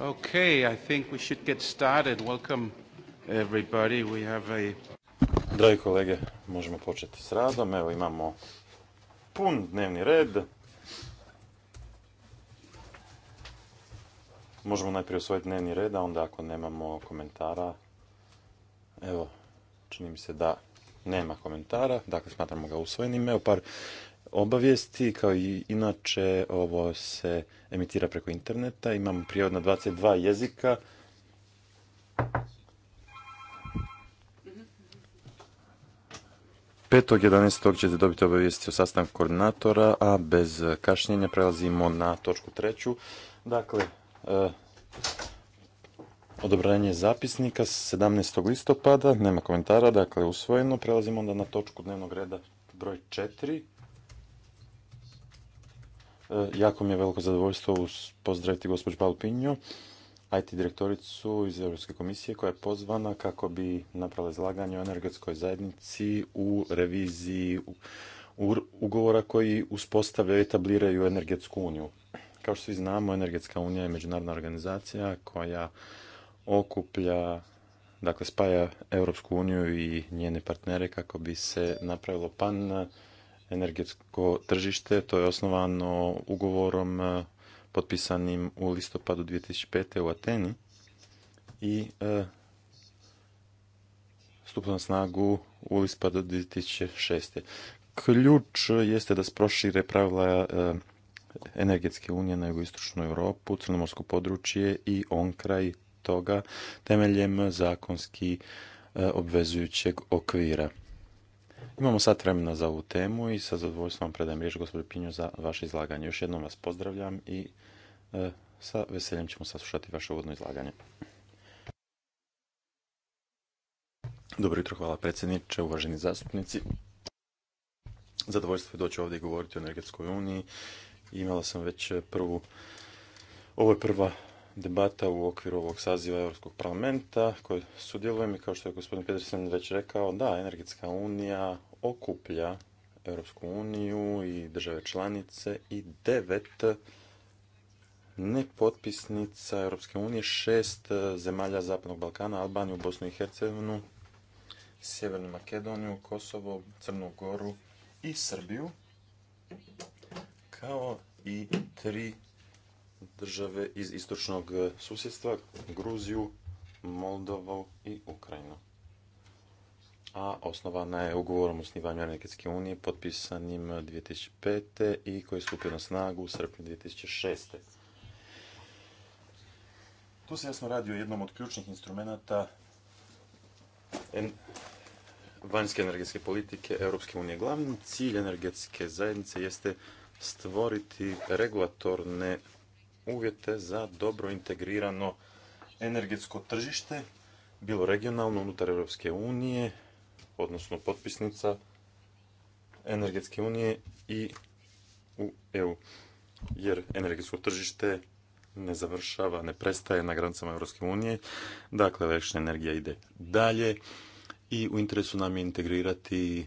Okay, I think we should get started. Welcome everybody. We have a... Dragi kolege, možemo početi s radom. Evo imamo pun dnevni red. Možemo najprije osvojiti dnevni red, a onda ako nemamo komentara, evo, čini mi se da nema komentara, dakle smatramo ga usvojenim. Evo par obavijesti, kao i inače ovo se emitira preko interneta. Imamo prijevod na 22 jezika. Petog 11. ćete dobiti obavijesti o sastanku koordinatora, a bez kašnjenja prelazimo na točku treću. Dakle, e, odobranje zapisnika 17. listopada, nema komentara, dakle usvojeno. Prelazimo onda na točku dnevnog reda broj 4. E, jako mi je veliko zadovoljstvo pozdraviti gospođu Balpinju, IT direktoricu iz Europske komisije koja je pozvana kako bi napravila izlaganje o energetskoj zajednici u reviziji ugovora koji uspostavljaju i etabliraju energetsku uniju. Kao što svi znamo, Energetska unija je međunarodna organizacija koja okuplja, dakle spaja Europsku uniju i njene partnere kako bi se napravilo pan energetsko tržište. To je osnovano ugovorom e, potpisanim u listopadu 2005. u Ateni i e, stupno na snagu u listopadu 2006. Ključ jeste da se prošire pravila e, energetske unije na jugoistočnu Europu, crnomorsko područje i on kraj toga temeljem zakonski obvezujućeg okvira. Imamo sad vremena za ovu temu i sa zadovoljstvom predajem riječ gospodinu Pinju za vaše izlaganje. Još jednom vas pozdravljam i e, sa veseljem ćemo saslušati vaše uvodno izlaganje. Dobro jutro, hvala predsjedniče, uvaženi zastupnici. Zadovoljstvo je doći ovdje i govoriti o energetskoj uniji. Imala sam već prvu, ovo je prva debata u okviru ovog saziva Europskog parlamenta koje sudjelujem i kao što je gospodin Pedersen već rekao, da, Energetska unija okuplja Europsku uniju i države članice i devet nepotpisnica Europske unije, šest zemalja Zapadnog Balkana, Albaniju, Bosnu i Hercegovinu, Sjevernu Makedoniju, Kosovo, Crnu Goru i Srbiju, kao i tri države iz istočnog e, susjedstva, Gruziju, Moldovo i Ukrajinu. A osnovana je ugovorom o snivanju energetske unije potpisanim 2005. i koji je stupio na snagu u srpnju 2006. Tu se jasno radi o jednom od ključnih instrumenta vanjske energetske politike Europske unije. Glavni cilj energetske zajednice jeste stvoriti regulatorne uvjete za dobro integrirano energetsko tržište, bilo regionalno unutar Europske unije, odnosno potpisnica energetske unije i u EU. Jer energetsko tržište ne završava, ne prestaje na granicama Europske unije. Dakle, električna energija ide dalje i u interesu nam je integrirati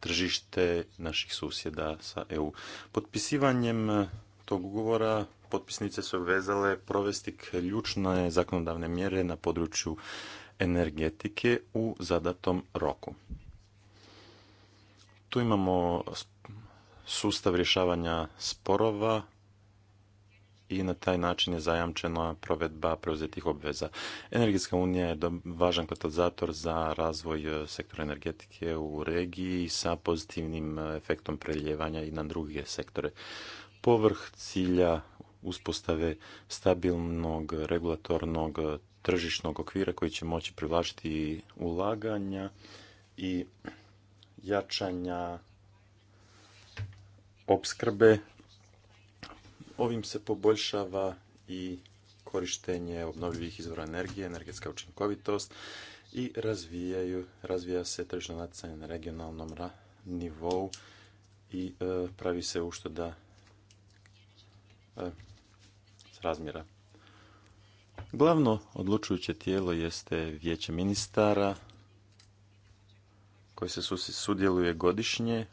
tržište naših susjeda sa EU. Potpisivanjem tog ugovora potpisnice su obvezale provesti ključne zakonodavne mjere na području energetike u zadatom roku. Tu imamo sustav rješavanja sporova i na taj način je zajamčena provedba preuzetih obveza. Energetska unija je važan katalizator za razvoj e, sektora energetike u regiji sa pozitivnim e, efektom preljevanja i na druge sektore. Povrh cilja uspostave stabilnog regulatornog tržišnog okvira koji će moći privlačiti ulaganja i jačanja opskrbe. Ovim se poboljšava i korištenje obnovljivih izvora energije, energetska učinkovitost i razvijaju, razvija se tržišno natjecanje na regionalnom nivou i e, pravi se ušteda e, razmjera. Glavno odlučujuće tijelo jeste vijeće ministara koji se sudjeluje godišnje.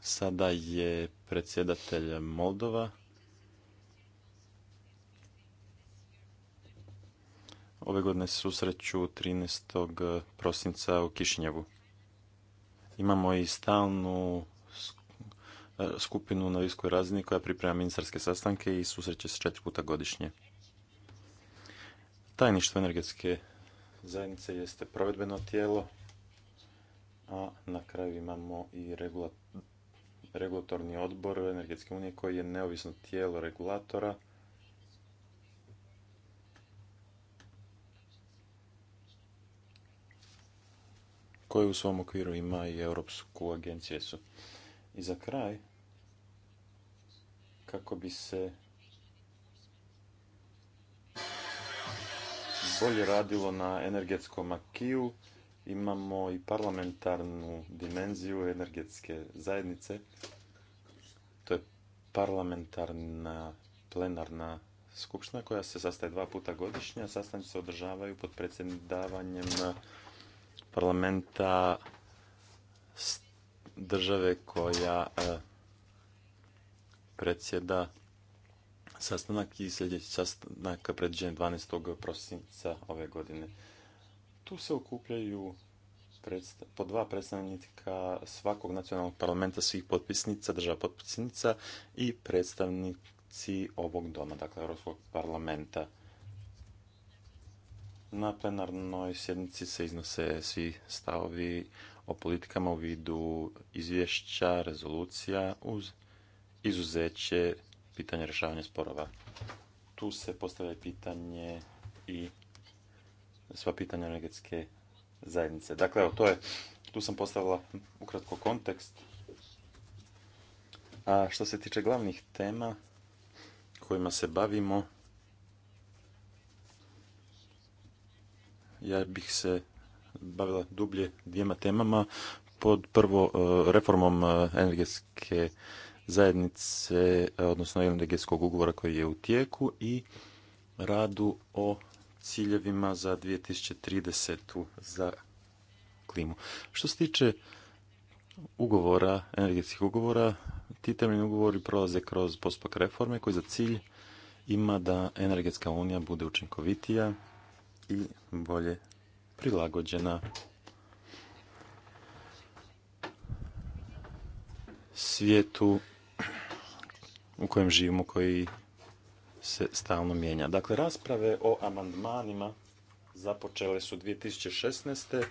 Sada je predsjedatelj Moldova. Ove godine se susreću 13. prosinca u Kišnjevu. Imamo i stalnu E, skupinu na viskoj razini koja priprema ministarske sastanke i susreće se četiri puta godišnje. Tajništvo energetske zajednice jeste provedbeno tijelo, a na kraju imamo i regulatorni odbor Energetske unije koji je neovisno tijelo regulatora. koje u svom okviru ima i Europsku agenciju I za kraj, kako bi se bolje radilo na energetskom akiju. Imamo i parlamentarnu dimenziju energetske zajednice. To je parlamentarna plenarna skupština koja se sastaje dva puta godišnje, sastanci se održavaju pod predsjedavanjem parlamenta države koja e, predsjeda sastanak i sljedeći sastanak predviđen 12. prosinca ove godine. Tu se okupljaju po dva predstavnika svakog nacionalnog parlamenta svih potpisnica, država potpisnica i predstavnici ovog doma, dakle Europskog parlamenta. Na plenarnoj sjednici se iznose svi stavovi o politikama u vidu izvješća, rezolucija uz izuzeće pitanja rješavanja sporova. Tu se postavlja pitanje i sva pitanja energetske zajednice. Dakle, evo, to je, tu sam postavila ukratko kontekst. A što se tiče glavnih tema kojima se bavimo, ja bih se bavila dublje dvijema temama. Pod prvo e, reformom e, energetske zajednice, e, odnosno energetskog ugovora koji je u tijeku i radu o ciljevima za 2030. za klimu. Što se tiče ugovora, energetskih ugovora, ti temeljni ugovori prolaze kroz postpak reforme koji za cilj ima da energetska unija bude učinkovitija i bolje prilagođena svijetu u kojem živimo, koji se stalno mijenja. Dakle, rasprave o amandmanima započele su 2016.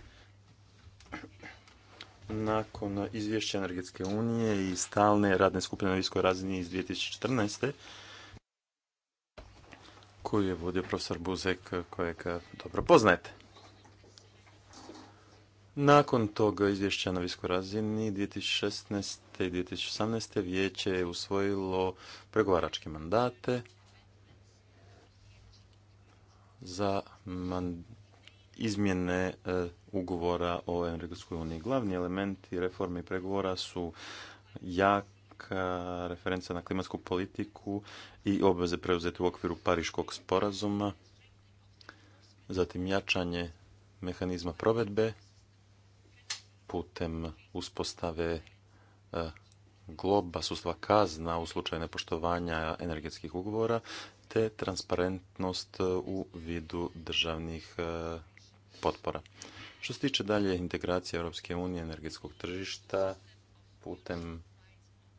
nakon izvješća Energetske unije i stalne radne skupine na viskoj razini iz 2014. koju je vodio profesor Buzek kojeg dobro poznajete. Nakon toga izvješća na viskoj razini 2016 dvije i 2018. vijeće je usvojilo pregovaračke mandate za izmjene e, ugovora o energetskoj uniji. Glavni elementi reforme i pregovora su jaka referenca na klimatsku politiku i obveze preuzete u okviru Pariškog sporazuma, zatim jačanje mehanizma provedbe putem uspostave e, globa, sustava kazna u slučaju nepoštovanja energetskih ugovora, te transparentnost e, u vidu državnih e, potpora. Što se tiče dalje integracije Europske unije energetskog tržišta putem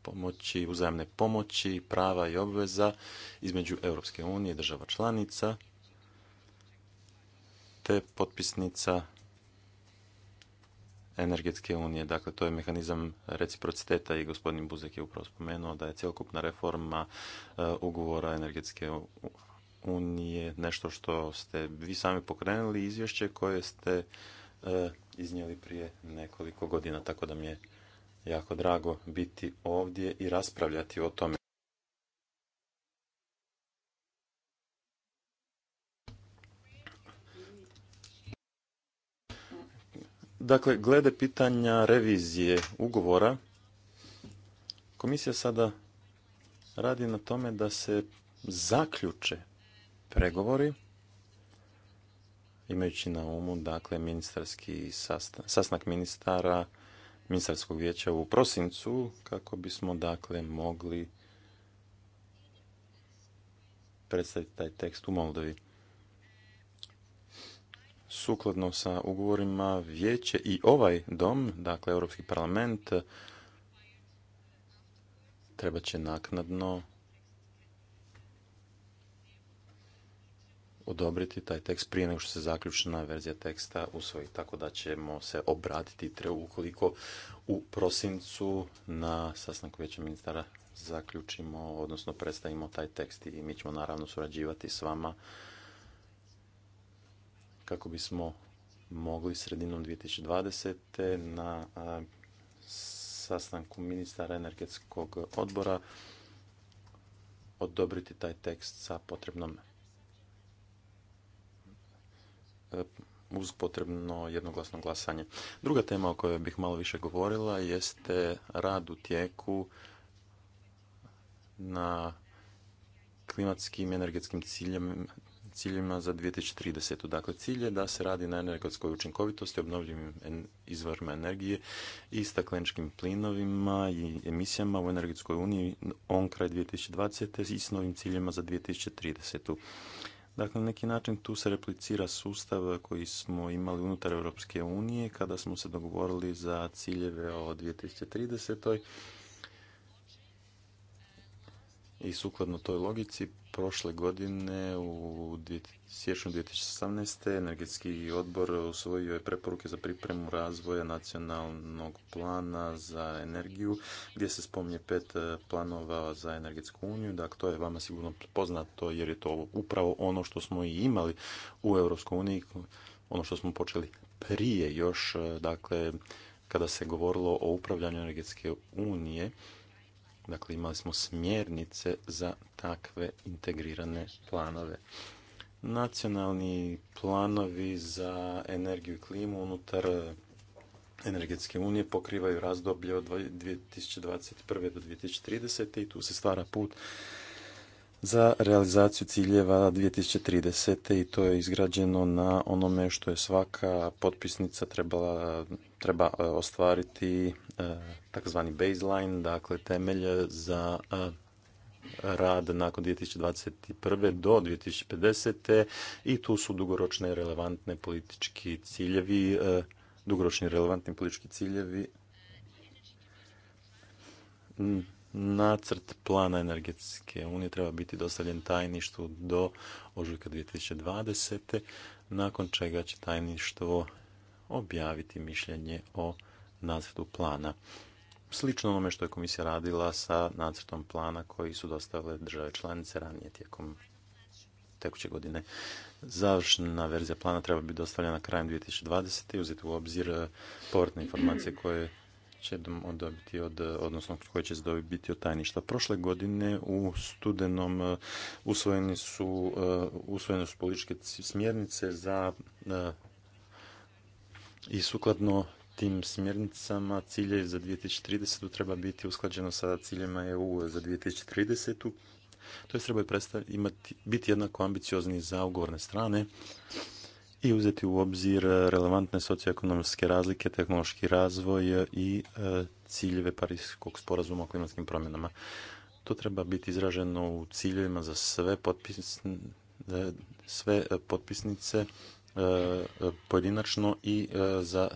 pomoći, uzajamne pomoći, prava i obveza između Europske unije i država članica, te potpisnica energetske unije. Dakle, to je mehanizam reciprociteta i gospodin Buzek je upravo spomenuo da je cjelokupna reforma eh, ugovora energetske unije nešto što ste vi sami pokrenuli, izvješće koje ste eh, iznijeli prije nekoliko godina, tako da mi je jako drago biti ovdje i raspravljati o tome. Dakle, glede pitanja revizije ugovora, komisija sada radi na tome da se zaključe pregovori, imajući na umu, dakle, ministarski sastanak ministara, ministarskog vijeća u prosincu, kako bismo, dakle, mogli predstaviti taj tekst u Moldovi sukladno sa ugovorima vijeće i ovaj dom, dakle Europski parlament, treba će naknadno odobriti taj tekst prije nego što se zaključna verzija teksta usvoji, tako da ćemo se obratiti treba ukoliko u prosincu na sastanku vijeća ministara zaključimo, odnosno predstavimo taj tekst i mi ćemo naravno surađivati s vama kako bismo mogli sredinom 2020. na sastanku ministara energetskog odbora odobriti taj tekst sa potrebnom e, uz potrebno jednoglasno glasanje. Druga tema o kojoj bih malo više govorila jeste rad u tijeku na klimatskim energetskim ciljem, ciljima za 2030. Dakle, cilj je da se radi na energetskoj učinkovitosti, obnovljivim izvorima energije i stakleničkim plinovima i emisijama u energetskoj uniji on kraj 2020. i s novim ciljima za 2030. Dakle, na neki način tu se replicira sustav koji smo imali unutar Europske unije kada smo se dogovorili za ciljeve o 2030 i sukladno toj logici, prošle godine u siječnju 2018. energetski odbor usvojio je preporuke za pripremu razvoja nacionalnog plana za energiju gdje se spominje pet e, planova za energetsku uniju. Dakle, to je vama sigurno poznato jer je to upravo ono što smo i imali u EU, ono što smo počeli prije još, e, dakle, kada se govorilo o upravljanju energetske unije Dakle, imali smo smjernice za takve integrirane planove. Nacionalni planovi za energiju i klimu unutar energetske unije pokrivaju razdoblje od 2021. do 2030. i tu se stvara put za realizaciju ciljeva 2030. i to je izgrađeno na onome što je svaka potpisnica trebala, treba e, ostvariti E, takozvani baseline, dakle temelje za e, rad nakon 2021. do 2050. i tu su dugoročne relevantne politički ciljevi, e, dugoročni relevantni politički ciljevi Nacrt plana energetske unije treba biti dostavljen tajništvu do ožujka 2020. nakon čega će tajništvo objaviti mišljenje o nacrtu plana. Slično onome što je komisija radila sa nacrtom plana koji su dostavile države članice ranije tijekom tekuće godine. Završna verzija plana treba biti dostavljena krajem 2020. i uzeti u obzir eh, povratne informacije koje će dobiti od, eh, odnosno koje će dobiti od tajništva. Prošle godine u studenom eh, usvojeni su, usvojene su političke smjernice za i sukladno tim smjernicama cilje za 2030. treba biti usklađeno sa ciljima EU za 2030. To je treba imati, biti jednako ambiciozni za ugovorne strane i uzeti u obzir relevantne socioekonomske razlike, tehnološki razvoj i e, ciljeve Parijskog sporazuma o klimatskim promjenama. To treba biti izraženo u ciljevima za sve, sve potpisnice e, pojedinačno i e, za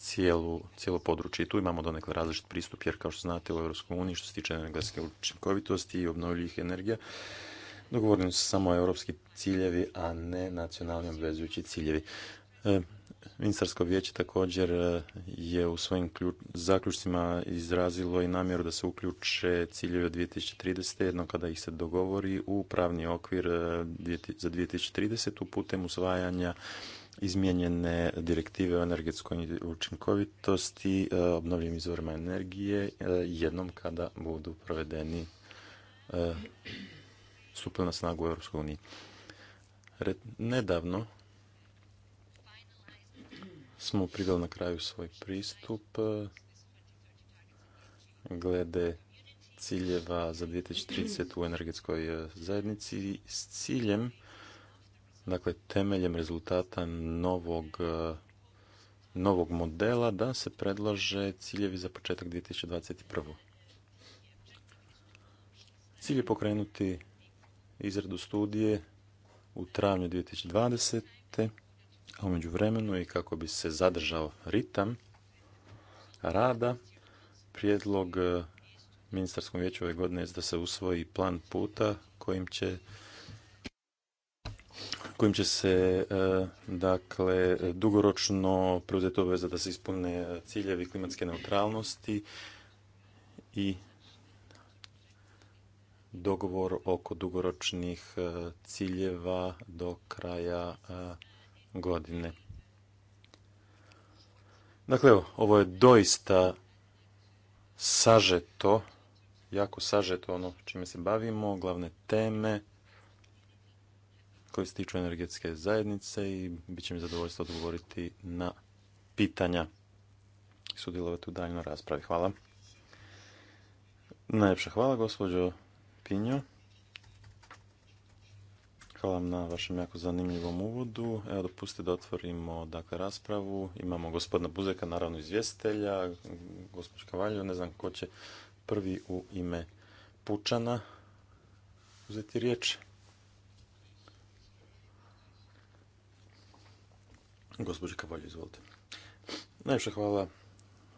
cijelu, cijelo područje. I tu imamo donekle različit pristup, jer kao što znate u EU što se tiče energetske učinkovitosti i obnovljivih energija, dogovoreni su samo europski ciljevi, a ne nacionalni obvezujući ciljevi. E, ministarsko vijeće također e, je u svojim zaključcima izrazilo i namjeru da se uključe ciljevi od 2030. jedno kada ih se dogovori u pravni okvir e, za 2030. putem usvajanja izmijenjene direktive o energetskoj učinkovitosti, e, obnovljivim izvorima energije, e, jednom kada budu provedeni e, stupili na snagu u EU. Nedavno smo pridali na kraju svoj pristup glede ciljeva za 2030 u energetskoj zajednici s ciljem dakle temeljem rezultata novog novog modela da se predlaže ciljevi za početak 2021. Cilj je pokrenuti izradu studije u travnju 2020. a umeđu vremenu i kako bi se zadržao ritam rada, prijedlog eh, ministarskom vijeću ove godine je da se usvoji plan puta kojim će kojim će se e, dakle dugoročno preuzeti obveza da se ispune ciljevi klimatske neutralnosti i dogovor oko dugoročnih e, ciljeva do kraja e, godine. Dakle, ovo je doista sažeto, jako sažeto ono čime se bavimo, glavne teme koji se tiču energetske zajednice i bit će mi zadovoljstvo odgovoriti na pitanja i sudjelovati u daljnoj raspravi. Hvala. Najljepša hvala, gospođo Pinjo. Hvala vam na vašem jako zanimljivom uvodu. Evo, dopustite da otvorimo dakle, raspravu. Imamo gospodina Buzeka, naravno izvjestitelja, gospođu Kavaljo, ne znam ko će prvi u ime Pučana uzeti riječ. Gospođa Kavalja, izvolite. Najviše hvala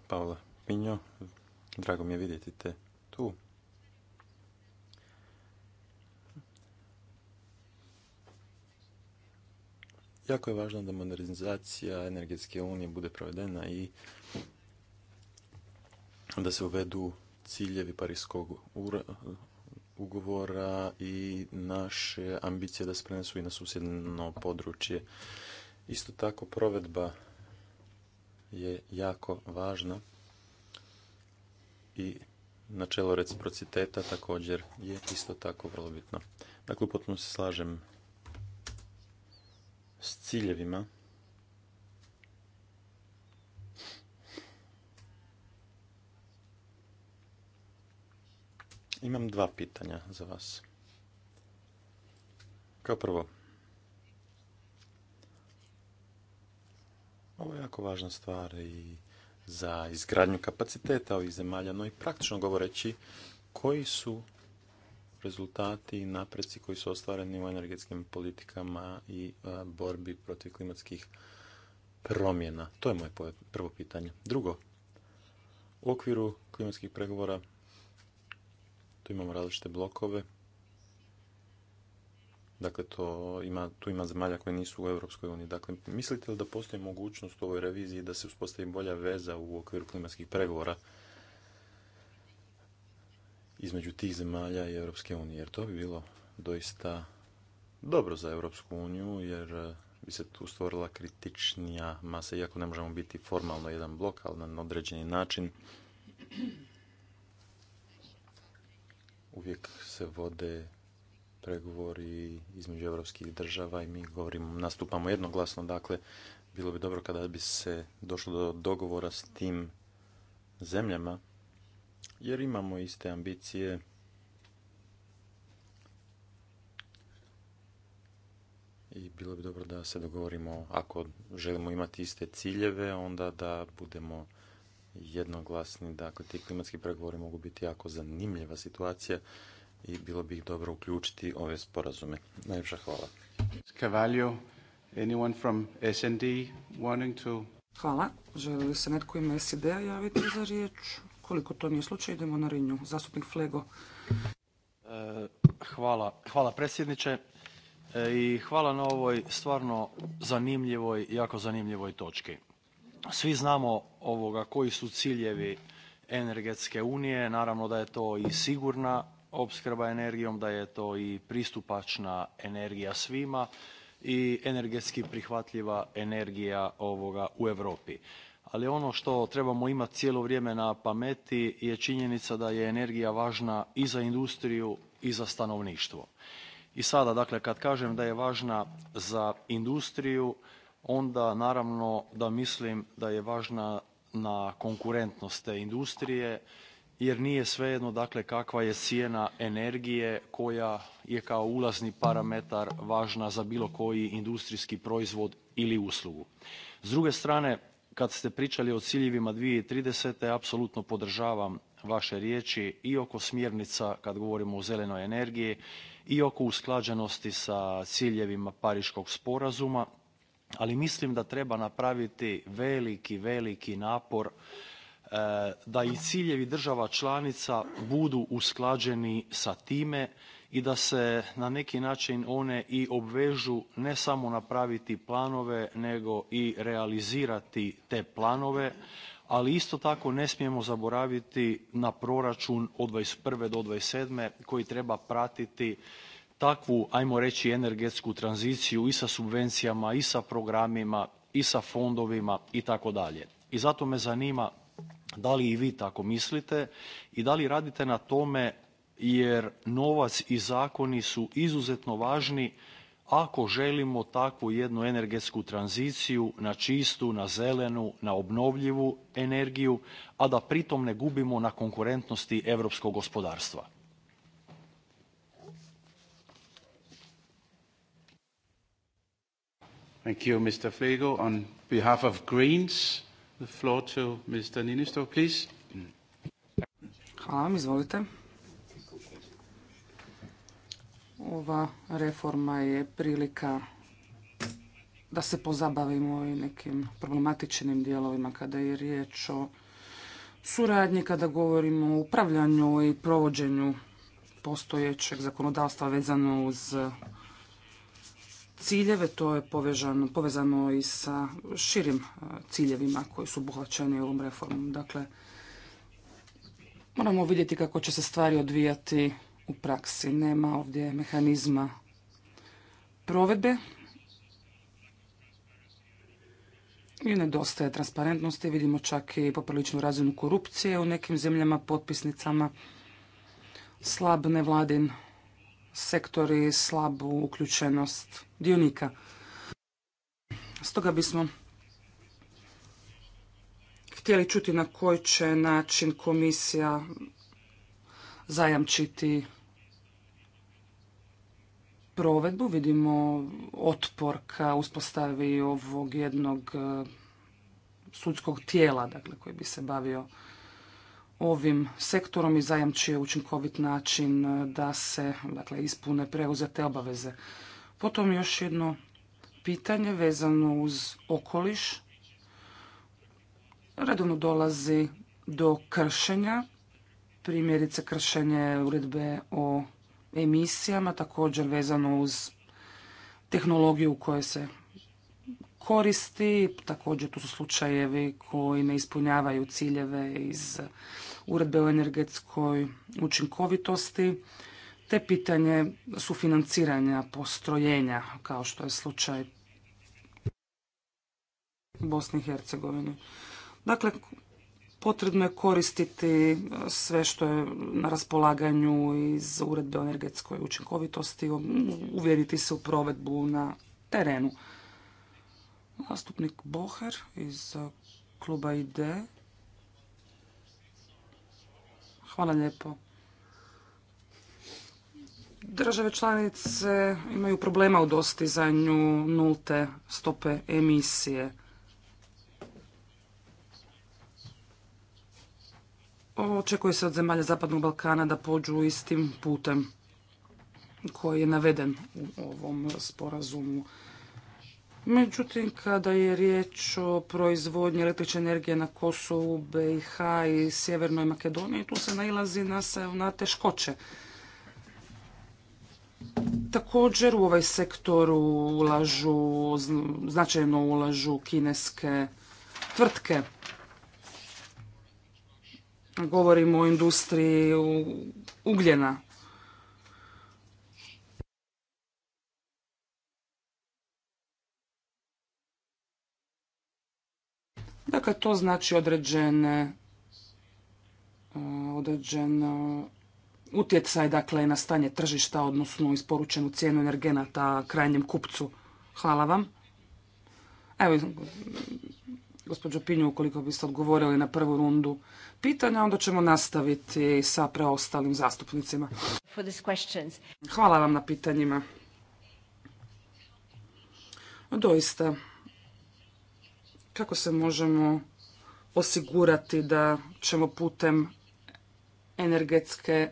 Paola Pinjo. Drago mi je vidjeti te tu. Jako je važno da modernizacija energetske unije bude provedena i da se uvedu ciljevi Parijskog ugovora i naše ambicije da se prenesu i na susjedno područje. Isto tako provedba je jako važna i načelo reciprociteta također je isto tako vrlo bitno. Dakle, potpuno se slažem s ciljevima Imam dva pitanja za vas. Kao prvo, Ovo je jako važna stvar i za izgradnju kapaciteta ovih zemalja, no i praktično govoreći koji su rezultati i napreci koji su ostvareni u energetskim politikama i borbi protiv klimatskih promjena. To je moje prvo pitanje. Drugo, u okviru klimatskih pregovora tu imamo različite blokove Dakle, to ima, tu ima zemalja koje nisu u Europskoj uniji. Dakle, mislite li da postoji mogućnost u ovoj reviziji da se uspostavi bolja veza u okviru klimatskih pregovora između tih zemalja i Europske unije? Jer to bi bilo doista dobro za Europsku uniju, jer e, bi se tu stvorila kritičnija masa, iako ne možemo biti formalno jedan blok, ali na određeni način uvijek se vode pregovori između europskih država i mi govorimo, nastupamo jednoglasno, dakle, bilo bi dobro kada bi se došlo do dogovora s tim zemljama, jer imamo iste ambicije, i bilo bi dobro da se dogovorimo ako želimo imati iste ciljeve onda da budemo jednoglasni dakle ti klimatski pregovori mogu biti jako zanimljiva situacija i bilo bi ih dobro uključiti ove sporazume. Najljepša hvala. anyone from wanting to... Hvala. Želi li se netko ime SID-a javiti za riječ? Koliko to nije slučaj, idemo na rinju. Zastupnik Flego. E, hvala. Hvala predsjedniče e, i hvala na ovoj stvarno zanimljivoj, jako zanimljivoj točki. Svi znamo ovoga koji su ciljevi energetske unije, naravno da je to i sigurna opskrba energijom, da je to i pristupačna energija svima i energetski prihvatljiva energija ovoga u Europi. Ali ono što trebamo imati cijelo vrijeme na pameti je činjenica da je energija važna i za industriju i za stanovništvo. I sada, dakle, kad kažem da je važna za industriju, onda naravno da mislim da je važna na konkurentnost te industrije, jer nije svejedno dakle kakva je cijena energije koja je kao ulazni parametar važna za bilo koji industrijski proizvod ili uslugu. S druge strane, kad ste pričali o ciljevima 2030. apsolutno podržavam vaše riječi i oko smjernica kad govorimo o zelenoj energiji i oko usklađenosti sa ciljevima Pariškog sporazuma, ali mislim da treba napraviti veliki, veliki napor E, da i ciljevi država članica budu usklađeni sa time i da se na neki način one i obvežu ne samo napraviti planove nego i realizirati te planove, ali isto tako ne smijemo zaboraviti na proračun od 21. do 27. koji treba pratiti takvu, ajmo reći, energetsku tranziciju i sa subvencijama i sa programima i sa fondovima i tako dalje. I zato me zanima da li i vi tako mislite i da li radite na tome jer novac i zakoni su izuzetno važni ako želimo takvu jednu energetsku tranziciju na čistu, na zelenu, na obnovljivu energiju, a da pritom ne gubimo na konkurentnosti europskog gospodarstva. Thank you, Mr. Flego. On behalf of Greens, floor Hvala vam, izvolite. Ova reforma je prilika da se pozabavimo i nekim problematičnim dijelovima kada je riječ o suradnji, kada govorimo o upravljanju i provođenju postojećeg zakonodavstva vezano uz ciljeve, to je povezano i sa širim e, ciljevima koji su obuhvaćeni ovom reformom. Dakle, moramo vidjeti kako će se stvari odvijati u praksi. Nema ovdje mehanizma provedbe i nedostaje transparentnosti. Vidimo čak i popriličnu razinu korupcije u nekim zemljama, potpisnicama, slab nevladin sektori slabu uključenost dionika. Stoga bismo htjeli čuti na koji će način komisija zajamčiti provedbu. Vidimo otpor ka uspostavi ovog jednog eh, sudskog tijela dakle, koji bi se bavio ovim sektorom i zajamčio učinkovit način e, da se dakle, ispune preuzete obaveze. Potom još jedno pitanje vezano uz okoliš. Redovno dolazi do kršenja, primjerice kršenje uredbe o emisijama, također vezano uz tehnologiju u kojoj se koristi, također tu su slučajevi koji ne ispunjavaju ciljeve iz uredbe o energetskoj učinkovitosti te pitanje sufinanciranja postrojenja kao što je slučaj Bosni i Hercegovini. Dakle, potrebno je koristiti sve što je na raspolaganju iz uredbe o energetskoj učinkovitosti, uvjeriti se u provedbu na terenu. nastupnik Bohar iz kluba IDE. Hvala lijepo. Države članice imaju problema u dostizanju nulte stope emisije. Očekuje se od zemalja Zapadnog Balkana da pođu istim putem koji je naveden u ovom sporazumu. Međutim, kada je riječ o proizvodnji električne energije na Kosovu, BiH i Sjevernoj Makedoniji, tu se nailazi na, na teškoće. Također u ovaj sektor ulažu, značajno ulažu kineske tvrtke. Govorimo o industriji ugljena. Dakle, to znači određene e, određen utjecaj dakle, na stanje tržišta, odnosno isporučenu cijenu energenata krajnjem kupcu. Hvala vam. Evo, gospođo Pinju, ukoliko biste odgovorili na prvu rundu pitanja, onda ćemo nastaviti sa preostalim zastupnicima. Hvala vam na pitanjima. Doista, kako se možemo osigurati da ćemo putem energetske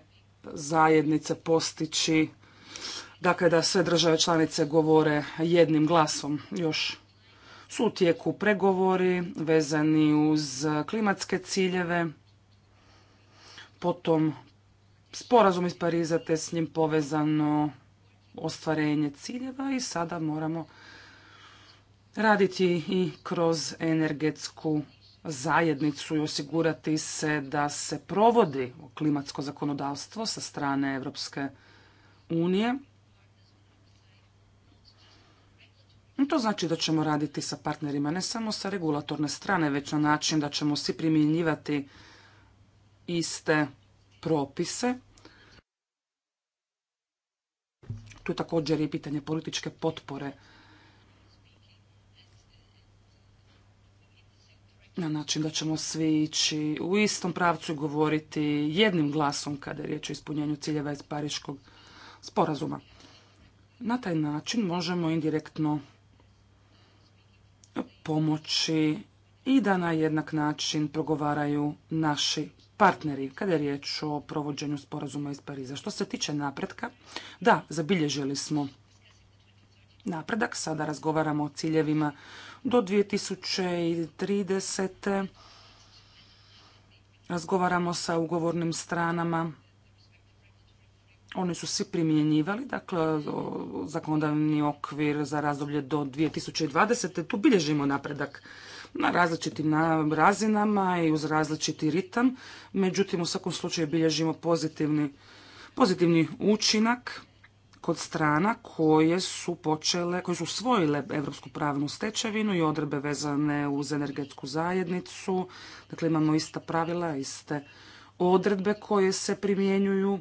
zajednice postići dakle da sve države članice govore jednim glasom još su u tijeku pregovori vezani uz klimatske ciljeve potom sporazum iz Pariza te s njim povezano ostvarenje ciljeva i sada moramo raditi i kroz energetsku zajednicu i osigurati se da se provodi klimatsko zakonodavstvo sa strane Europske unije. To znači da ćemo raditi sa partnerima ne samo sa regulatorne strane, već na način da ćemo svi primjenjivati iste propise. Tu je također i pitanje političke potpore na način da ćemo svi ići u istom pravcu i govoriti jednim glasom kada je riječ o ispunjenju ciljeva iz Pariškog sporazuma. Na taj način možemo indirektno pomoći i da na jednak način progovaraju naši partneri kada je riječ o provođenju sporazuma iz Pariza. Što se tiče napretka, da, zabilježili smo napredak. Sada razgovaramo o ciljevima do 2030. Razgovaramo sa ugovornim stranama. Oni su svi primjenjivali, dakle, zakonodavni okvir za razdoblje do 2020. Tu bilježimo napredak na različitim razinama i uz različiti ritam. Međutim, u svakom slučaju bilježimo pozitivni, pozitivni učinak kod strana koje su počele, koje su usvojile europsku pravnu stečevinu i odrebe vezane uz energetsku zajednicu. Dakle, imamo ista pravila, iste odredbe koje se primjenjuju,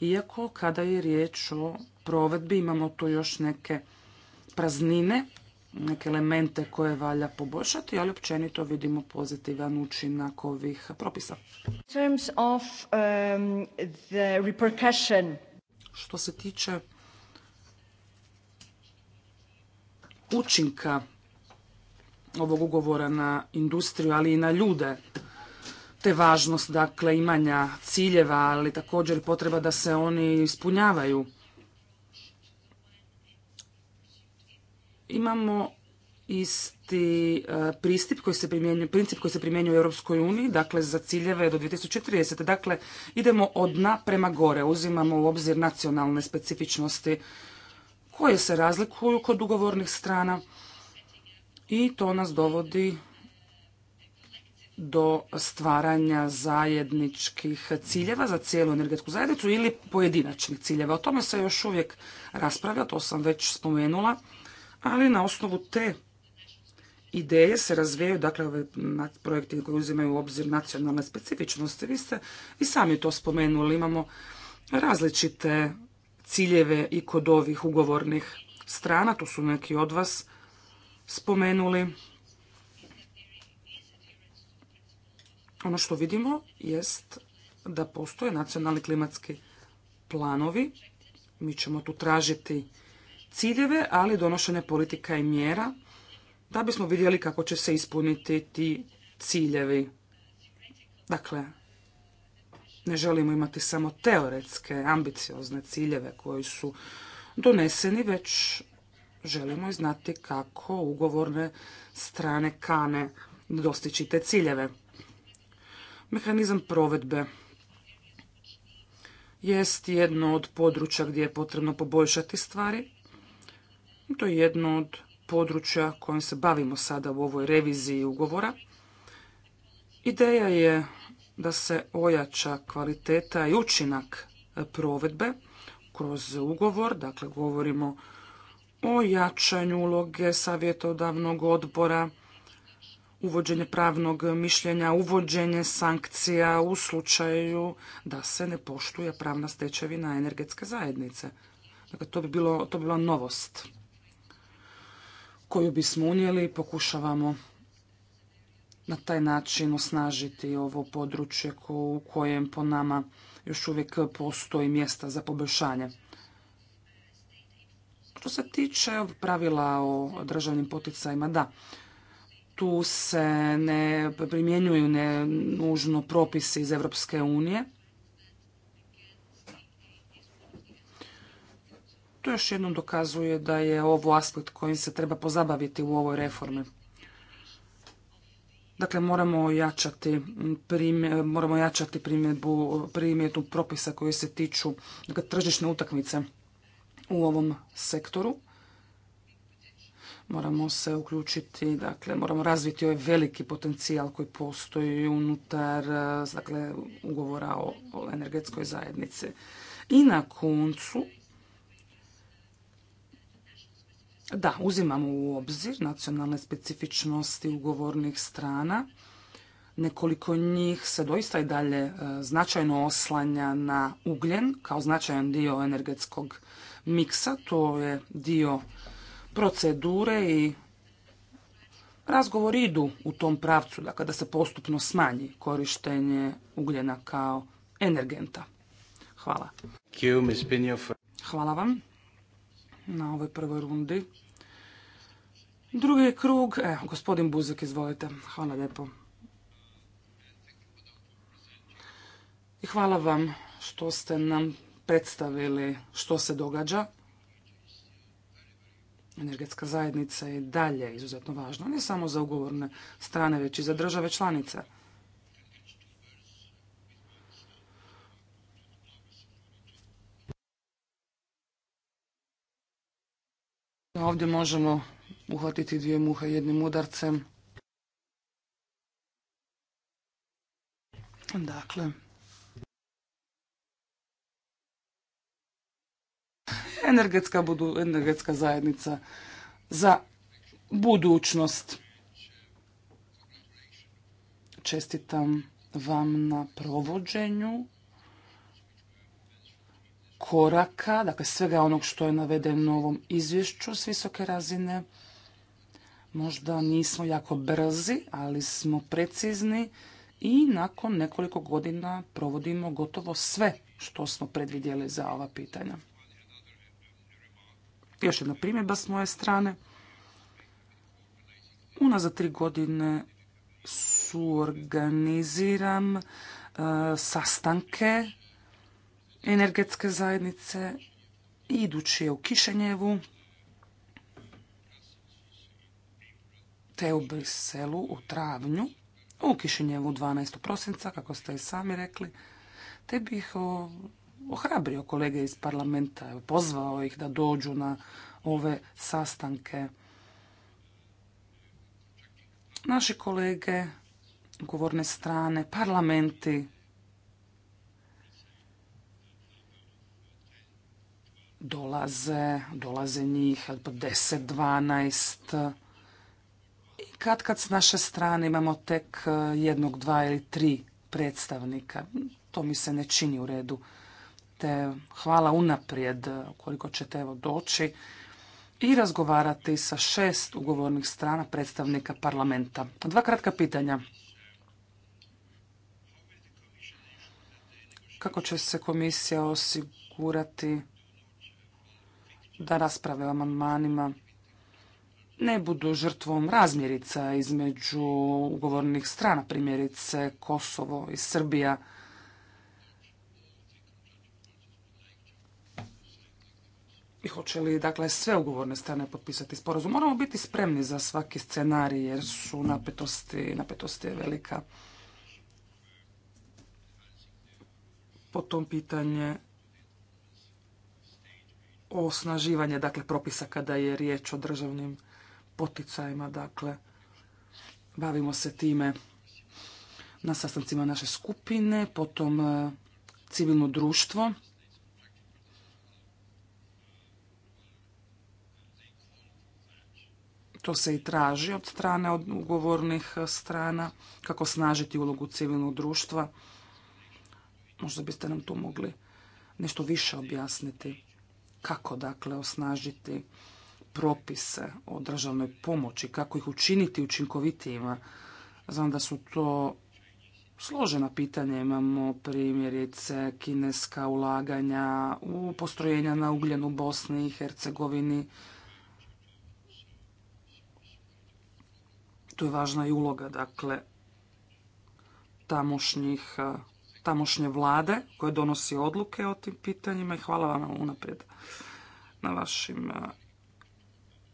iako kada je riječ o provedbi imamo tu još neke praznine, neke elemente koje valja poboljšati, ali općenito vidimo pozitivan učinak ovih propisa. Um, Što se tiče učinka ovog ugovora na industriju, ali i na ljude, te važnost dakle imanja ciljeva, ali također potreba da se oni ispunjavaju. Imamo isti e, koji se primjenjuje, princip koji se primjenjuje u Europskoj uniji, dakle za ciljeve do 2030. Dakle, idemo od dna prema gore, uzimamo u obzir nacionalne specifičnosti koje se razlikuju kod ugovornih strana i to nas dovodi do stvaranja zajedničkih ciljeva za cijelu energetsku zajednicu ili pojedinačnih ciljeva. O tome se još uvijek raspravlja, to sam već spomenula, ali na osnovu te ideje se razvijaju, dakle ove projekti koji uzimaju u obzir nacionalne specifičnosti, vi ste i sami to spomenuli, imamo različite ciljeve i kod ovih ugovornih strana, to su neki od vas spomenuli. Ono što vidimo jest da postoje nacionalni klimatski planovi. Mi ćemo tu tražiti ciljeve, ali donošene politika i mjera da bismo vidjeli kako će se ispuniti ti ciljevi. Dakle, ne želimo imati samo teoretske, ambiciozne ciljeve koji su doneseni, već želimo i znati kako ugovorne strane kane dostići te ciljeve. Mehanizam provedbe jest jedno od područja gdje je potrebno poboljšati stvari. To je jedno od područja kojim se bavimo sada u ovoj reviziji ugovora. Ideja je da se ojača kvaliteta i učinak provedbe kroz ugovor, dakle govorimo o jačanju uloge savjetodavnog odbora, uvođenje pravnog mišljenja, uvođenje sankcija u slučaju da se ne poštuje pravna stečevina energetske zajednice. Dakle, to bi, bilo, to bila novost koju bismo unijeli i pokušavamo na taj način osnažiti ovo područje u kojem po nama još uvijek postoji mjesta za poboljšanje. Što se tiče pravila o državnim poticajima, da, tu se ne primjenjuju ne nužno propisi iz Europske unije. To još jednom dokazuje da je ovo aspekt kojim se treba pozabaviti u ovoj reformi. Dakle, moramo jačati, primje, moramo jačati primjedbu, primjedbu propisa koji se tiču dakle, tržišne utakmice u ovom sektoru. Moramo se uključiti, dakle, moramo razviti ovaj veliki potencijal koji postoji unutar dakle, ugovora o, o energetskoj zajednici. I na koncu, Da, uzimamo u obzir nacionalne specifičnosti ugovornih strana. Nekoliko njih se doista i dalje e, značajno oslanja na ugljen kao značajan dio energetskog miksa. To je dio procedure i razgovori idu u tom pravcu, da kada se postupno smanji korištenje ugljena kao energenta. Hvala. Hvala vam na ovoj prvoj rundi. Drugi krug, evo, gospodin Buzek, izvolite. Hvala lijepo. I hvala vam što ste nam predstavili što se događa. Energetska zajednica je dalje izuzetno važna, ne samo za ugovorne strane, već i za države članice. Ovdje možemo uhvatiti dvije muhe jednim udarcem. Dakle, energetska, budu, energetska zajednica za budućnost. Čestitam vam na provođenju koraka, dakle svega onog što je navedeno u ovom izvješću s visoke razine. Možda nismo jako brzi, ali smo precizni i nakon nekoliko godina provodimo gotovo sve što smo predvidjeli za ova pitanja. Još jedna primjedba s moje strane. za tri godine suorganiziram e, sastanke energetske zajednice idući je u Kišenjevu te u Briselu u travnju, u Kišenjevu 12. prosinca, kako ste i sami rekli, te bih ohrabrio kolege iz parlamenta, pozvao ih da dođu na ove sastanke. Naši kolege, govorne strane, parlamenti dolaze, dolaze njih 10, 12 i kad kad s naše strane imamo tek e, jednog, dva ili tri predstavnika. To mi se ne čini u redu. Te hvala unaprijed e, koliko ćete evo doći i razgovarati sa šest ugovornih strana predstavnika parlamenta. Dva kratka pitanja. Kako će se komisija osigurati da rasprave o amandmanima ne budu žrtvom razmjerica između ugovornih strana, primjerice Kosovo i Srbija. I hoće li dakle sve ugovorne strane potpisati sporazum? Moramo biti spremni za svaki scenarij jer su napetosti, napetosti je velika. tom pitanje osnaživanje dakle, propisa kada je riječ o državnim poticajima. Dakle, bavimo se time na sastancima naše skupine, potom e, civilno društvo. To se i traži od strane, od ugovornih strana, kako snažiti ulogu civilnog društva. Možda biste nam to mogli nešto više objasniti kako dakle osnažiti propise o državnoj pomoći, kako ih učiniti učinkovitijima. Znam da su to složena pitanja. Imamo primjerice kineska ulaganja u postrojenja na ugljenu Bosni i Hercegovini. Tu je važna i uloga, dakle, tamošnjih tamošnje vlade koje donosi odluke o tim pitanjima i hvala vam unaprijed na vašim e,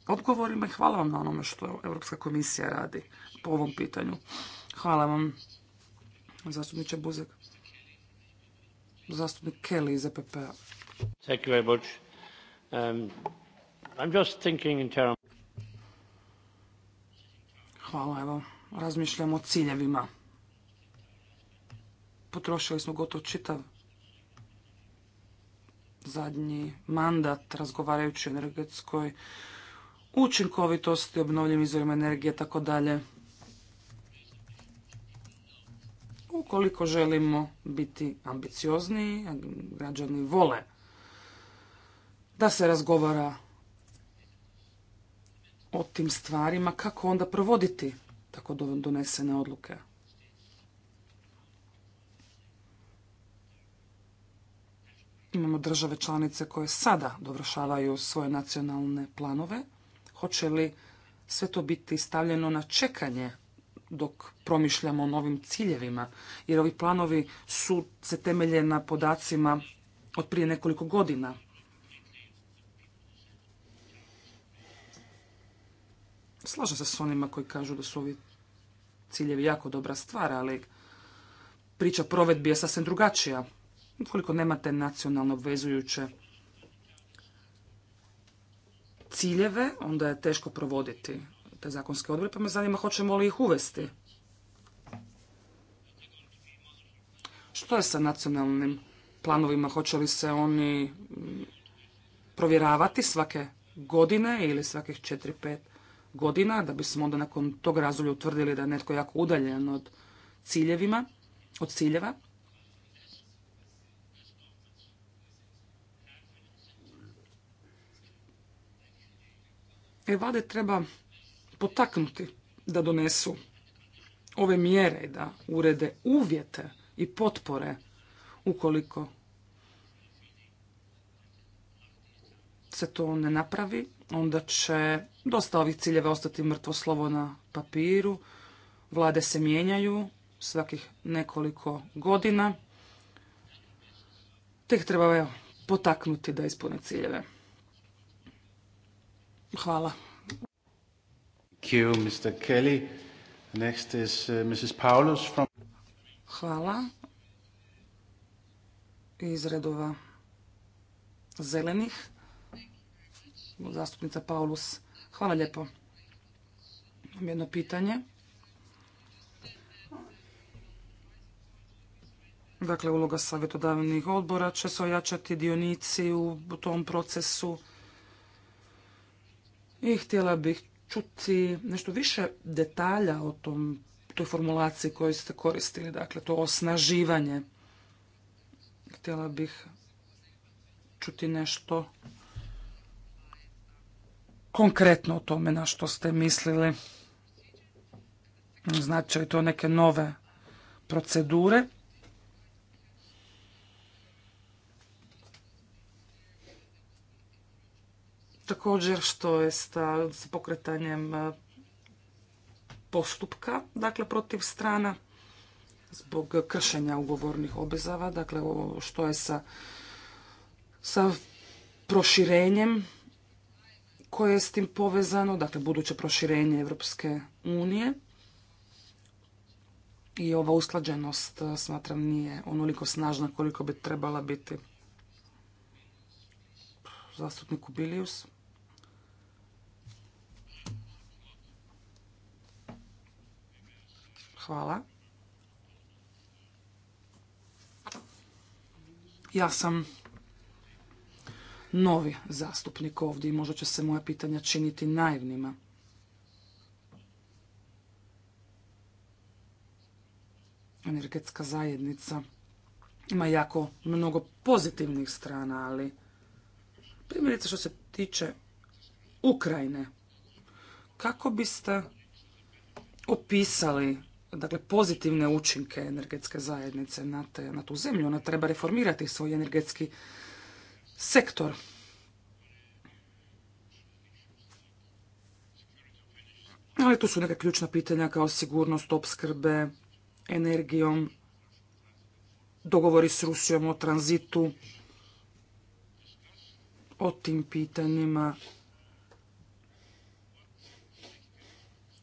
odgovorima i hvala vam na onome što Europska komisija radi po ovom pitanju. Hvala vam, zastupniče Buzek. Zastupnik Kelly iz EPP-a. Um, hvala, evo, razmišljam o ciljevima potrošili smo gotovo čitav zadnji mandat razgovarajući o energetskoj učinkovitosti, obnovljivim izvorima energije, tako dalje. Ukoliko želimo biti ambiciozniji, građani vole da se razgovara o tim stvarima, kako onda provoditi tako donesene odluke. Imamo države članice koje sada dovršavaju svoje nacionalne planove. Hoće li sve to biti stavljeno na čekanje dok promišljamo o novim ciljevima? Jer ovi planovi su se temelje na podacima od prije nekoliko godina. Slažem se s onima koji kažu da su ovi ciljevi jako dobra stvar, ali priča provedbi je sasvim drugačija ukoliko nemate nacionalno obvezujuće ciljeve, onda je teško provoditi te zakonske odredbe, pa me zanima hoćemo li ih uvesti. Što je sa nacionalnim planovima? Hoće li se oni mm, provjeravati svake godine ili svakih 4-5 godina, da bismo onda nakon tog razdoblja utvrdili da je netko jako udaljen od ciljevima, od ciljeva? E, vlade treba potaknuti da donesu ove mjere i da urede uvjete i potpore ukoliko se to ne napravi, onda će dosta ovih ciljeva ostati mrtvo slovo na papiru. Vlade se mijenjaju svakih nekoliko godina. Tek treba potaknuti da ispune ciljeve. Hvala. Uh, Hvala. Iz redova zelenih. Zastupnica Paulus. Hvala lijepo. Imam jedno pitanje. Dakle, uloga savjetodavnih odbora će se ojačati dionici u tom procesu. I htjela bih čuti nešto više detalja o tom, toj formulaciji koju ste koristili, dakle to osnaživanje. Htjela bih čuti nešto konkretno o tome na što ste mislili. Znači to neke nove procedure. također što je sa pokretanjem e, postupka dakle protiv strana zbog kršenja ugovornih obezava, dakle što je sa, sa proširenjem koje je s tim povezano, dakle buduće proširenje Europske unije i ova usklađenost e, smatram nije onoliko snažna koliko bi trebala biti zastupniku Bilius. Hvala. Ja sam novi zastupnik ovdje i možda će se moja pitanja činiti naivnima. Energetska zajednica ima jako mnogo pozitivnih strana, ali primjerice što se tiče Ukrajine, kako biste opisali dakle, pozitivne učinke energetske zajednice na, na tu zemlju. Ona treba reformirati svoj energetski sektor. Ali tu su neka ključna pitanja kao sigurnost opskrbe, energijom, dogovori s Rusijom o tranzitu, o tim pitanjima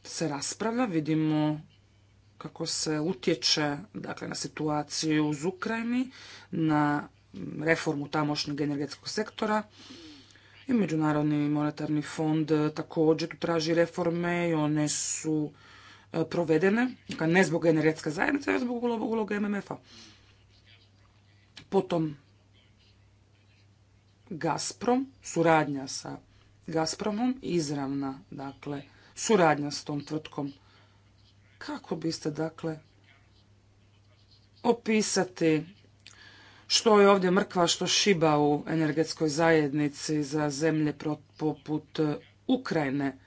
se raspravlja. Vidimo kako se utječe dakle, na situaciju uz Ukrajini, na reformu tamošnjeg energetskog sektora. I Međunarodni monetarni fond također tu traži reforme i one su e, provedene, dakle, ne zbog energetske zajednice, već zbog uloga MMF-a. Potom Gazprom, suradnja sa Gazpromom, izravna dakle, suradnja s tom tvrtkom kako biste dakle opisati što je ovdje mrkva, što šiba u energetskoj zajednici za zemlje poput e, Ukrajine?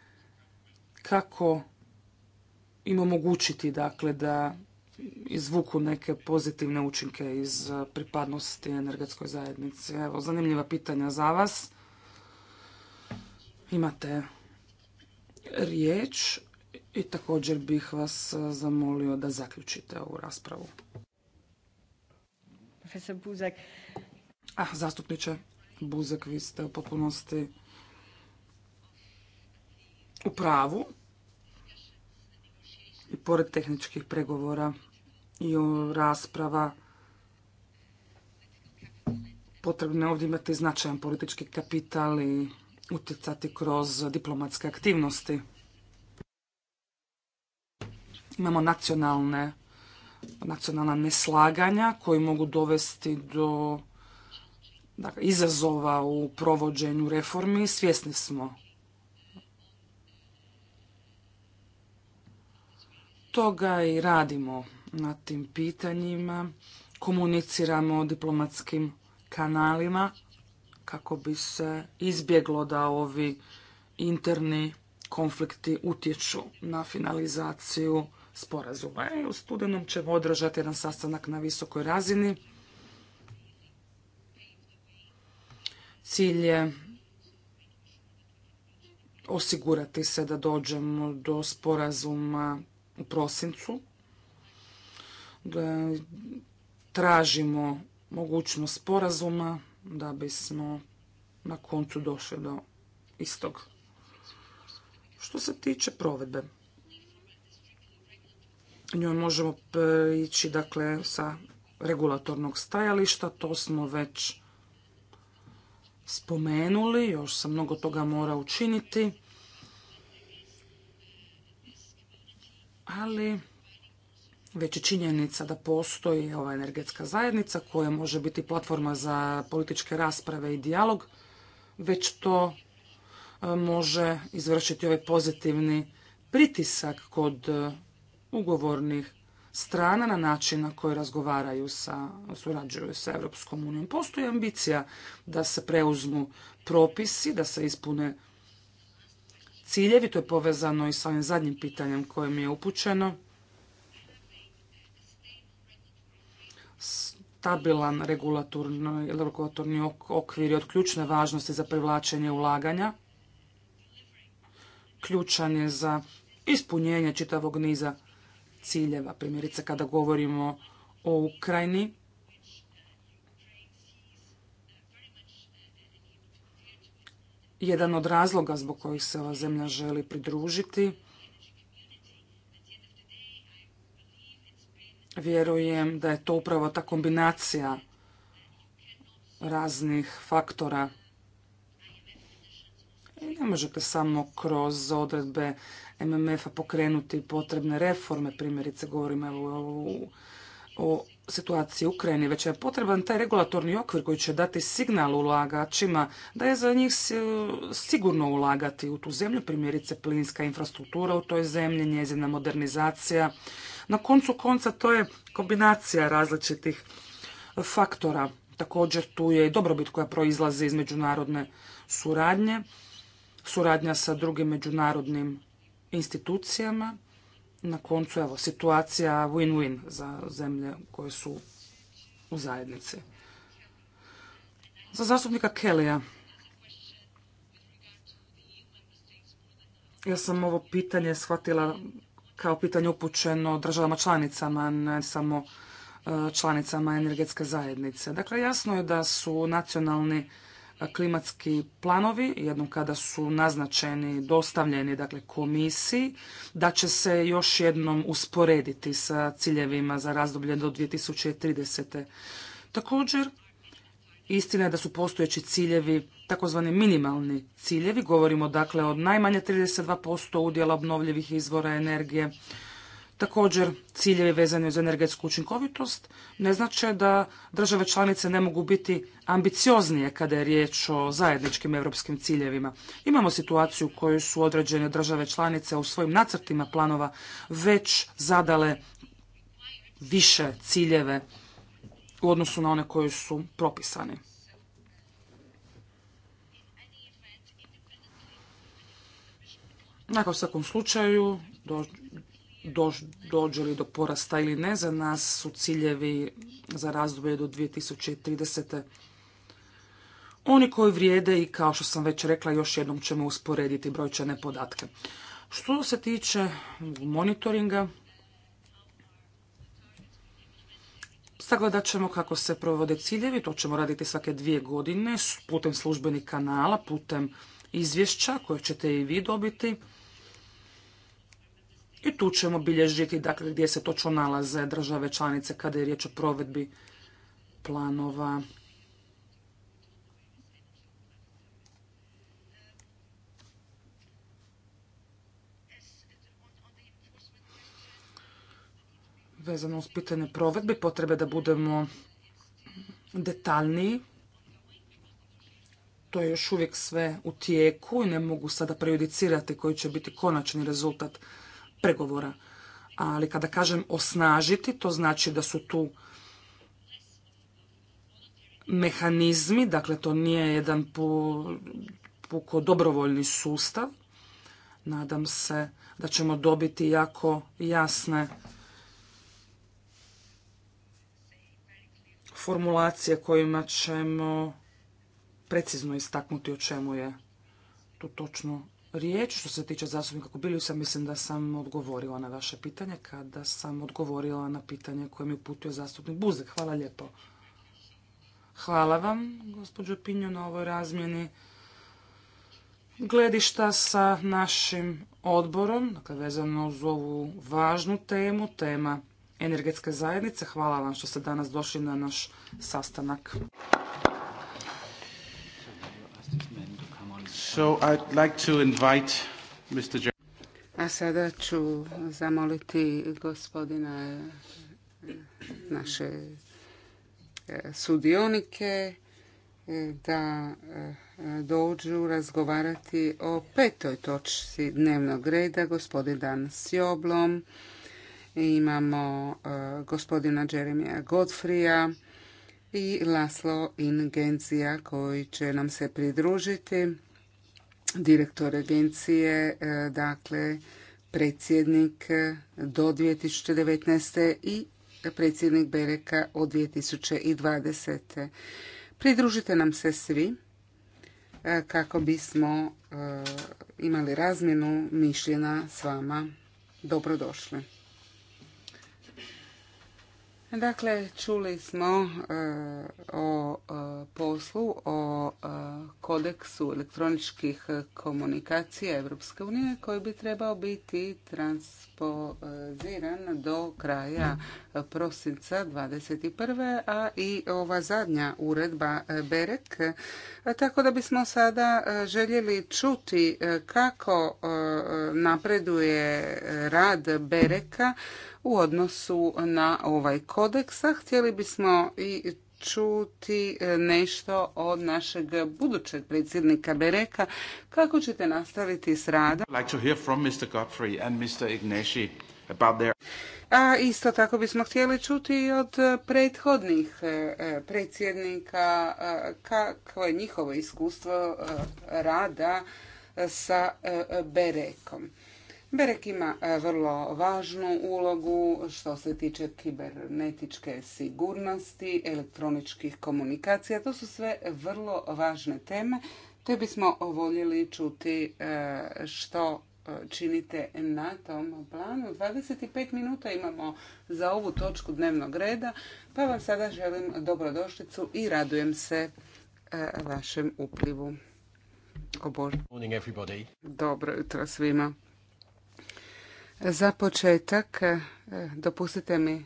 Kako im omogućiti dakle da izvuku neke pozitivne učinke iz e, pripadnosti energetskoj zajednici. Evo, zanimljiva pitanja za vas. Imate riječ. I također bih vas e, zamolio da zaključite ovu raspravu. Profesor Ah, zastupniče buzek, vi ste u potpunosti u pravu. I pored tehničkih pregovora i rasprava potrebno je ovdje imati značajan politički kapital i utjecati kroz diplomatske aktivnosti. Imamo nacionalne, nacionalna neslaganja koji mogu dovesti do izazova u provođenju reformi. Svjesni smo toga i radimo na tim pitanjima, komuniciramo diplomatskim kanalima kako bi se izbjeglo da ovi interni konflikti utječu na finalizaciju sporazuma. I e, u studenom ćemo održati jedan sastanak na visokoj razini. Cilj je osigurati se da dođemo do sporazuma u prosincu. Da tražimo mogućnost sporazuma da bismo na koncu došli do istog. Što se tiče provedbe, njoj možemo ići dakle sa regulatornog stajališta, to smo već spomenuli, još se mnogo toga mora učiniti. Ali već je činjenica da postoji ova energetska zajednica koja može biti platforma za političke rasprave i dijalog, već to e, može izvršiti ovaj pozitivni pritisak kod ugovornih strana na način na koji razgovaraju sa, surađuju sa Europskom unijom. Postoji ambicija da se preuzmu propisi, da se ispune ciljevi, to je povezano i sa ovim zadnjim pitanjem koje mi je upućeno. Stabilan regulatorni okvir je od ključne važnosti za privlačenje ulaganja. Ključan je za ispunjenje čitavog niza ciljeva, primjerice kada govorimo o Ukrajini. Jedan od razloga zbog kojih se ova zemlja želi pridružiti vjerujem da je to upravo ta kombinacija raznih faktora. I ne možete samo kroz odredbe MMF-a pokrenuti potrebne reforme, primjerice govorimo o, o situaciji u Ukrajini, već je potreban taj regulatorni okvir koji će dati signal ulagačima da je za njih sigurno ulagati u tu zemlju, primjerice plinska infrastruktura u toj zemlji, njezina modernizacija. Na koncu konca to je kombinacija različitih faktora. Također tu je i dobrobit koja proizlazi iz međunarodne suradnje, suradnja sa drugim međunarodnim institucijama. Na koncu, evo, situacija win-win za zemlje koje su u zajednici. Za zastupnika Kelija. Ja sam ovo pitanje shvatila kao pitanje upućeno državama članicama, ne samo e, članicama energetske zajednice. Dakle, jasno je da su nacionalni klimatski planovi, jednom kada su naznačeni, dostavljeni dakle, komisiji, da će se još jednom usporediti sa ciljevima za razdoblje do 2030. Također, istina je da su postojeći ciljevi takozvani minimalni ciljevi. Govorimo dakle od najmanje 32% udjela obnovljivih izvora energije Također, ciljevi vezani uz energetsku učinkovitost ne znače da države članice ne mogu biti ambicioznije kada je riječ o zajedničkim europskim ciljevima. Imamo situaciju u kojoj su određene države članice u svojim nacrtima planova već zadale više ciljeve u odnosu na one koji su propisani. Nakon svakom slučaju dođe li do porasta ili ne. Za nas su ciljevi za razdoblje do 2030. Oni koji vrijede i kao što sam već rekla, još jednom ćemo usporediti brojčane podatke. Što se tiče monitoringa, sagledat ćemo kako se provode ciljevi, to ćemo raditi svake dvije godine putem službenih kanala, putem izvješća koje ćete i vi dobiti. I tu ćemo bilježiti dakle, gdje se točno nalaze države članice kada je riječ o provedbi planova. Vezano uz pitanje provedbi, potrebe da budemo detaljniji. To je još uvijek sve u tijeku i ne mogu sada prejudicirati koji će biti konačni rezultat pregovora. Ali kada kažem osnažiti, to znači da su tu mehanizmi, dakle to nije jedan puko dobrovoljni sustav. Nadam se da ćemo dobiti jako jasne formulacije kojima ćemo precizno istaknuti o čemu je to točno riječ što se tiče zastupnika kubiljusa, Mislim da sam odgovorila na vaše pitanje kada sam odgovorila na pitanje koje mi uputio zastupnik Buzek. Hvala lijepo. Hvala vam, gospođo Pinjo, na ovoj razmjeni gledišta sa našim odborom, dakle vezano uz ovu važnu temu, tema energetske zajednice. Hvala vam što ste danas došli na naš sastanak. A sada ću zamoliti gospodina eh, naše eh, sudionike eh, da dođu razgovarati o petoj točci dnevnog reda, gospodin Dan Sjoblom, imamo gospodina Jeremija Godfrija i Laslo Ingenzija koji će nam se pridružiti direktor agencije, e, dakle predsjednik e, do 2019. i predsjednik Bereka od 2020. Pridružite nam se svi e, kako bismo imali razmjenu mišljena s vama. Dobrodošli. Dakle, čuli smo e, o e, poslu, o e, kodeksu elektroničkih komunikacija Europske unije koji bi trebao biti transpoziran do kraja prosinca 21. a i ova zadnja uredba Berek. Tako da bismo sada željeli čuti kako napreduje rad Bereka u odnosu na ovaj kodeks, a htjeli bismo i čuti nešto od našeg budućeg predsjednika Bereka. Kako ćete nastaviti s radom? A isto tako bismo htjeli čuti i od prethodnih e, e, predsjednika e, kako je njihovo iskustvo rada sa Berekom. Berek ima e, vrlo važnu ulogu što se tiče kibernetičke sigurnosti, elektroničkih komunikacija. To su sve vrlo važne teme, te bismo voljeli čuti e, što e, činite na tom planu. 25 minuta imamo za ovu točku dnevnog reda, pa vam sada želim dobrodošlicu i radujem se vašem uplivu. Dobro jutro svima. Za početak e, dopustite mi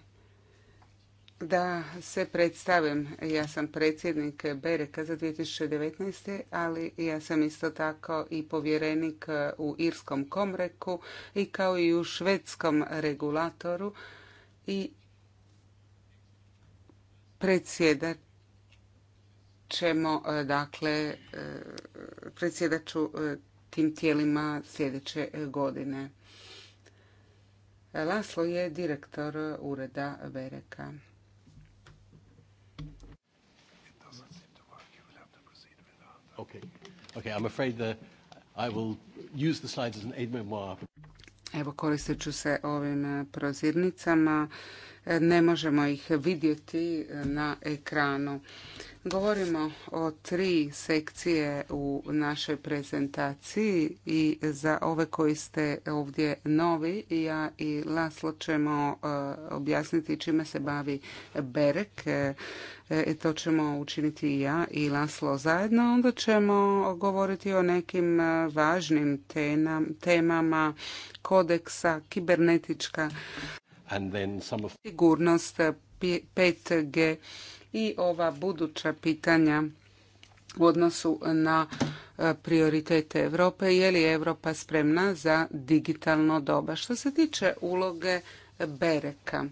da se predstavim. Ja sam predsjednik Bereka za 2019. ali ja sam isto tako i povjerenik u Irskom komreku i kao i u švedskom regulatoru i predsjedat ćemo, e, dakle, e, predsjedat ću tim tijelima sljedeće godine. Laslo je direktor ureda Vereka Evo koristit ću se ovim prozirnicama. Ne možemo ih vidjeti na ekranu. Govorimo o tri sekcije u našoj prezentaciji i za ove koji ste ovdje novi, ja i Laslo ćemo e, objasniti čime se bavi Berek. E, e, to ćemo učiniti i ja i Laslo zajedno. Onda ćemo govoriti o nekim e, važnim temama kodeksa, kibernetička sigurnost 5G i ova buduća pitanja u odnosu na e, prioritete Europe, je li Europa spremna za digitalno doba. Što se tiče uloge Bereka,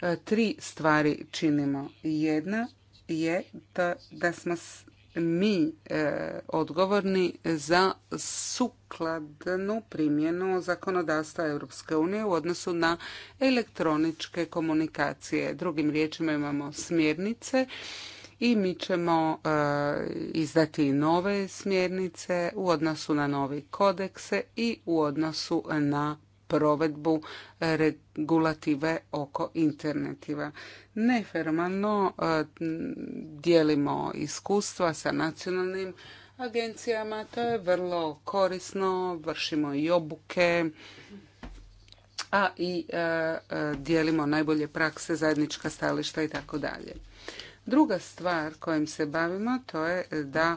e, tri stvari činimo. Jedna je da, da smo mi e, odgovorni za sukladnu primjenu zakonodavstva Europske unije u odnosu na elektroničke komunikacije. Drugim riječima imamo smjernice i mi ćemo e, izdati nove smjernice u odnosu na novi kodekse i u odnosu na provedbu regulative oko internetiva. Neformalno e, dijelimo iskustva sa nacionalnim agencijama, to je vrlo korisno, vršimo i obuke, a i e, e, dijelimo najbolje prakse, zajednička stajališta i tako dalje. Druga stvar kojim se bavimo to je da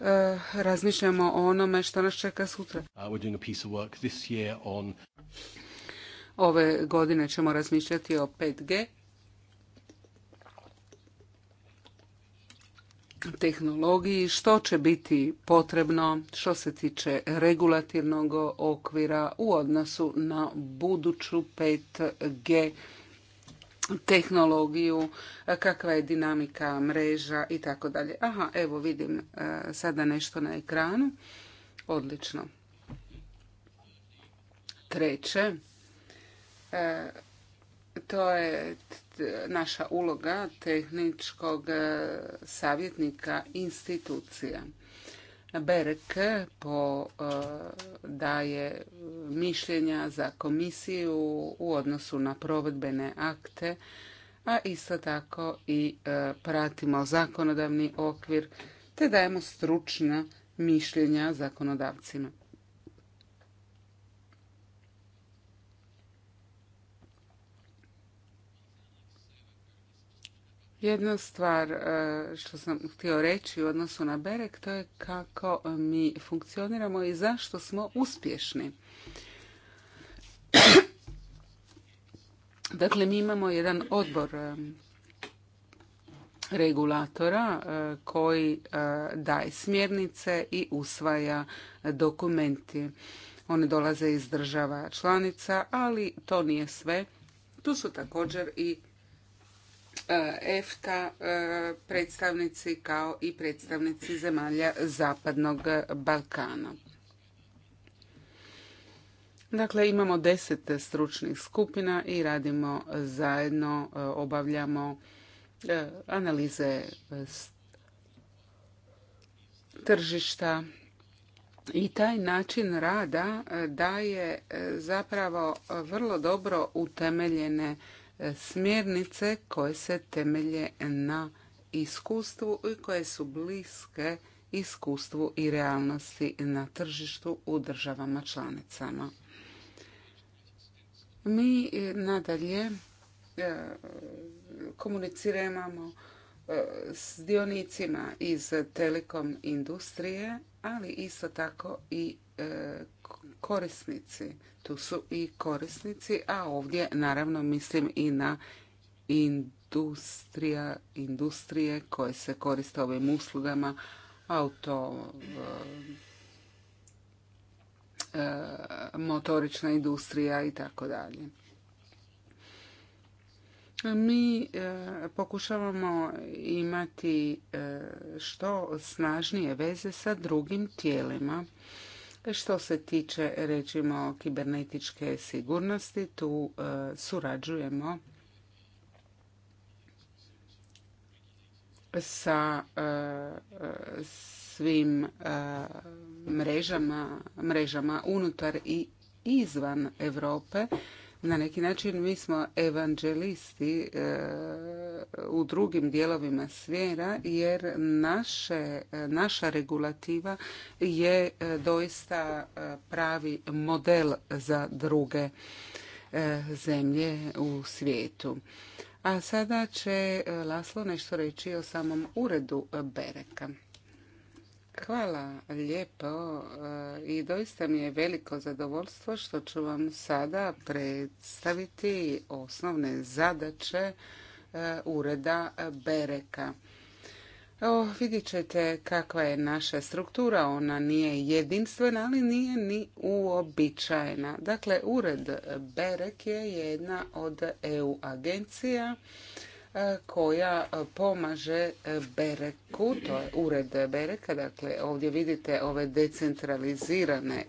Eh, razmišljamo o onome što nas čeka sutra. Uh, Ove godine ćemo razmišljati o 5G. tehnologiji, što će biti potrebno što se tiče regulativnog okvira u odnosu na buduću 5G tehnologiju, e, kakva je dinamika mreža i tako dalje. Aha, evo vidim e, sada nešto na ekranu. Odlično. Treće, e, to je naša uloga tehničkog savjetnika institucija. Berek po, e, daje mišljenja za komisiju u odnosu na provedbene akte, a isto tako i e, pratimo zakonodavni okvir te dajemo stručna mišljenja zakonodavcima. Jedna stvar e, što sam htio reći u odnosu na Berek, to je kako mi funkcioniramo i zašto smo uspješni. Dakle, mi imamo jedan odbor e, regulatora e, koji daje smjernice i usvaja dokumenti. Oni dolaze iz država članica, ali to nije sve. Tu su također i E, EFTA e, predstavnici kao i predstavnici zemalja Zapadnog Balkana. Dakle, imamo deset stručnih skupina i radimo zajedno, e, obavljamo analize tržišta i taj način rada daje zapravo vrlo dobro utemeljene smjernice koje se temelje na iskustvu i koje su bliske iskustvu i realnosti na tržištu u državama članicama. Mi e, nadalje e, komuniciramo e, s dionicima iz telekom industrije, ali isto tako i E, korisnici. Tu su i korisnici, a ovdje naravno mislim i na industrija, industrije koje se koriste ovim uslugama, auto, e, e, motorična industrija i tako dalje. Mi pokušavamo imati što snažnije veze sa drugim tijelima što se tiče, recimo, kibernetičke sigurnosti, tu e, surađujemo sa e, svim e, mrežama, unutar i izvan Europe na neki način mi smo evanđelisti e, u drugim dijelovima svijera jer naše, naša regulativa je e, doista e, pravi model za druge zemlje u svijetu. A sada će Laslo nešto reći o samom uredu Bereka. Hvala lijepo e, i doista mi je veliko zadovoljstvo što ću vam sada predstaviti osnovne zadaće e, ureda Bereka. O, vidjet ćete kakva je naša struktura, ona nije jedinstvena, ali nije ni uobičajena. Dakle, ured Berek je jedna od EU agencija E, koja e, pomaže e, Bereku, to je ured Bereka, dakle ovdje vidite ove decentralizirane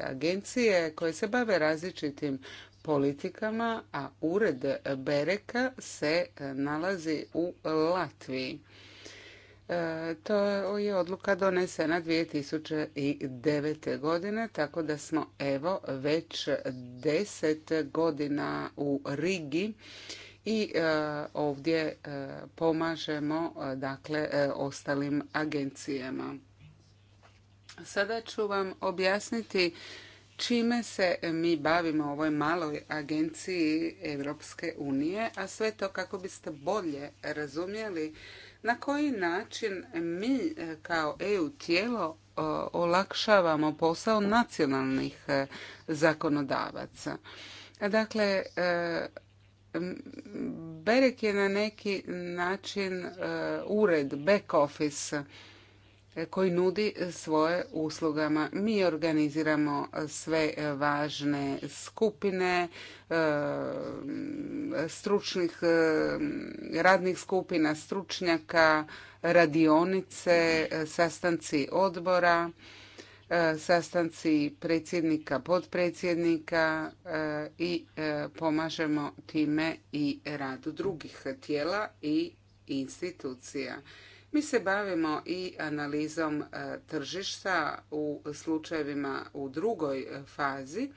agencije koje se bave različitim politikama, a ured Bereka se nalazi u Latviji. To je odluka donesena 2009. godine, tako da smo evo već deset godina u Rigi i e, ovdje e, pomažemo e, dakle ostalim agencijama. Sada ću vam objasniti čime se mi bavimo u ovoj maloj agenciji Europske unije, a sve to kako biste bolje razumjeli na koji način mi kao EU tijelo olakšavamo posao nacionalnih zakonodavaca. Dakle, Berek je na neki način e, ured, back office e, koji nudi svoje uslugama. Mi organiziramo sve važne skupine, e, stručnih radnih skupina, stručnjaka, radionice, sastanci odbora E, sastanci predsjednika, podpredsjednika e, i e, pomažemo time i radu drugih tijela i institucija. Mi se bavimo i analizom tržišta u slučajevima u drugoj fazi.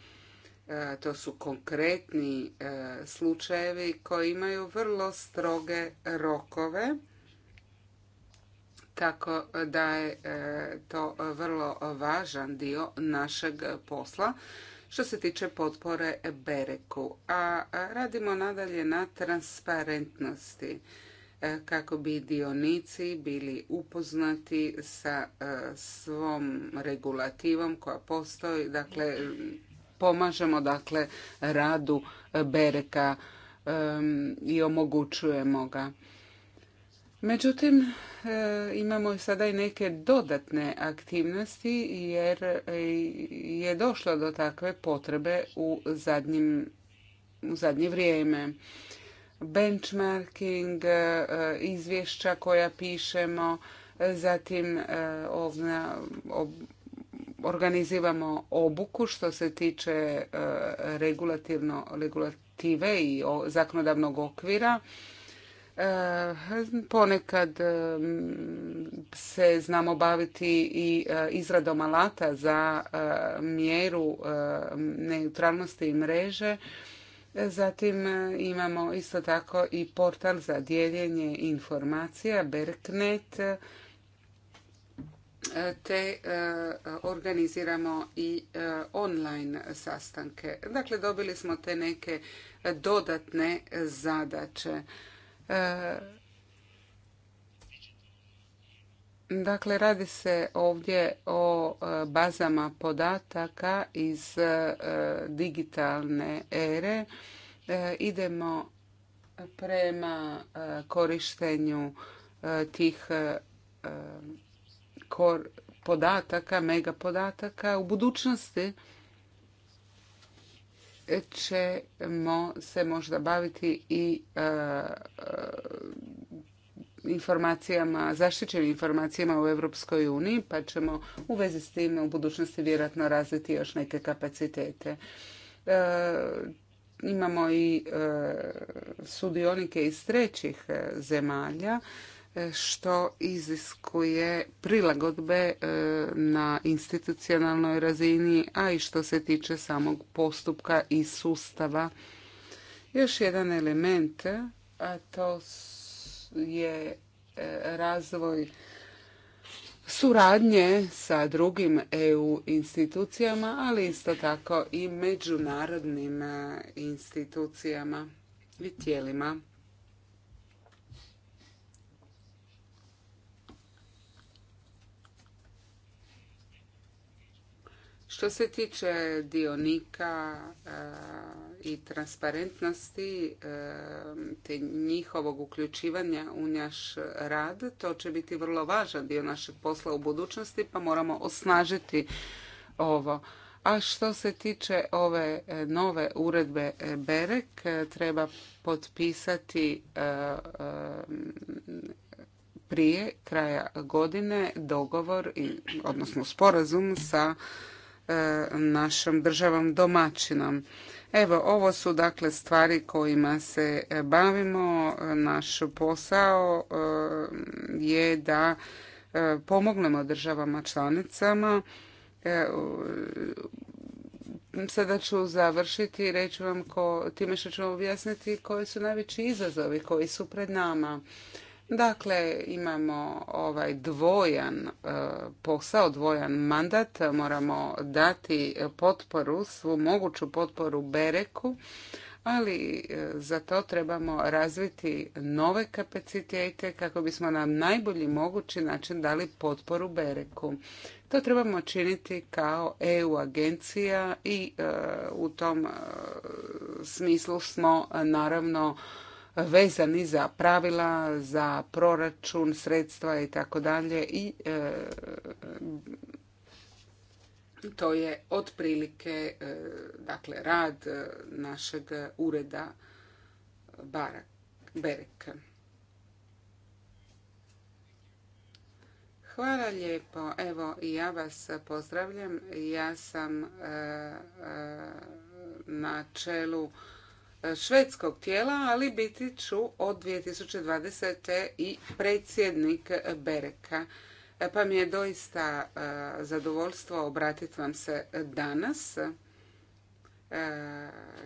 To su konkretni slučajevi koji imaju vrlo stroge rokove tako da je e, to vrlo važan dio našeg posla što se tiče potpore Bereku. A radimo nadalje na transparentnosti e, kako bi dionici bili upoznati sa e, svom regulativom koja postoji. Dakle, pomažemo dakle radu Bereka i omogućujemo ga. Međutim, e, imamo sada i neke dodatne aktivnosti jer je došlo do takve potrebe u, zadnjim, u zadnje vrijeme. Benchmarking, e, izvješća koja pišemo, zatim e, ovna, obuku što se tiče regulativno regulative i zakonodavnog okvira E, ponekad e, se znamo baviti i e, izradom alata za mjeru neutralnosti mreže. Zatim imamo isto tako i portal za dijeljenje informacija Berknet te organiziramo i online sastanke. Dakle, dobili smo te neke dodatne zadaće. E, dakle, radi se ovdje o e, bazama podataka iz e, digitalne ere. Idemo prema korištenju tih podataka, megapodataka U budućnosti ćemo se možda baviti i e, e, informacijama, zaštićenim informacijama u Europskoj uniji, pa ćemo u vezi s tim u budućnosti vjerojatno razviti još neke kapacitete. E, imamo i sudionike iz trećih zemalja što iziskuje prilagodbe e, na institucionalnoj razini, a i što se tiče samog postupka i sustava. Još jedan element, a to je e, razvoj suradnje sa drugim EU institucijama, ali isto tako i međunarodnim e, institucijama i tijelima. Što se tiče dionika e, i transparentnosti e, te njihovog uključivanja u naš rad, to će biti vrlo važan dio našeg posla u budućnosti, pa moramo osnažiti ovo. A što se tiče ove e, nove uredbe BEREK, treba potpisati prije kraja godine dogovor, odnosno sporazum sa E, našom državom domaćinom. Evo, ovo su dakle stvari kojima se e, bavimo. Naš posao e, je da pomognemo državama članicama. Sada ću završiti i reći vam ko, time što ću objasniti koji su najveći izazovi koji su pred nama. Dakle, imamo ovaj dvojan e, posao, dvojan mandat. Moramo dati potporu, svu moguću potporu Bereku, ali e, za to trebamo razviti nove kapacitete kako bismo na najbolji mogući način dali potporu Bereku. To trebamo činiti kao EU agencija i e, u tom smislu smo naravno vezani za pravila, za proračun, sredstva i tako dalje i e, to je otprilike e, dakle rad e, našeg ureda Barak, Hvala lijepo. Evo, ja vas pozdravljam. Ja sam na čelu švedskog tijela, ali biti ću od 2020. i predsjednik Bereka. E, pa mi je doista e, zadovoljstvo obratiti vam se danas. E,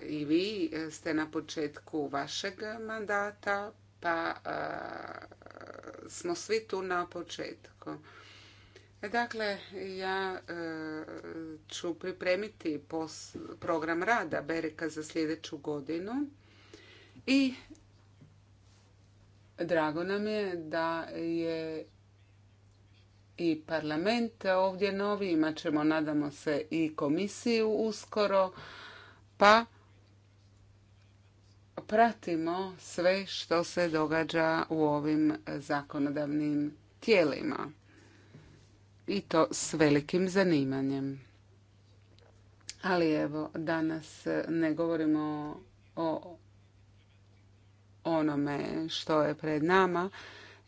I vi ste na početku vašeg mandata, pa smo svi tu na početku. Dakle, ja e, ću pripremiti program rada Bereka za sljedeću godinu i drago nam je da je i parlament ovdje novi, imat ćemo, nadamo se, i komisiju uskoro, pa pratimo sve što se događa u ovim zakonodavnim tijelima i to s velikim zanimanjem. Ali evo, danas eh, ne govorimo o onome što je pred nama,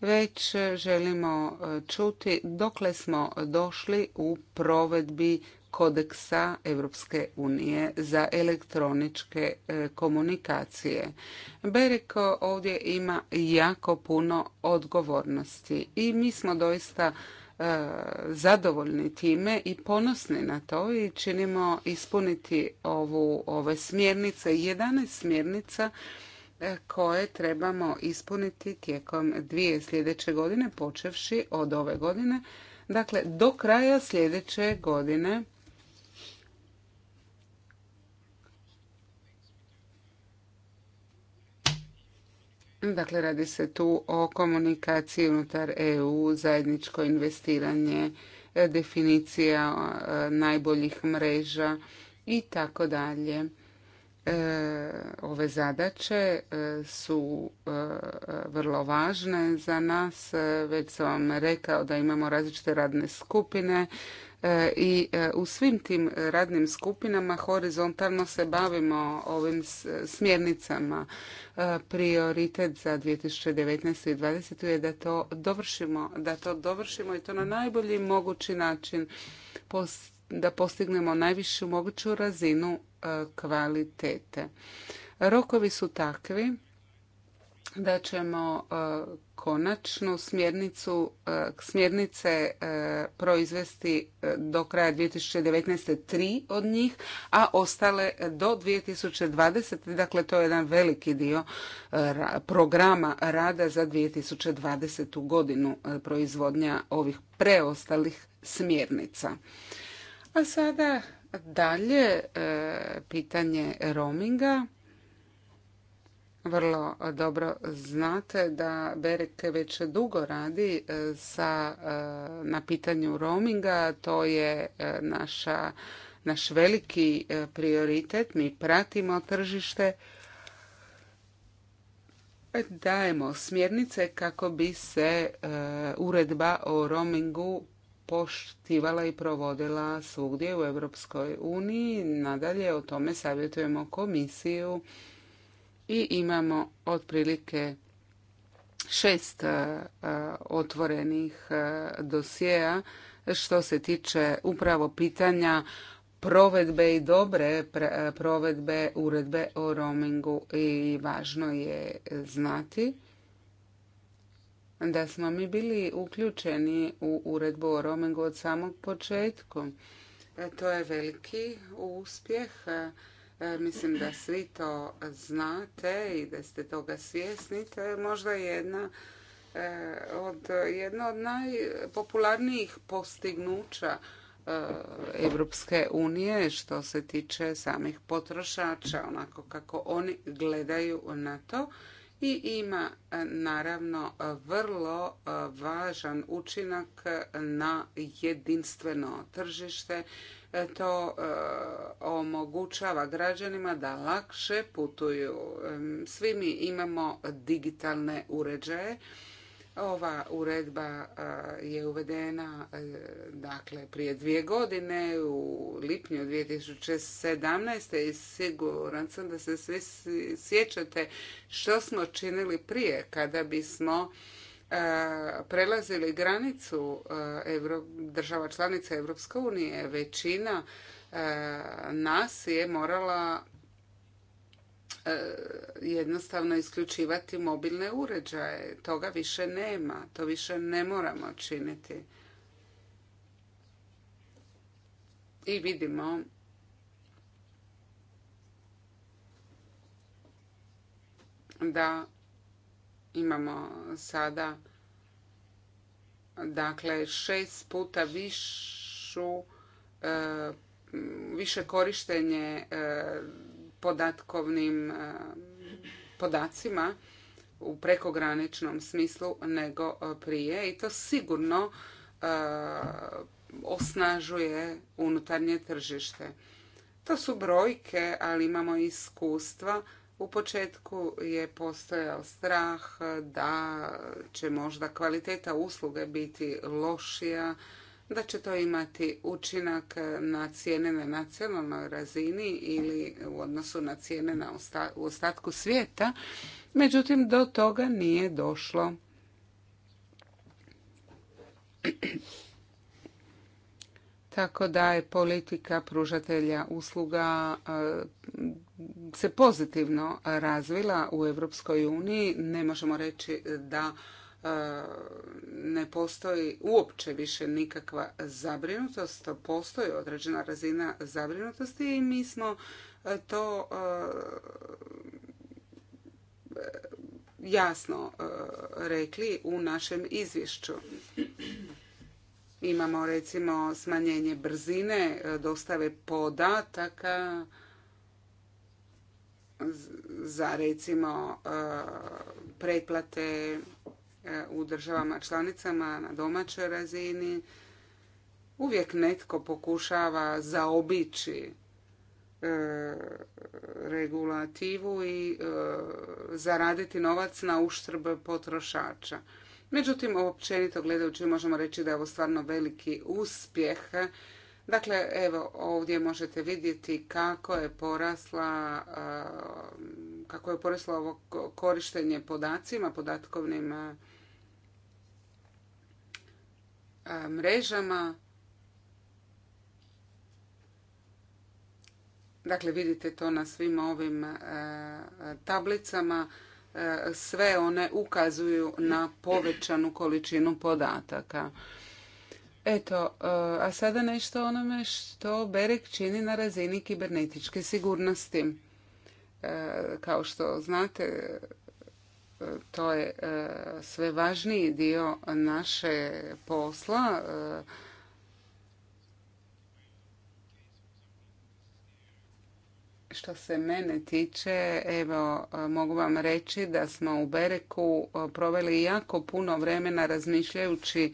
već eh, želimo eh, čuti dokle smo došli u provedbi kodeksa Europske unije za elektroničke komunikacije. Bereko ovdje ima jako puno odgovornosti i mi smo doista zadovoljni time i ponosni na to i činimo ispuniti ovu, ove smjernice, 11 smjernica e, koje trebamo ispuniti tijekom dvije sljedeće godine, počevši od ove godine, dakle do kraja sljedeće godine Dakle, radi se tu o komunikaciji unutar EU, zajedničko investiranje, e, definicija e, najboljih mreža i tako dalje. E, ove zadaće su vrlo važne za nas. Već sam vam rekao da imamo različite radne skupine E, i e, u svim tim radnim skupinama horizontalno se bavimo ovim smjernicama. E, prioritet za 2019. i 2020. je da to dovršimo, da to dovršimo i to na najbolji mogući način da postignemo najvišu moguću razinu kvalitete. Rokovi su takvi da ćemo e, konačnu smjernicu, e, smjernice e, proizvesti do kraja 2019. tri od njih, a ostale do 2020. Dakle, to je jedan veliki dio programa rada za 2020. godinu proizvodnja ovih preostalih smjernica. A sada dalje pitanje roaminga vrlo dobro znate da Berek već dugo radi e, sa, e, na pitanju roaminga. To je e, naša, naš veliki prioritet. Mi pratimo tržište dajemo smjernice kako bi se uredba o roamingu poštivala i provodila svugdje u Europskoj uniji. Nadalje o tome savjetujemo komisiju i imamo otprilike šest e, e, otvorenih e, dosjeja što se tiče upravo pitanja provedbe i dobre provedbe uredbe o roamingu i važno je znati da smo mi bili uključeni u uredbu o roamingu od samog početka. To je veliki uspjeh E, mislim da svi to znate i da ste toga svjesni. To je možda jedna e, od, jedno od najpopularnijih postignuća e, Evropske unije što se tiče samih potrošača, onako kako oni gledaju na to i ima e, naravno vrlo e, važan učinak na jedinstveno tržište. E, to omogućava građanima da lakše putuju. Svi mi imamo digitalne uređaje ova uredba je uvedena e, dakle, prije dvije godine u lipnju 2017. i siguran sam da se svi sjećate što smo činili prije kada bismo e, prelazili granicu e, država članica Europske unije. Većina nas je morala E, jednostavno isključivati mobilne uređaje. Toga više nema, to više ne moramo činiti. I vidimo da imamo sada dakle šest puta višu e, više korištenje e, podatkovnim e, podacima u prekograničnom smislu nego e, prije i to sigurno e, osnažuje unutarnje tržište. To su brojke, ali imamo iskustva. U početku je postojao strah da će možda kvaliteta usluge biti lošija, da će to imati učinak na cijene na nacionalnoj razini ili u odnosu na cijene na u ostatku svijeta. Međutim, do toga nije došlo. Tako da je politika pružatelja usluga se pozitivno razvila u Europskoj uniji. Ne možemo reći da E, ne postoji uopće više nikakva zabrinutost, postoji određena razina zabrinutosti i mi smo e, to e, jasno rekli u našem izvješću. Imamo recimo smanjenje brzine dostave podataka za recimo pretplate E, u državama članicama na domaćoj razini. Uvijek netko pokušava zaobići e, regulativu i e, zaraditi novac na uštrb potrošača. Međutim, općenito gledajući možemo reći da je ovo stvarno veliki uspjeh. Dakle, evo ovdje možete vidjeti kako je porasla kako je poraslo ovo korištenje podacima, podatkovnim mrežama. Dakle, vidite to na svim ovim e, tablicama. E, sve one ukazuju na povećanu količinu podataka. Eto, e, a sada nešto onome što Berek čini na razini kibernetičke sigurnosti. Kao što znate, to je e, sve važniji dio naše posla. E, što se mene tiče, evo, e, mogu vam reći da smo u Bereku proveli jako puno vremena razmišljajući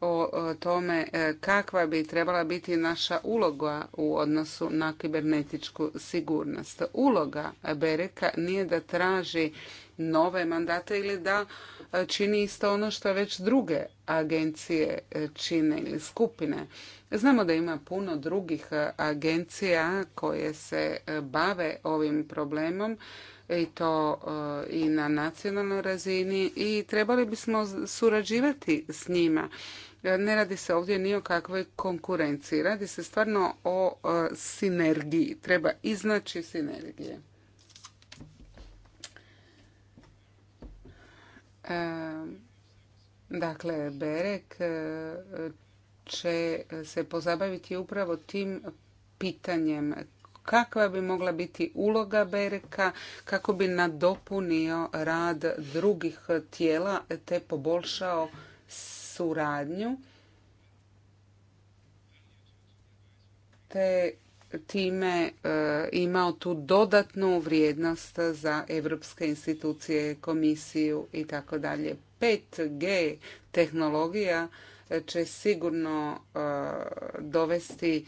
o tome kakva bi trebala biti naša uloga u odnosu na kibernetičku sigurnost. Uloga Bereka nije da traži nove mandate ili da e, čini isto ono što već druge agencije e, čine ili skupine. Znamo da ima puno drugih e, agencija koje se bave ovim problemom i to i na nacionalnoj razini i trebali bismo surađivati s njima. Ne radi se ovdje ni o kakvoj konkurenciji, radi se stvarno o sinergiji, treba iznaći sinergije. Dakle, Berek e, će se pozabaviti upravo tim pitanjem kakva bi mogla biti uloga Bereka kako bi nadopunio rad drugih tijela te poboljšao suradnju te time e, imao tu dodatnu vrijednost za europske institucije, komisiju i tako dalje. 5G tehnologija e, će sigurno e, dovesti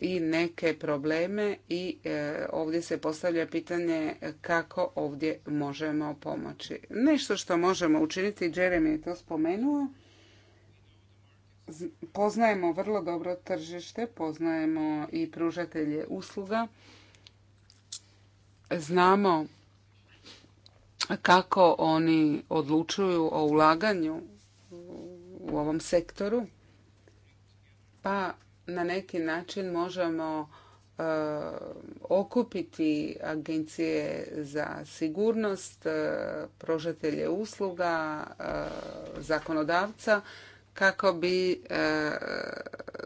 i neke probleme i ovdje se postavlja pitanje kako ovdje možemo pomoći. Nešto što možemo učiniti, Jeremy je to spomenuo, poznajemo vrlo dobro tržište, poznajemo i pružatelje usluga. Znamo kako oni odlučuju o ulaganju u ovom sektoru. Pa na neki način možemo e, okupiti agencije za sigurnost, e, pružatelje usluga, e, zakonodavca kako bi e,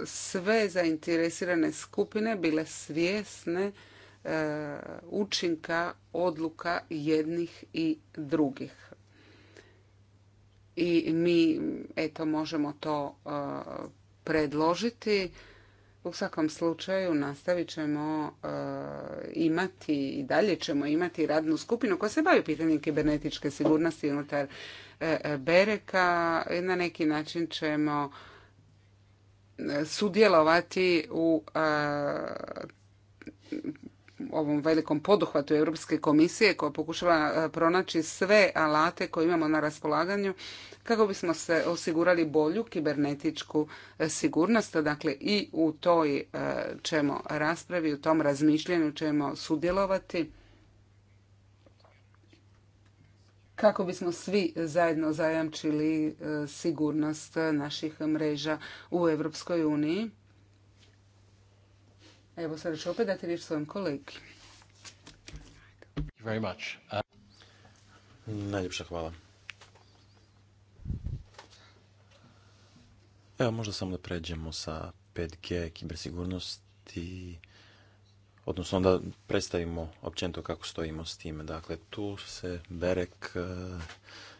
sve zainteresirane skupine bile svjesne e, učinka odluka jednih i drugih. I mi eto možemo to e, predložiti. U svakom slučaju nastavit ćemo imati i dalje ćemo imati radnu skupinu koja se bavi pitanjem kibernetičke sigurnosti unutar E, e, Bereka na neki način ćemo e, sudjelovati u ovom velikom poduhvatu Europske komisije koja pokušava pronaći sve alate koje imamo na raspolaganju kako bismo se osigurali bolju kibernetičku sigurnost. Dakle, i u toj ćemo raspravi, u tom razmišljanju ćemo sudjelovati. kako bismo svi zajedno zajamčili e, sigurnost e, naših mreža u Europskoj uniji. Evo sad ću opet dati riječ svojom kolegi. Very uh, Najljepša hvala. Evo možda samo da pređemo sa 5G kibersigurnosti odnosno da predstavimo općenito kako stojimo s time. Dakle, tu se Berek e,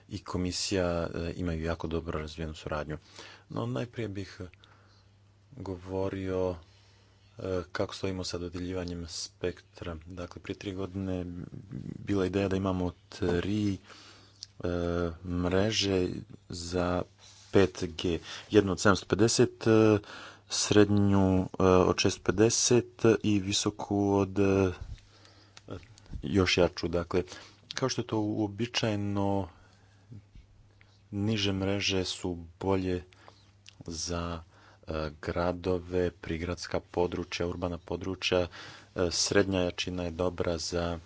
i komisija e, imaju jako dobro razvijenu suradnju. No, najprije bih govorio e, kako stojimo sa dodjeljivanjem spektra. Dakle, prije tri godine bila ideja da imamo tri mreže za 5G. Jednu od 750 srednju e, od 650 i visoku od e, još jaču. Dakle, kao što je to uobičajeno, niže mreže su bolje za e, gradove, prigradska područja, urbana područja. Srednja jačina je dobra za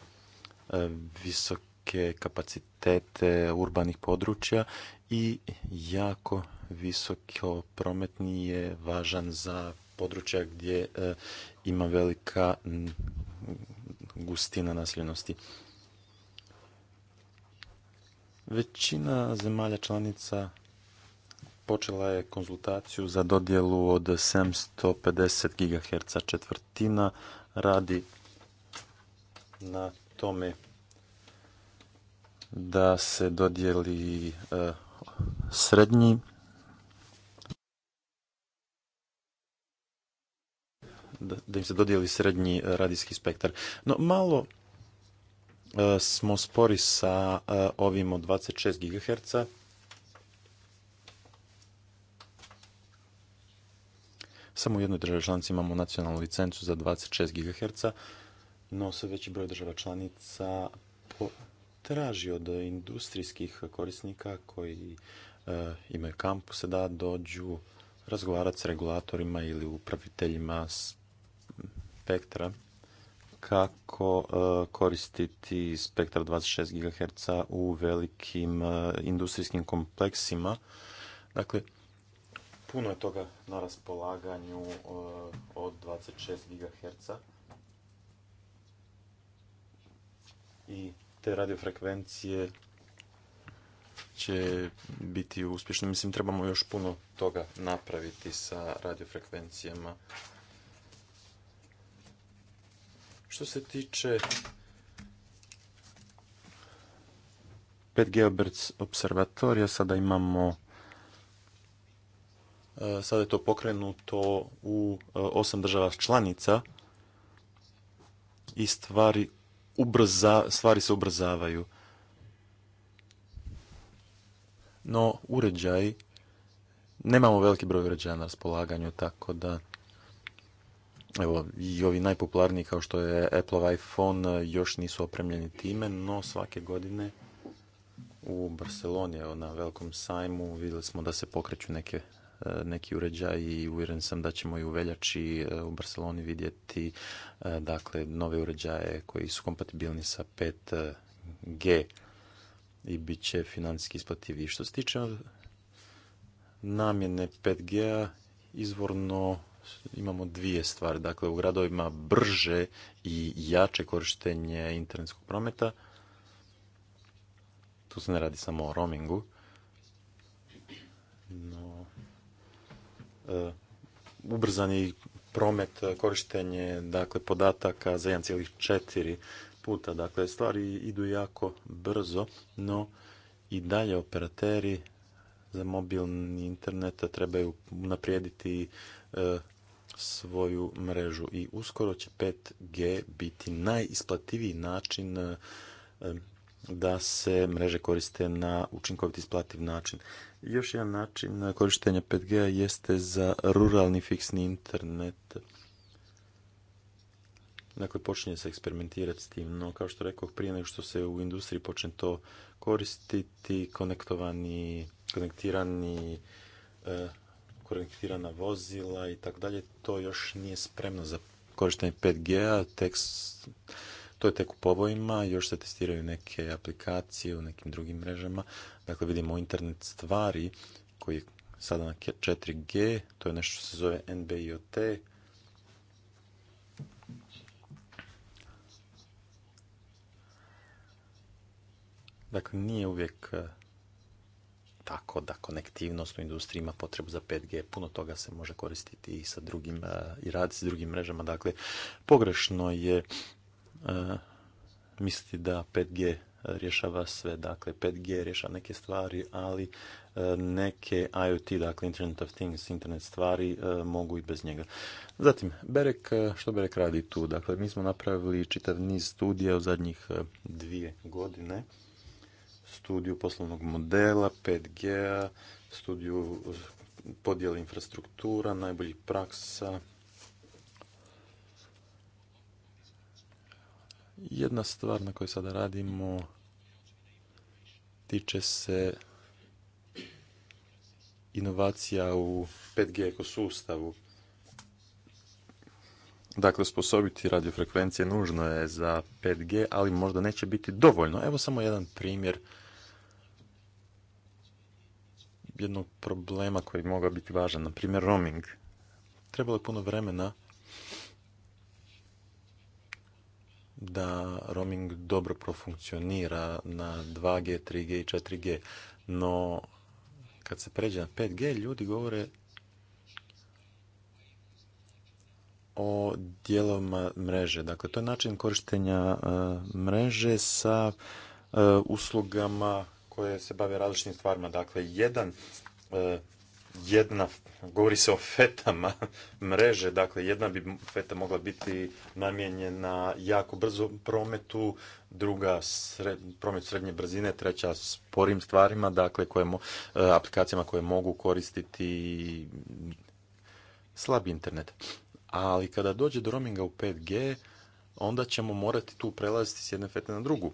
visoke kapacitete urbanih područja i jako visoko prometni je važan za područja gdje e, ima velika gustina nasljednosti. Većina zemalja članica počela je konzultaciju za dodjelu od 750 GHz četvrtina radi na tome da se dodjeli e, srednji da im se dodijeli srednji e, radijski spektar. No, malo e, smo spori sa e, ovim od 26 GHz. Samo u jednoj državi članici imamo nacionalnu licencu za 26 GHz, no sve veći broj država članica traži od industrijskih korisnika koji imaju kampuse da dođu razgovarati s regulatorima ili upraviteljima s spektra kako e, koristiti spektar 26 GHz u velikim e, industrijskim kompleksima. Dakle, puno je toga na raspolaganju e, od 26 GHz. I te radiofrekvencije će biti uspješne. Mislim, trebamo još puno toga napraviti sa radiofrekvencijama što se tiče 5 GHz observatorija, sada imamo e, sada je to pokrenuto u e, osam država članica i stvari, ubrza, stvari se ubrzavaju. No, uređaj, nemamo veliki broj uređaja na raspolaganju, tako da Evo, i ovi najpopularniji kao što je Apple iPhone e, još nisu opremljeni time, no svake godine u Barceloni, evo, na velikom sajmu, vidjeli smo da se pokreću neke e, neki uređaj i uvjeren sam da ćemo i u veljači e, u Barceloni vidjeti dakle nove uređaje koji su kompatibilni sa 5G i bit će financijski isplativiji. Što se tiče namjene 5G-a, izvorno imamo dvije stvari. Dakle, u gradovima brže i jače korištenje internetskog prometa. Tu se ne radi samo o roamingu. No, e, ubrzani promet, korištenje dakle, podataka za 1,4 puta. Dakle, stvari idu jako brzo, no i dalje operateri za mobilni internet trebaju naprijediti E, svoju mrežu i uskoro će 5G biti najisplativiji način e, da se mreže koriste na učinkovit isplativ način. Još jedan način korištenja 5 g jeste za ruralni fiksni internet. Dakle, počinje se eksperimentirati s tim, no kao što rekao prije nego što se u industriji počne to koristiti, konektovani, konektirani e, projektirana vozila i tako dalje, to još nije spremno za korištenje 5G-a, to je tek u povojima, još se testiraju neke aplikacije u nekim drugim mrežama. Dakle, vidimo internet stvari koji je sada na 4G, to je nešto što se zove NBIOT. Dakle, nije uvijek tako da konektivnost u industriji ima potrebu za 5G. Puno toga se može koristiti i sa drugim e, i raditi s drugim mrežama. Dakle, pogrešno je e, misliti da 5G rješava sve. Dakle, 5G rješava neke stvari, ali e, neke IoT, dakle Internet of Things, internet stvari, mogu i bez njega. Zatim, Berek, što Berek radi tu? Dakle, mi smo napravili čitav niz studija u zadnjih dvije godine studiju poslovnog modela, 5G, studiju podjela infrastruktura, najboljih praksa. Jedna stvar na kojoj sada radimo tiče se inovacija u 5G ekosustavu. Dakle, sposobiti radiofrekvencije nužno je za 5G, ali možda neće biti dovoljno. Evo samo jedan primjer jednog problema koji bi mogao biti važan, na primjer roaming. Trebalo je puno vremena da roaming dobro profunkcionira na 2G, 3G i 4G, no kad se pređe na 5G, ljudi govore o dijelovima mreže. Dakle, to je način korištenja e, mreže sa e, uslugama koje se bave različitim stvarima. Dakle, jedan, e, jedna, govori se o fetama mreže, dakle jedna bi feta mogla biti namijenjena jako brzo prometu, druga promet srednje brzine, treća sporim stvarima, dakle koje, e, aplikacijama koje mogu koristiti slabi internet. Ali kada dođe do roaminga u 5G, onda ćemo morati tu prelaziti s jedne fete na drugu.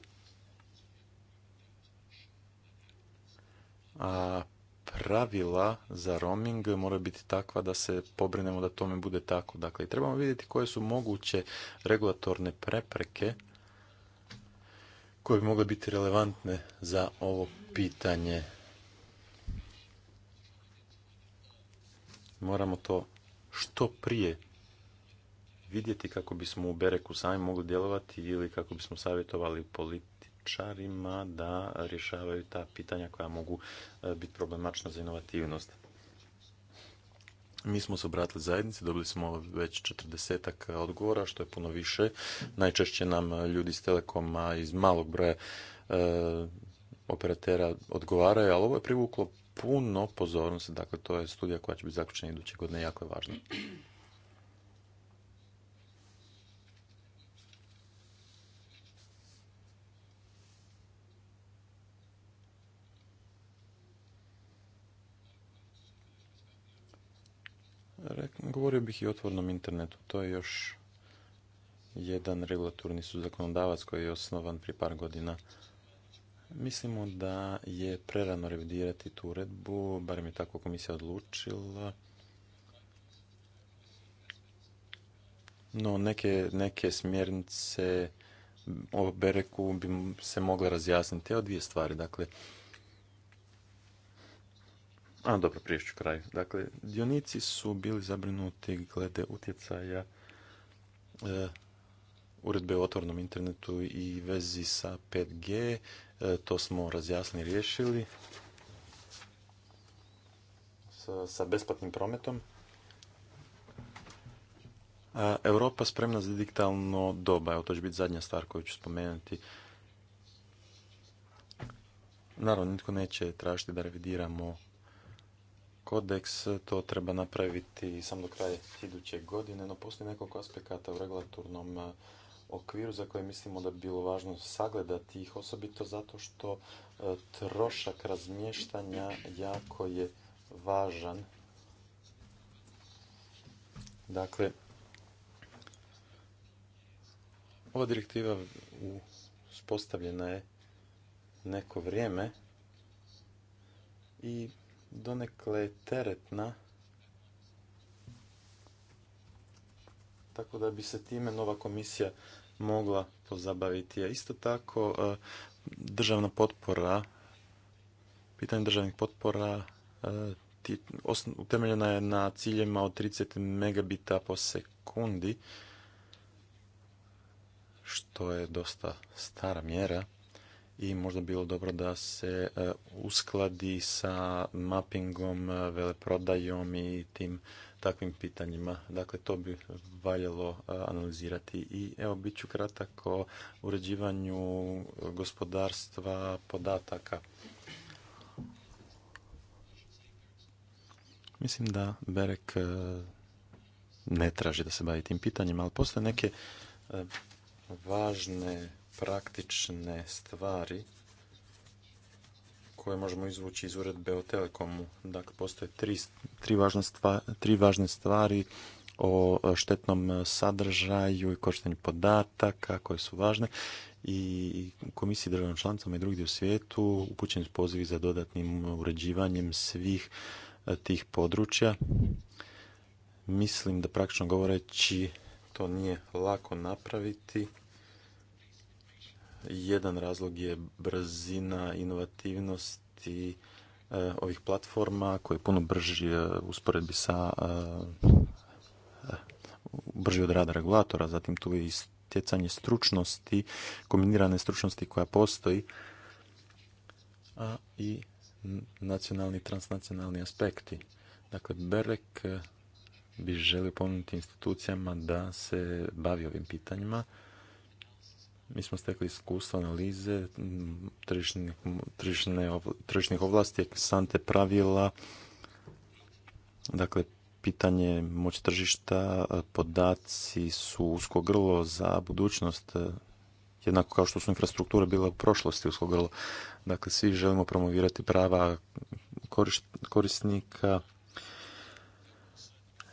a pravila za roaming moraju biti takva da se pobrinemo da tome bude tako. Dakle, trebamo vidjeti koje su moguće regulatorne prepreke koje bi mogle biti relevantne za ovo pitanje. Moramo to što prije vidjeti kako bismo u Bereku sami mogli djelovati ili kako bismo savjetovali politi čarima da rješavaju ta pitanja koja mogu e, biti problematična za inovativnost. Mi smo se obratili zajednici, dobili smo već četrdesetak odgovora, što je puno više. Najčešće nam ljudi s Telekoma iz malog broja e, operatera odgovaraju, ali ovo je privuklo puno pozornosti. Dakle, to je studija koja će biti zaključena iduće godine, jako je važna. Govorio bih i o otvornom internetu. To je još jedan regulatorni zakonodavac koji je osnovan prije par godina. Mislimo da je prerano revidirati tu uredbu, barem je tako komisija odlučila. No, neke, neke smjernice o Bereku bi se mogle razjasniti. Evo dvije stvari. Dakle, a, dobro, prije ću kraj. Dakle, dionici su bili zabrinuti glede utjecaja e, uredbe o otvornom internetu i vezi sa 5G. E, to smo razjasni riješili sa, sa besplatnim prometom. A, e, Europa spremna za digitalno doba. Evo, to će biti zadnja stvar koju ću spomenuti. Naravno, nitko neće tražiti da revidiramo kodeks, to treba napraviti sam do kraja iduće godine, no postoji nekoliko aspekata u regulatornom eh, okviru za koje mislimo da bi bilo važno sagledati ih, osobito zato što eh, trošak razmještanja jako je važan. Dakle, ova direktiva uspostavljena je neko vrijeme i donekle teretna, tako da bi se time nova komisija mogla pozabaviti. A isto tako, e, državna potpora, pitanje državnih potpora e, utemeljena je na ciljima od 30 megabita po sekundi, što je dosta stara mjera i možda bilo dobro da se e, uskladi sa mappingom, e, veleprodajom i tim takvim pitanjima. Dakle, to bi valjalo e, analizirati. I evo, bit ću kratak o uređivanju gospodarstva podataka. Mislim da Berek ne traži da se bavi tim pitanjima, ali postoje neke važne praktične stvari koje možemo izvući iz uredbe o telekomu. Dakle, postoje tri, tri, važne stvari, tri važne stvari o štetnom sadržaju i korištenju podataka koje su važne i komisiji državnim članicama i drugdje u svijetu upućeni su pozivi za dodatnim uređivanjem svih e, tih područja. Mislim da praktično govoreći to nije lako napraviti jedan razlog je brzina, inovativnost e, ovih platforma koje je puno brži e, usporedbi sa e, brži od rada regulatora, zatim tu je i stjecanje stručnosti, kombinirane stručnosti koja postoji, a i nacionalni i transnacionalni aspekti. Dakle, Berek bi želio ponuditi institucijama da se bavi ovim pitanjima, mi smo stekli iskustvo analize tržišnih, tržišne, tržišnih ovlasti, sante pravila, dakle, pitanje moć tržišta, e, podaci su usko grlo za budućnost, e, jednako kao što su infrastrukture bile u prošlosti usko grlo. Dakle, svi želimo promovirati prava korisnika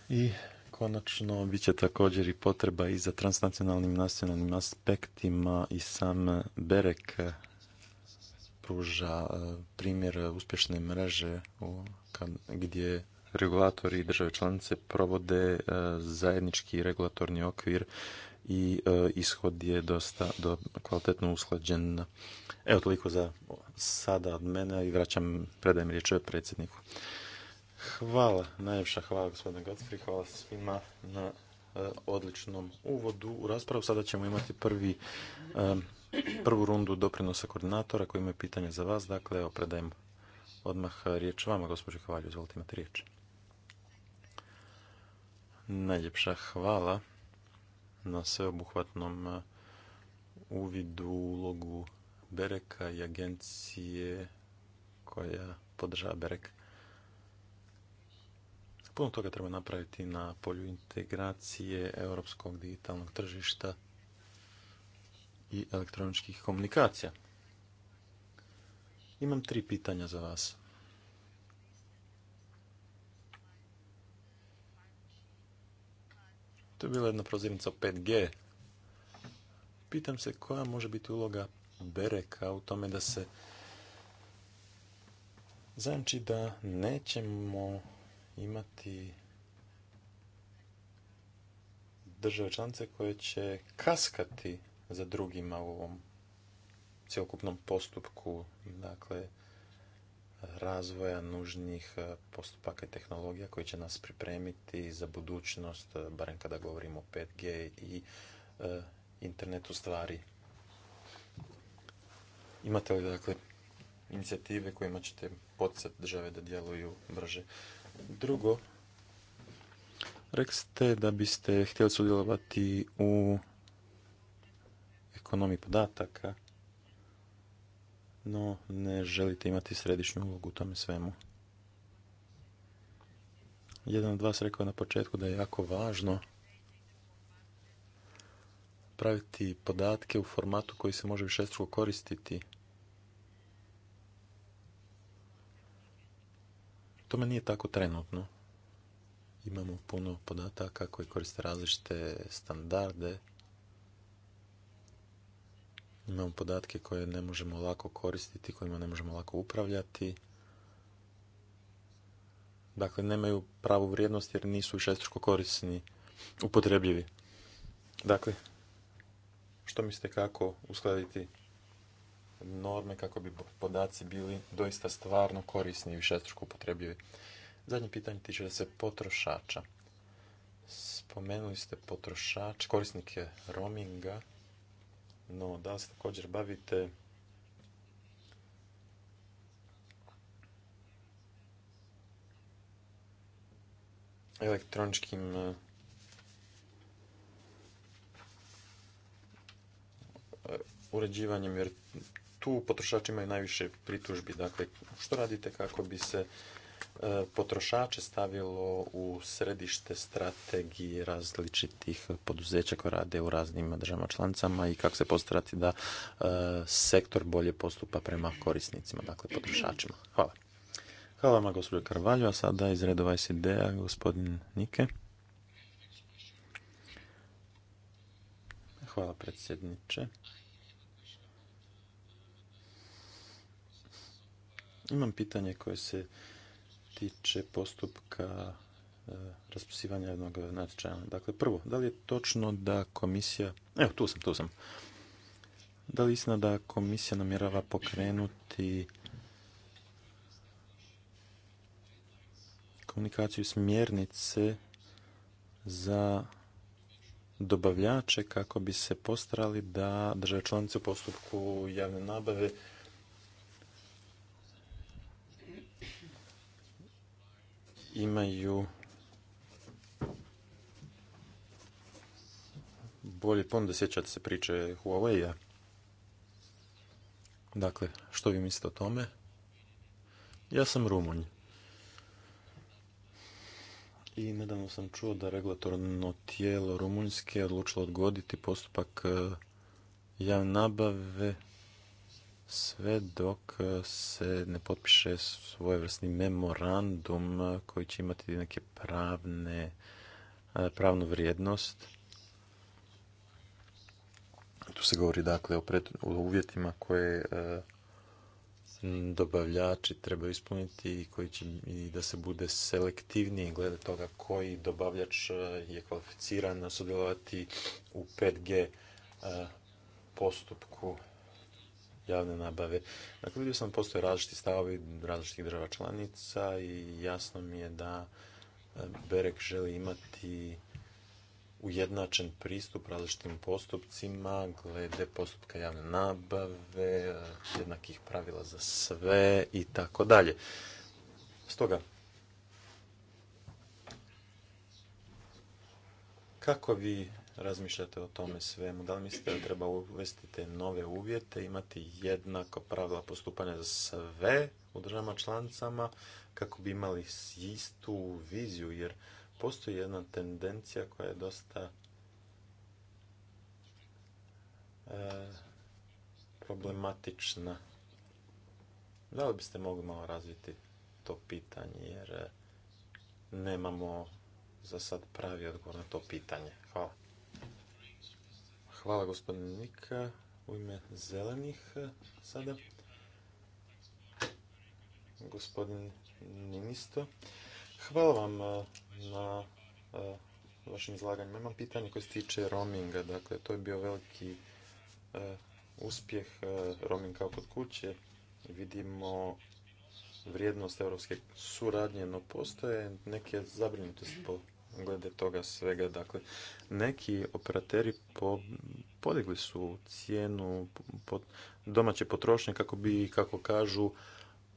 i Konačno, bit će također i potreba i za transnacionalnim nacionalnim aspektima i sam Berek pruža e, primjer uspješne mreže gdje regulatori i države članice provode e, zajednički regulatorni okvir i e, ishod je dosta do, kvalitetno usklađen. Evo toliko za sada od mene i vraćam, predajem riječ predsjedniku. Hvala, najljepša hvala gospodine Godfrey, hvala svima na e, odličnom uvodu u raspravu. Sada ćemo imati prvi, e, prvu rundu doprinosa koordinatora koji imaju pitanje za vas. Dakle, evo, predajem odmah riječ vama, gospođo Hvalju, izvolite imati riječ. Najljepša hvala na sveobuhvatnom e, uvidu ulogu Bereka i agencije koja podržava Berek. Puno toga treba napraviti na polju integracije europskog digitalnog tržišta i elektroničkih komunikacija. Imam tri pitanja za vas. To je bila jedna prozirnica 5G. Pitam se koja može biti uloga Bereka u tome da se znači da nećemo imati države članice koje će kaskati za drugima u ovom cjelokupnom postupku dakle razvoja nužnih e, postupaka i tehnologija koji će nas pripremiti za budućnost, e, barem kada govorimo o 5G i e, internetu stvari. Imate li dakle inicijative kojima ćete poticati države da djeluju brže? Drugo, rekli ste da biste htjeli sudjelovati u ekonomiji podataka, no ne želite imati središnju ulogu u tome svemu. Jedan od vas rekao na početku da je jako važno praviti podatke u formatu koji se može višestruko koristiti – Tome nije tako trenutno. Imamo puno podataka koji koriste različite standarde. Imamo podatke koje ne možemo lako koristiti, kojima ne možemo lako upravljati. Dakle, nemaju pravu vrijednost jer nisu višestruko korisni, upotrebljivi. Dakle, što mislite kako uskladiti norme kako bi podaci bili doista stvarno korisni i višestruko upotrebljivi. Zadnje pitanje tiče se potrošača. Spomenuli ste potrošač, korisnike roaminga, no da se također bavite elektroničkim e, uređivanjem jer tu potrošači imaju najviše pritužbi. Dakle, što radite kako bi se e, potrošače stavilo u središte strategije različitih poduzeća koje rade u raznim državama članicama i kako se postarati da e, sektor bolje postupa prema korisnicima, dakle potrošačima. Hvala. Hvala vam, gospođo Karvalju, a sada iz redova SID-a gospodin Nike. Hvala predsjedniče. Imam pitanje koje se tiče postupka e, raspisivanja jednog natječaja. Dakle, prvo, da li je točno da komisija... Evo, tu sam, tu sam. Da li istina da komisija namjerava pokrenuti komunikaciju smjernice za dobavljače kako bi se postarali da države članice u postupku javne nabave imaju bolje da sjećate se priče Huawei-a. Dakle, što vi mislite o tome? Ja sam Rumunj. I nedavno sam čuo da regulatorno tijelo Rumunjske odlučilo odgoditi postupak eh, javne nabave sve dok e, se ne potpiše svojevrsni memorandum e, koji će imati neke pravne, e, pravnu vrijednost. Tu se govori dakle o, uvjetima koje dobavljači trebaju ispuniti i koji će i da se bude selektivniji glede toga koji dobavljač je kvalificiran sudjelovati u 5G postupku javne nabave. Dakle, vidio sam postoje različiti stavovi različitih država članica i jasno mi je da e, Berek želi imati ujednačen pristup različitim postupcima, glede postupka javne nabave, jednakih pravila za sve i tako dalje. Stoga, kako vi razmišljate o tome svemu? Da li mislite da treba uvesti te nove uvjete, imati jednako pravila postupanja za sve u državama članicama kako bi imali istu viziju? Jer postoji jedna tendencija koja je dosta e, problematična. Da li biste mogli malo razviti to pitanje jer e, nemamo za sad pravi odgovor na to pitanje. Hvala. Hvala gospodin Nika u ime zelenih e, sada. Gospodin Nimisto. Hvala vam e, na e, vašim izlaganjima. Imam pitanje koje se tiče roaminga. Dakle, to je bio veliki uspjeh roaming kao kod kuće. Vidimo vrijednost europske suradnje, no postoje neke zabrinutosti po glede toga svega. Dakle, neki operateri podigli su cijenu domaće potrošnje kako bi, kako kažu,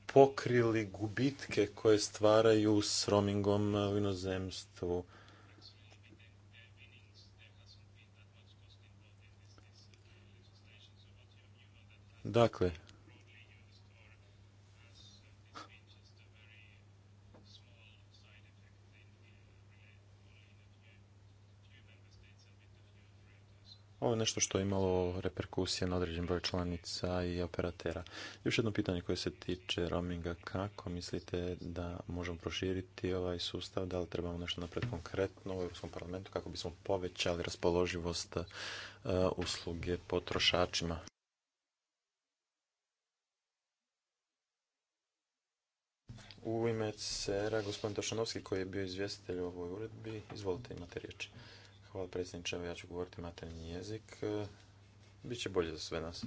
pokrili gubitke koje stvaraju s roamingom u inozemstvu. Dakle, Ovo je nešto što je imalo reperkusije na određen broj članica i operatera. Još jedno pitanje koje se tiče roaminga. Kako mislite da možemo proširiti ovaj sustav? Da li trebamo nešto napraviti konkretno u Europskom parlamentu kako bismo povećali raspoloživost e, usluge potrošačima? U ime sera, gospodin Tošanovski, koji je bio izvjestitelj u ovoj uredbi, izvolite imate riječ. Hvala predsjedniče, ja ću govoriti materni jezik. E, Biće bolje za sve nas.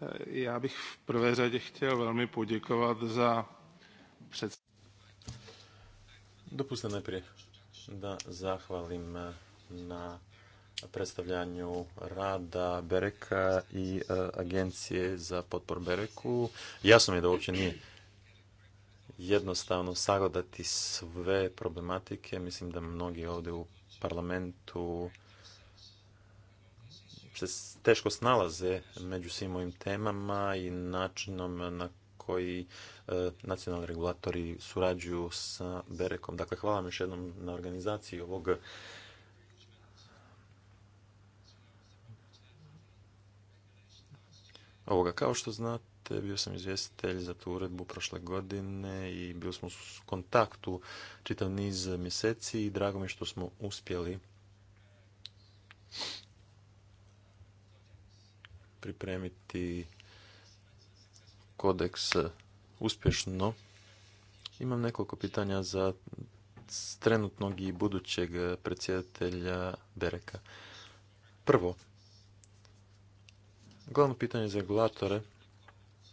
E, ja bih v prvé řadě chtěl velmi poděkovat za před... Dopustite najprije da zahvalim e, na predstavljanju rada Bereka i e, Agencije za potpor Bereku. Jasno mi je da uopće nije jednostavno sagledati sve problematike. Mislim da mnogi ovdje u parlamentu se teško snalaze među svim ovim temama i načinom na koji e, nacionalni regulatori surađuju sa Berekom. Dakle, hvala vam još jednom na organizaciji ovog ovoga. Kao što znate, bio sam izvjestitelj za tu uredbu prošle godine i bili smo u kontaktu čitav niz mjeseci i drago mi je što smo uspjeli pripremiti kodeks uspješno. Imam nekoliko pitanja za trenutnog i budućeg predsjedatelja Dereka. Prvo, Glavno pitanje za regulatore,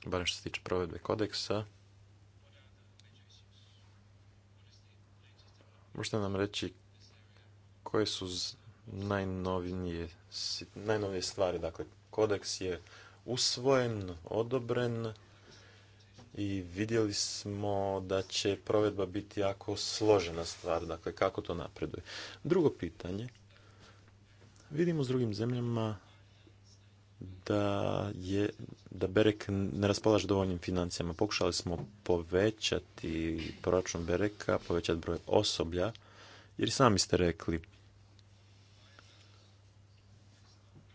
barem što se tiče provedbe kodeksa, možete nam reći koje su najnovije, stvari. Dakle, kodeks je usvojen, odobren i vidjeli smo da će provedba biti jako složena stvar. Dakle, kako to napreduje. Drugo pitanje. Vidimo s drugim zemljama da je da Berek ne raspolaže dovoljnim financijama. Pokušali smo povećati proračun Bereka, povećati broj osoblja, jer sami ste rekli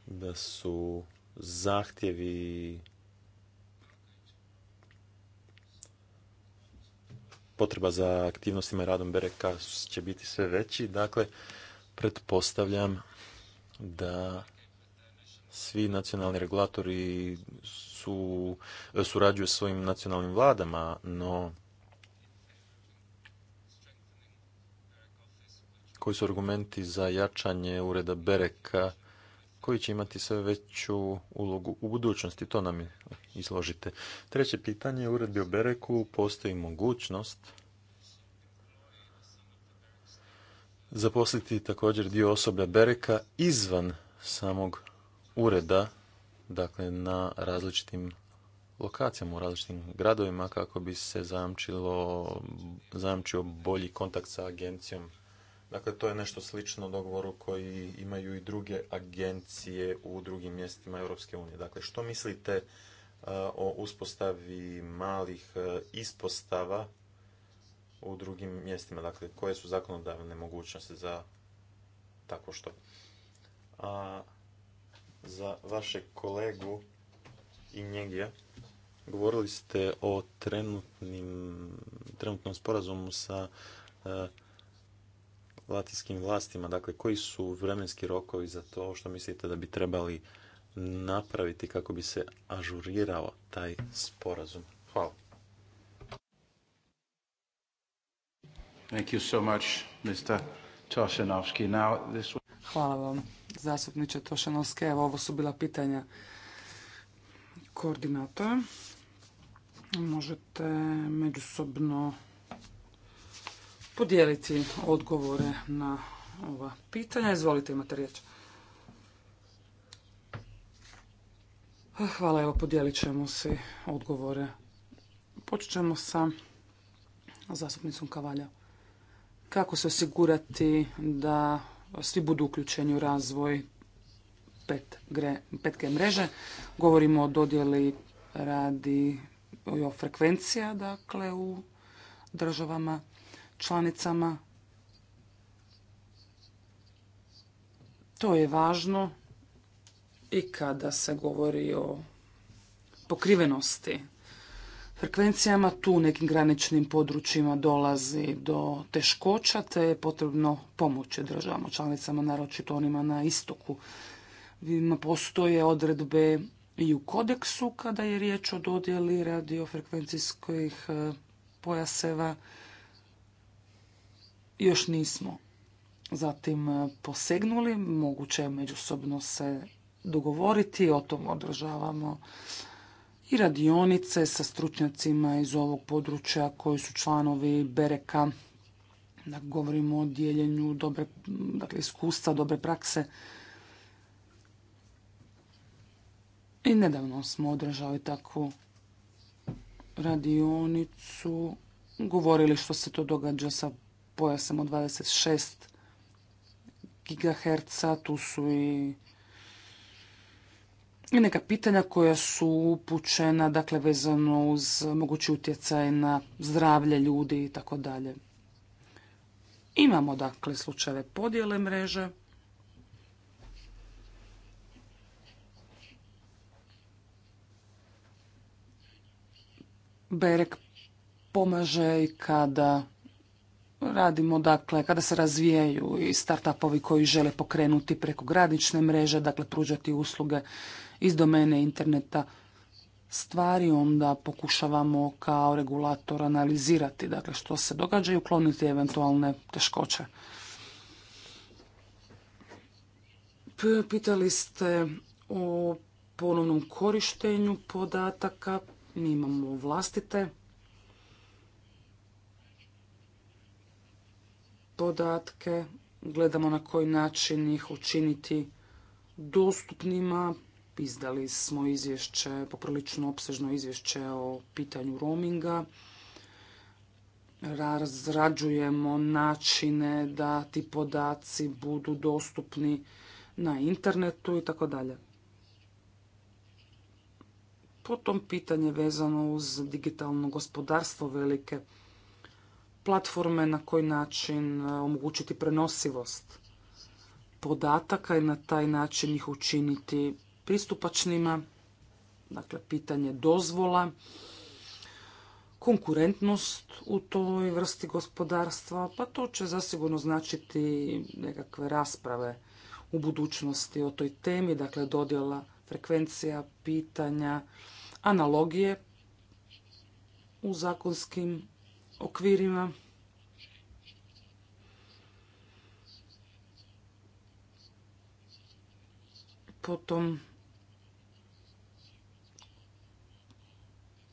da su zahtjevi potreba za aktivnostima i radom Bereka će biti sve veći. Dakle, pretpostavljam da svi nacionalni regulatori su, e, surađuju s svojim nacionalnim vladama, no koji su argumenti za jačanje ureda Bereka koji će imati sve veću ulogu u budućnosti. To nam izložite. Treće pitanje, u uredbi o Bereku postoji mogućnost zaposliti također dio osoblja Bereka izvan samog ureda dakle na različitim lokacijama u različitim gradovima kako bi se zajamčilo, zajamčio bolji kontakt sa agencijom. Dakle, to je nešto slično dogovoru koji imaju i druge agencije u drugim mjestima Europske unije. Dakle, što mislite e, o uspostavi malih e, ispostava u drugim mjestima? Dakle, koje su zakonodavne mogućnosti za tako što? A za vašeg kolegu i njegija. Govorili ste o trenutnom sporazumu sa e, latinskim vlastima. Dakle, koji su vremenski rokovi za to što mislite da bi trebali napraviti kako bi se ažurirao taj sporazum? Hvala. Thank you so much, Mr. Hvala vam zastupniče Tošanovske. Evo, ovo su bila pitanja koordinatora. Možete međusobno podijeliti odgovore na ova pitanja. Izvolite, imate riječ. Hvala, evo podijelit ćemo se odgovore. Počet ćemo sa zastupnicom Kavalja. Kako se osigurati da svi budu uključeni u razvoj petke mreže. Govorimo o dodjeli radi o frekvencija, dakle, u državama, članicama. To je važno i kada se govori o pokrivenosti frekvencijama, tu u nekim graničnim područjima dolazi do teškoća, te je potrebno pomoći državama članicama, naročito onima na istoku. Postoje odredbe i u kodeksu kada je riječ o dodjeli radiofrekvencijskih e, pojaseva. Još nismo zatim e, posegnuli, moguće je međusobno se dogovoriti, o tom održavamo i radionice sa stručnjacima iz ovog područja koji su članovi Bereka. da govorimo o dijeljenju dobre, dakle, iskustva, dobre prakse. I nedavno smo održali takvu radionicu. Govorili što se to događa sa pojasem od 26 GHz. Tu su i i neka pitanja koja su upućena, dakle vezano uz mogući utjecaj na zdravlje ljudi i tako dalje. Imamo dakle slučajeve podjele mreže. Berek pomaže i kada radimo, dakle, kada se razvijaju i startupovi koji žele pokrenuti preko gradične mreže, dakle, pružati usluge iz domene interneta stvari, onda pokušavamo kao regulator analizirati dakle, što se događa i ukloniti eventualne teškoće. Pitali ste o ponovnom korištenju podataka. Mi imamo vlastite podatke. Gledamo na koji način ih učiniti dostupnima, Izdali smo izvješće, poprilično opsežno izvješće o pitanju roaminga. Razrađujemo načine da ti podaci budu dostupni na internetu i tako dalje. Potom pitanje vezano uz digitalno gospodarstvo velike platforme na koji način e, omogućiti prenosivost podataka i na taj način ih učiniti pristupačnima, dakle pitanje dozvola, konkurentnost u toj vrsti gospodarstva, pa to će zasigurno značiti nekakve rasprave u budućnosti o toj temi, dakle dodjela frekvencija, pitanja, analogije u zakonskim okvirima. Potom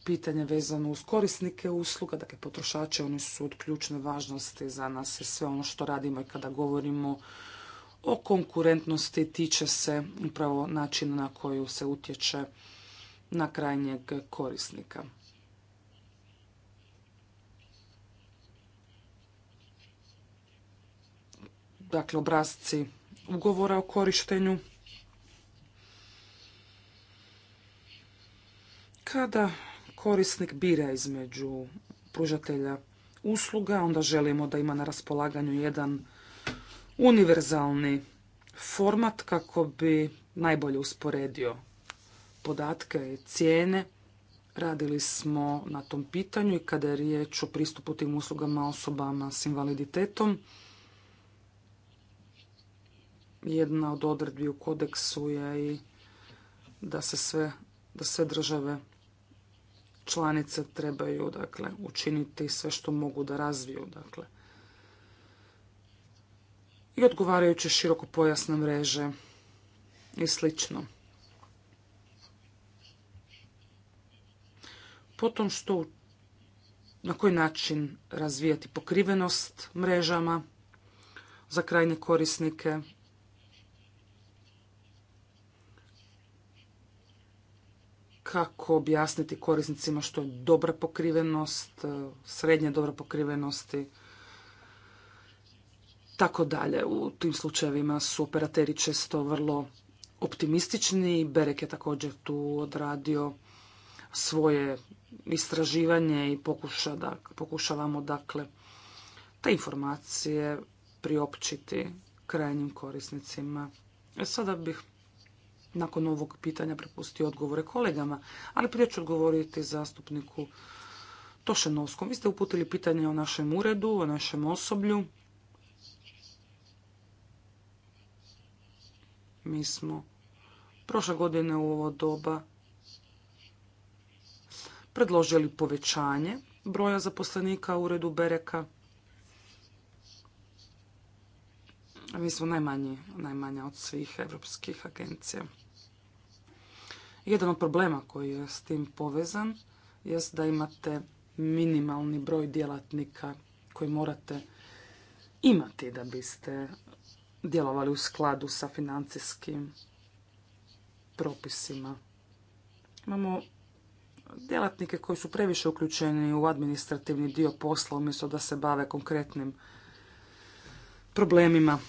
pitanje vezano uz korisnike usluga, dakle potrošače, oni su od ključne važnosti za nas i sve ono što radimo i kada govorimo o konkurentnosti tiče se upravo načina na koju se utječe na krajnjeg korisnika. Dakle, obrazci ugovora o korištenju. Kada korisnik bira između pružatelja usluga, onda želimo da ima na raspolaganju jedan univerzalni format kako bi najbolje usporedio podatke i cijene. Radili smo na tom pitanju i kada je riječ o pristupu tim uslugama osobama s invaliditetom. Jedna od odredbi u kodeksu je i da se sve, da sve države članice trebaju dakle, učiniti sve što mogu da razviju. Dakle. I odgovarajuće široko pojasne mreže i slično. Potom što na koji način razvijati pokrivenost mrežama za krajnje korisnike, kako objasniti korisnicima što je dobra pokrivenost, e, srednje dobra pokrivenosti, tako dalje. U tim slučajevima su operateri često vrlo optimistični. Berek je također tu odradio svoje istraživanje i da, pokušavamo dakle te informacije priopćiti krajnjim korisnicima. E sada bih nakon ovog pitanja prepustio odgovore kolegama, ali prije ću odgovoriti zastupniku Tošenovskom. Vi ste uputili pitanje o našem uredu, o našem osoblju. Mi smo prošle godine u ovo doba predložili povećanje broja zaposlenika u uredu Bereka. Mi smo najmanji, najmanja od svih evropskih agencija. Jedan od problema koji je s tim povezan jest da imate minimalni broj djelatnika koji morate imati da biste djelovali u skladu sa financijskim propisima. Imamo djelatnike koji su previše uključeni u administrativni dio posla umjesto da se bave konkretnim problemima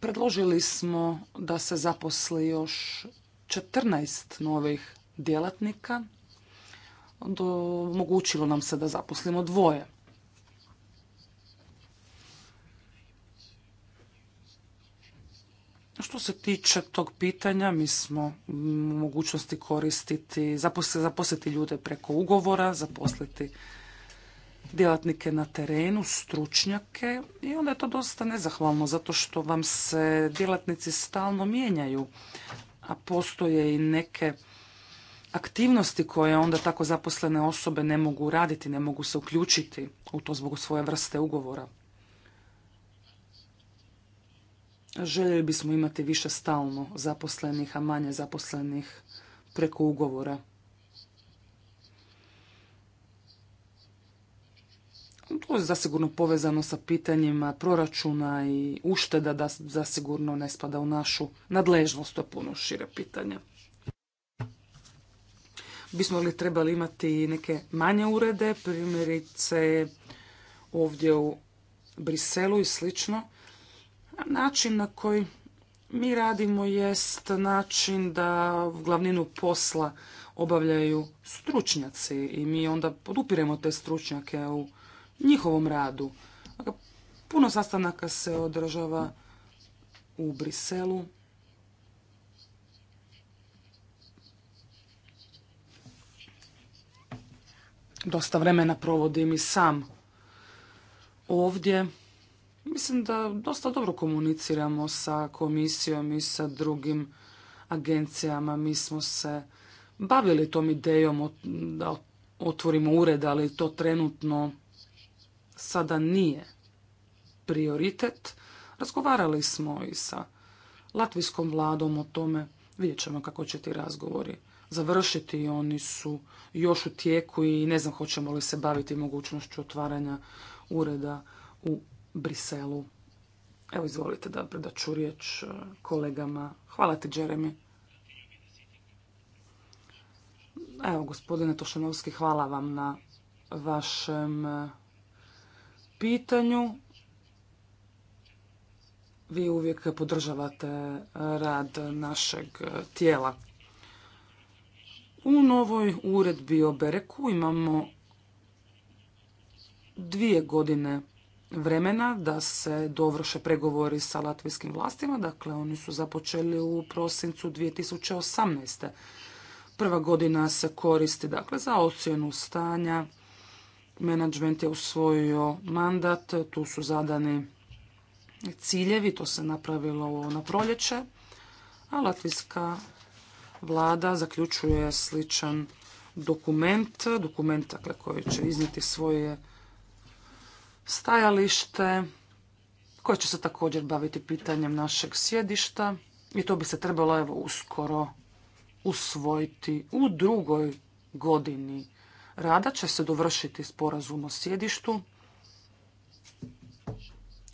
Predložili smo da se zaposli još 14 novih djelatnika. Do, omogućilo nam se da zaposlimo dvoje. Što se tiče tog pitanja, mi smo u mogućnosti koristiti, zaposliti ljude preko ugovora, zaposliti djelatnike na terenu, stručnjake i onda je to dosta nezahvalno zato što vam se djelatnici stalno mijenjaju, a postoje i neke aktivnosti koje onda tako zaposlene osobe ne mogu raditi, ne mogu se uključiti u to zbog svoje vrste ugovora. Željeli bismo imati više stalno zaposlenih, a manje zaposlenih preko ugovora. To je zasigurno povezano sa pitanjima proračuna i ušteda da zasigurno ne spada u našu nadležnost, to je puno šire pitanje. Bismo li trebali imati neke manje urede, primjerice ovdje u Briselu i slično. Način na koji mi radimo jest način da glavninu posla obavljaju stručnjaci i mi onda podupiremo te stručnjake u njihovom radu. Dakle, puno sastanaka se održava u Briselu. Dosta vremena provodim i sam ovdje. Mislim da dosta dobro komuniciramo sa komisijom i sa drugim agencijama. Mi smo se bavili tom idejom da otvorimo ured, ali to trenutno sada nije prioritet. Razgovarali smo i sa latvijskom vladom o tome. Vidjet ćemo kako će ti razgovori završiti. Oni su još u tijeku i ne znam hoćemo li se baviti mogućnošću otvaranja ureda u Briselu. Evo izvolite da predaću riječ e, kolegama. Hvala ti Jeremy. Evo gospodine Tošanovski, hvala vam na vašem e, pitanju. Vi uvijek podržavate rad našeg tijela. U novoj uredbi o Bereku imamo dvije godine vremena da se dovrše pregovori sa latvijskim vlastima. Dakle, oni su započeli u prosincu 2018. Prva godina se koristi dakle, za ocjenu stanja Menadžment je usvojio mandat, tu su zadani ciljevi, to se napravilo na proljeće, a latvijska vlada zaključuje sličan dokument, dokument dakle, koji će iznijeti svoje stajalište, koje će se također baviti pitanjem našeg sjedišta i to bi se trebalo evo uskoro usvojiti u drugoj godini rada će se dovršiti sporazum o sjedištu.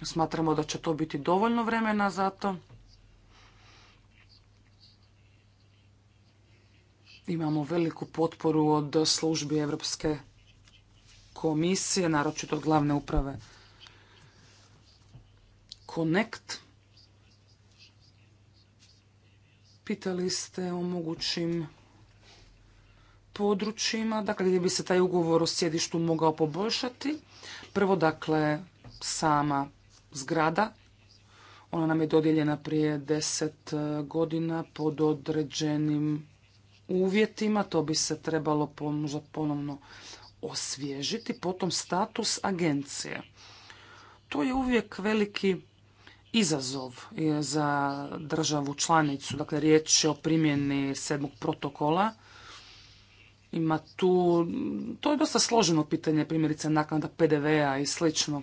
Smatramo da će to biti dovoljno vremena za to. Imamo veliku potporu od službi Europske komisije, naročito od glavne uprave Connect. Pitali ste o mogućim područjima, dakle gdje bi se taj ugovor o sjedištu mogao poboljšati. Prvo, dakle, sama zgrada. Ona nam je dodijeljena prije deset e, godina pod određenim uvjetima. To bi se trebalo možda ponovno osvježiti. Potom status agencije. To je uvijek veliki izazov e, za državu članicu. Dakle, riječ je o primjeni sedmog protokola ima tu, to je dosta složeno pitanje, primjerice naknada PDV-a i slično.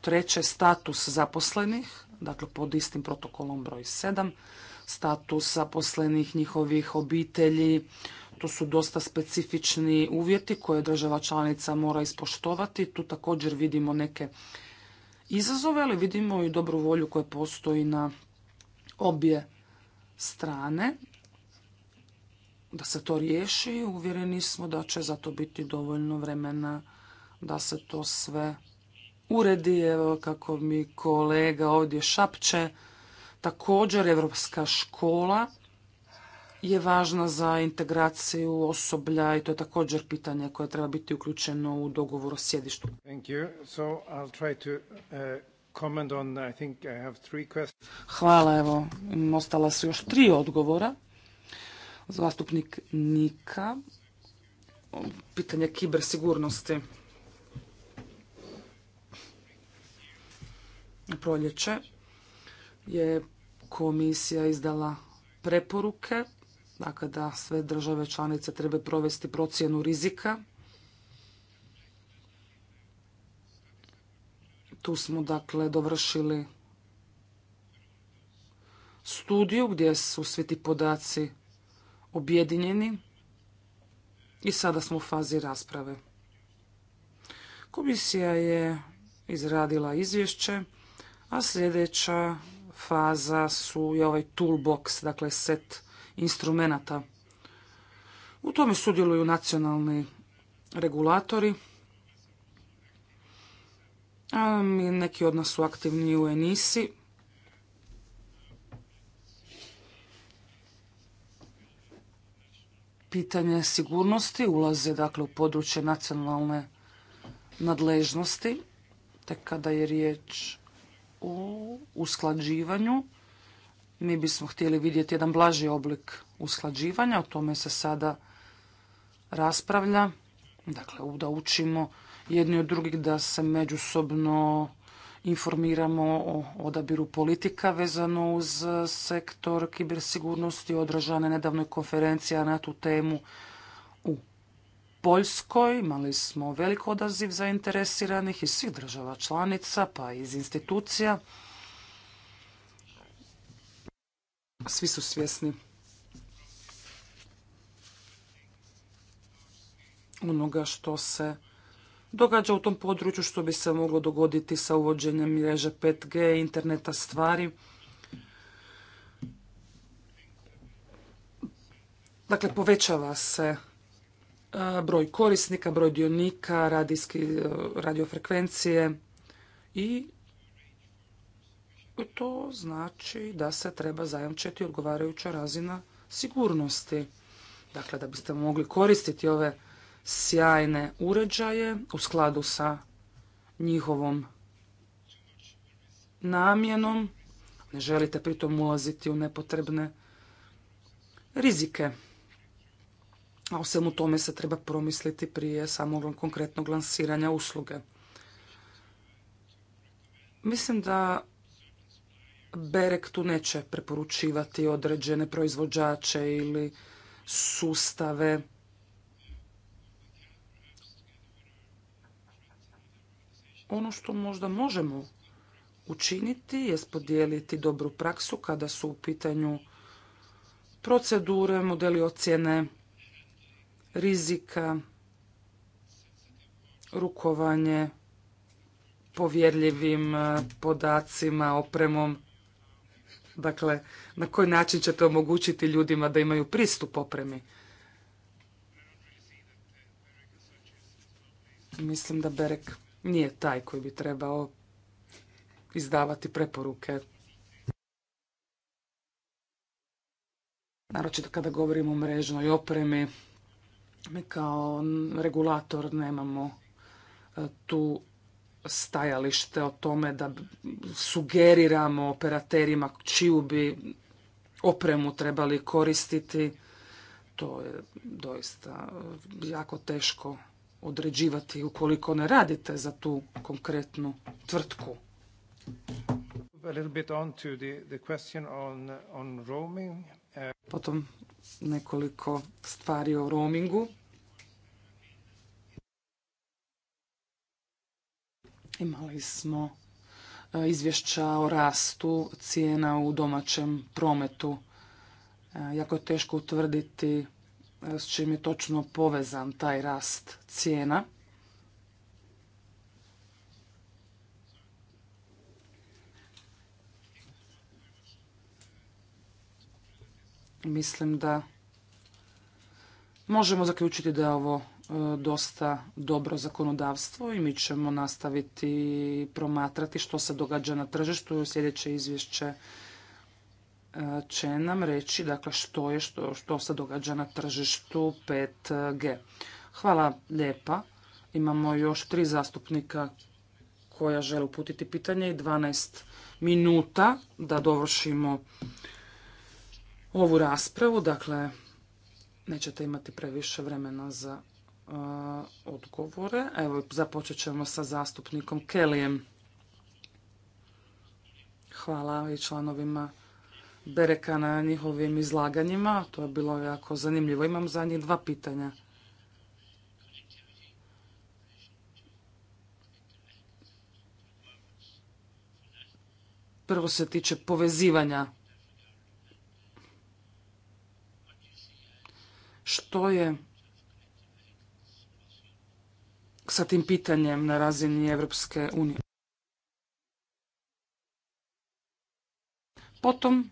Treće, status zaposlenih, dakle pod istim protokolom broj 7, status zaposlenih, njihovih obitelji, to su dosta specifični uvjeti koje država članica mora ispoštovati. Tu također vidimo neke izazove, ali vidimo i dobru volju koja postoji na obje strane da se to riješi. Uvjereni smo da će za to biti dovoljno vremena da se to sve uredi. Evo kako mi kolega ovdje šapće. Također, Evropska škola je važna za integraciju osoblja i to je također pitanje koje treba biti uključeno u dogovor o sjedištu. Hvala, evo, ostala su još tri odgovora zastupnik Nika. Pitanje kibersigurnosti. Proljeće je komisija izdala preporuke dakle da sve države članice treba provesti procjenu rizika. Tu smo dakle dovršili studiju gdje su svi ti podaci objedinjeni i sada smo u fazi rasprave. Komisija je izradila izvješće, a sljedeća faza su i ovaj toolbox, dakle set instrumenata. U tome sudjeluju nacionalni regulatori, a neki od nas su aktivni u ENISI, pitanje sigurnosti ulaze dakle u područje nacionalne nadležnosti, te kada je riječ o usklađivanju, mi bismo htjeli vidjeti jedan blaži oblik usklađivanja, o tome se sada raspravlja, dakle da učimo jedni od drugih da se međusobno informiramo o odabiru politika vezano uz e, sektor kibersigurnosti. održane nedavnoj konferencija na tu temu u Poljskoj. Imali smo velik odaziv zainteresiranih iz svih država članica pa i iz institucija. Svi su svjesni onoga što se događa u tom području, što bi se moglo dogoditi sa uvođenjem mreže 5G, interneta stvari. Dakle, povećava se e, broj korisnika, broj dionika, radijski, e, radiofrekvencije i to znači da se treba zajamčiti odgovarajuća razina sigurnosti. Dakle, da biste mogli koristiti ove sjajne uređaje u skladu sa njihovom namjenom. Ne želite pritom ulaziti u nepotrebne rizike. A o svemu tome se treba promisliti prije samog konkretnog lansiranja usluge. Mislim da Berek tu neće preporučivati određene proizvođače ili sustave Ono što možda možemo učiniti je podijeliti dobru praksu kada su u pitanju procedure, modeli ocjene, rizika, rukovanje povjerljivim e, podacima, opremom. Dakle, na koji način ćete omogućiti ljudima da imaju pristup opremi? Mislim da Berek nije taj koji bi trebao izdavati preporuke. Naročito kada govorimo o mrežnoj opremi, mi kao regulator nemamo e, tu stajalište o tome da sugeriramo operaterima čiju bi opremu trebali koristiti. To je doista e, jako teško određivati ukoliko ne radite za tu konkretnu tvrtku. Potom nekoliko stvari o roamingu. Imali smo e, izvješća o rastu cijena u domaćem prometu. E, jako je teško utvrditi s čim je točno povezan taj rast cijena. Mislim da možemo zaključiti da je ovo e, dosta dobro zakonodavstvo i mi ćemo nastaviti promatrati što se događa na tržištu. Sljedeće izvješće će nam reći dakle, što, je, što, što se događa na tržištu 5G. Hvala lijepa. Imamo još tri zastupnika koja žele uputiti pitanje i 12 minuta da dovršimo ovu raspravu. Dakle, nećete imati previše vremena za e, odgovore. Evo, započet ćemo sa zastupnikom Kelijem. Hvala i članovima Bereka na njihovim izlaganjima. To je bilo jako zanimljivo. Imam za njih dva pitanja. Prvo se tiče povezivanja. Što je sa tim pitanjem na razini Evropske unije? Potom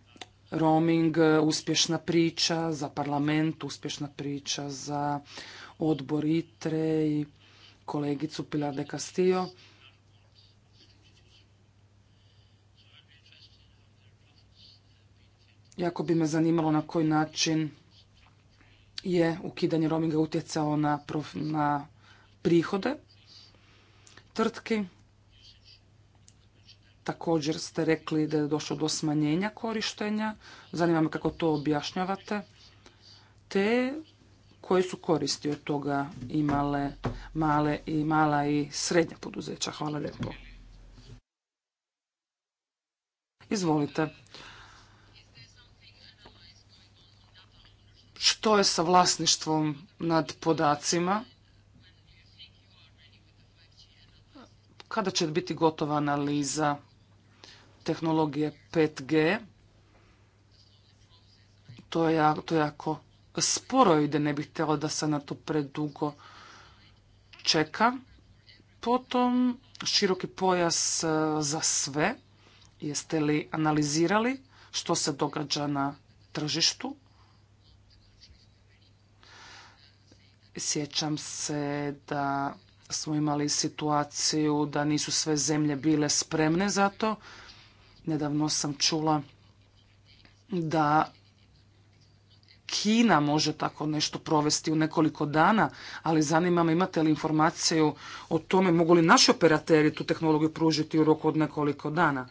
roaming, e, uspješna priča za parlament, uspješna priča za odbor ITRE i kolegicu Pilar de Castillo. Jako bi me zanimalo na koji način je ukidanje roaminga utjecao na, na prihode tvrtki. Također ste rekli da je došlo do smanjenja korištenja. Zanima me kako to objašnjavate. Te koje su koristi od toga imale male i mala i srednja poduzeća. Hvala lijepo. Izvolite. Što je sa vlasništvom nad podacima? Kada će biti gotova analiza tehnologije 5G. To je, to jako sporo ide, ne bih htjela da se na to predugo čeka. Potom široki pojas e, za sve. Jeste li analizirali što se događa na tržištu? Sjećam se da smo imali situaciju da nisu sve zemlje bile spremne za to. Nedavno sam čula da Kina može tako nešto provesti u nekoliko dana, ali zanima me imate li informaciju o tome mogu li naši operateri tu tehnologiju pružiti u roku od nekoliko dana.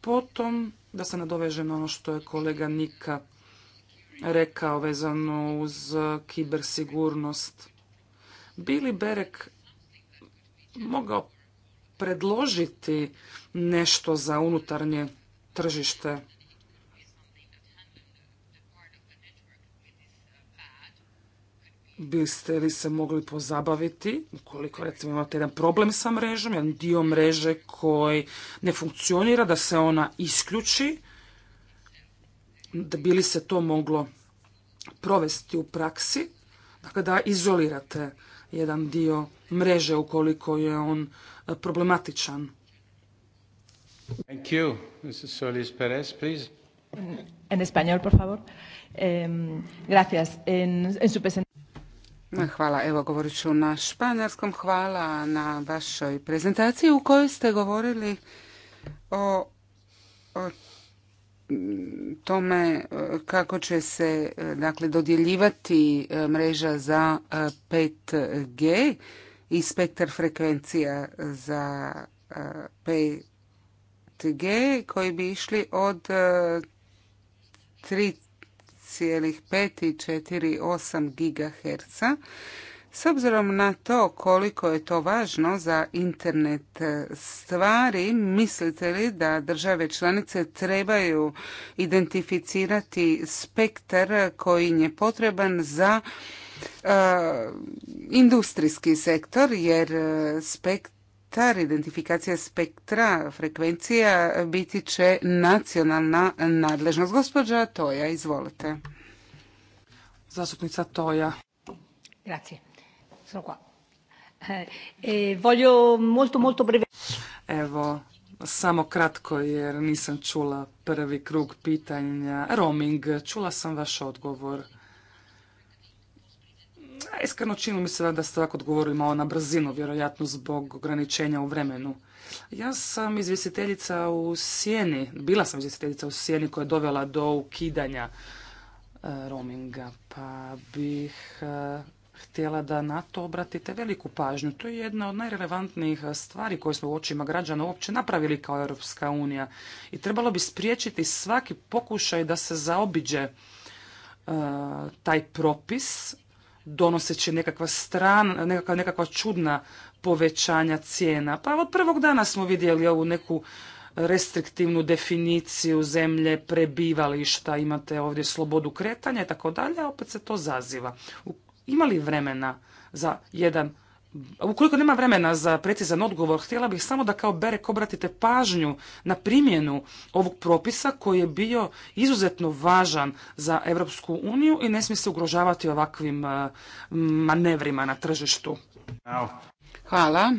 Potom, da se nadovežem na ono što je kolega Nika rekao vezano uz kibersigurnost. Bili Berek mogao predložiti nešto za unutarnje tržište. Biste li se mogli pozabaviti, ukoliko recimo imate jedan problem sa mrežom, jedan dio mreže koji ne funkcionira, da se ona isključi, da bi li se to moglo provesti u praksi, dakle da izolirate jedan dio mreže ukoliko je on e, problematičan. Thank you. Hvala. Evo, govorit ću na španjarskom. Hvala na vašoj prezentaciji u kojoj ste govorili o, o tome e, kako će se e, dakle dodjeljivati e, mreža za 5G i spektar frekvencija za 5G koji bi išli od 3,5 i 4,8 GHz s obzirom na to koliko je to važno za internet e, stvari, mislite li da države članice trebaju identificirati spektar koji je potreban za e, industrijski sektor, jer e, spektar identifikacija spektra, frekvencija biti će nacionalna nadležnost. Gospođa Toja, izvolite. Zastupnica Toja. Grazie. Sono qua. E voglio molto, molto breve... Evo, samo kratko jer nisam čula prvi krug pitanja. Roaming, čula sam vaš odgovor. Iskreno čini mi se da ste ovako odgovorili malo na brzinu, vjerojatno zbog ograničenja u vremenu. Ja sam izvjestiteljica u Sjeni, bila sam izvjestiteljica u Sjeni koja je dovela do ukidanja eh, roaminga, pa bih htjela da na to obratite veliku pažnju. To je jedna od najrelevantnijih stvari koje smo u očima građana uopće napravili kao Europska unija. I trebalo bi spriječiti svaki pokušaj da se zaobiđe e, taj propis donoseći nekakva strana, nekakva, čudna povećanja cijena. Pa od prvog dana smo vidjeli ovu neku restriktivnu definiciju zemlje prebivališta, imate ovdje slobodu kretanja i tako dalje, opet se to zaziva. u ima li vremena za jedan Ukoliko nema vremena za precizan odgovor, htjela bih samo da kao Berek obratite pažnju na primjenu ovog propisa koji je bio izuzetno važan za Europsku uniju i ne smije se ugrožavati ovakvim eh, manevrima na tržištu. Hvala.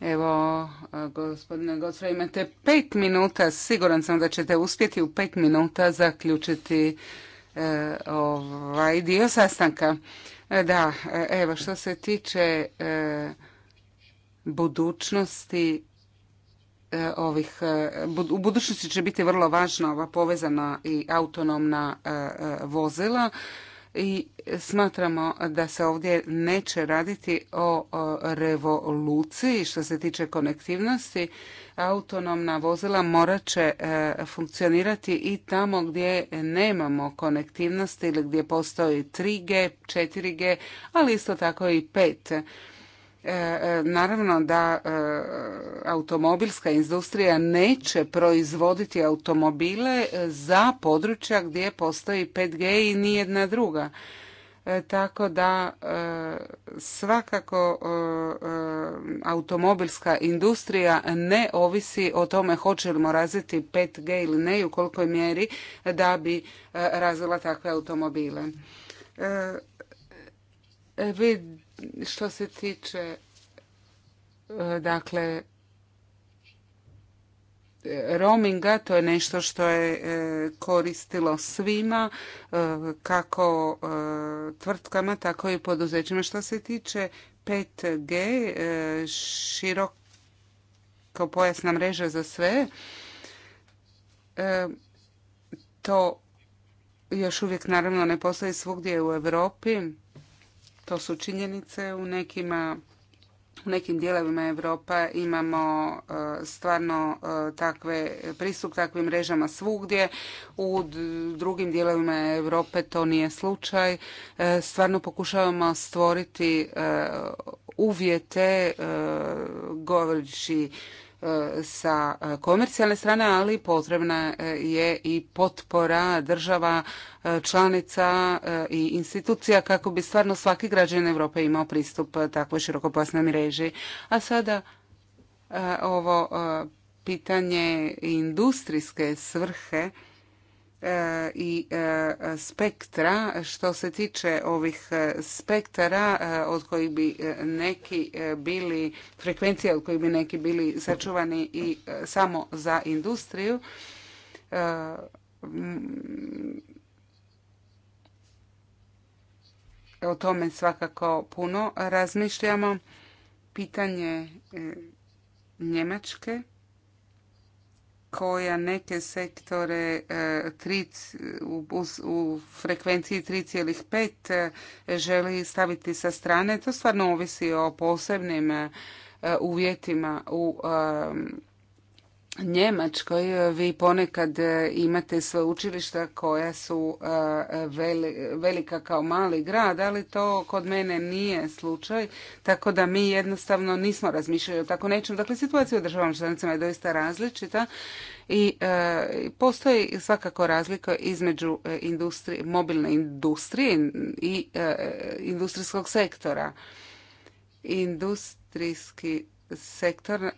Evo, eh, gospodine Godfrey, imate pet minuta. Siguran sam da ćete uspjeti u pet minuta zaključiti E, ovaj dio sastanka. E, da, evo što se tiče e, budućnosti ovih, u budućnosti će biti vrlo važna ova povezana i autonomna vozila i smatramo da se ovdje neće raditi o revoluciji što se tiče konektivnosti autonomna vozila morat će e, funkcionirati i tamo gdje nemamo konektivnosti ili gdje postoji 3G, 4G, ali isto tako i 5 e, e, Naravno da automobilska industrija neće proizvoditi automobile za područja gdje postoji 5G i nijedna druga. E, tako da e, svakako e, automobilska industrija ne ovisi o tome hoćemo razviti 5G ili ne i u kolikoj mjeri da bi razvila takve automobile. Što se tiče dakle roaminga, to je nešto što je e, koristilo svima, e, kako e, tvrtkama, tako i poduzećima. Što se tiče 5G, široko pojasna mreža za sve, to još uvijek naravno ne postoji svugdje u Europi. To su činjenice u nekima u nekim dijelovima Europa imamo e, stvarno e, takve, pristup takvim mrežama svugdje, u drugim dijelovima Europe to nije slučaj. E, stvarno pokušavamo stvoriti uvjete govoreći sa komercijalne strane, ali potrebna je i potpora država, e, članica e, i institucija kako bi stvarno svaki građan Europe imao pristup takvoj širokopasnoj mreži. A sada e, ovo pitanje industrijske svrhe E, i e, spektra. Što se tiče ovih e, spektara od kojih bi neki bili, frekvencije od kojih bi neki bili sačuvani i samo za industriju, o tome svakako puno razmišljamo. Pitanje Njemačke koja neke sektore e, u frekvenciji 3,5 e, želi staviti sa strane. To stvarno ovisi o posebnim e, uvjetima u Njemačkoj vi ponekad e, imate učilišta koja su e, velika kao mali grad, ali to kod mene nije slučaj, tako da mi jednostavno nismo razmišljali o tako nečem. Dakle, situacija u državama članicama je doista različita i e, postoji svakako razlika između mobilne industrije i industrijskog sektora. Industrijski sektor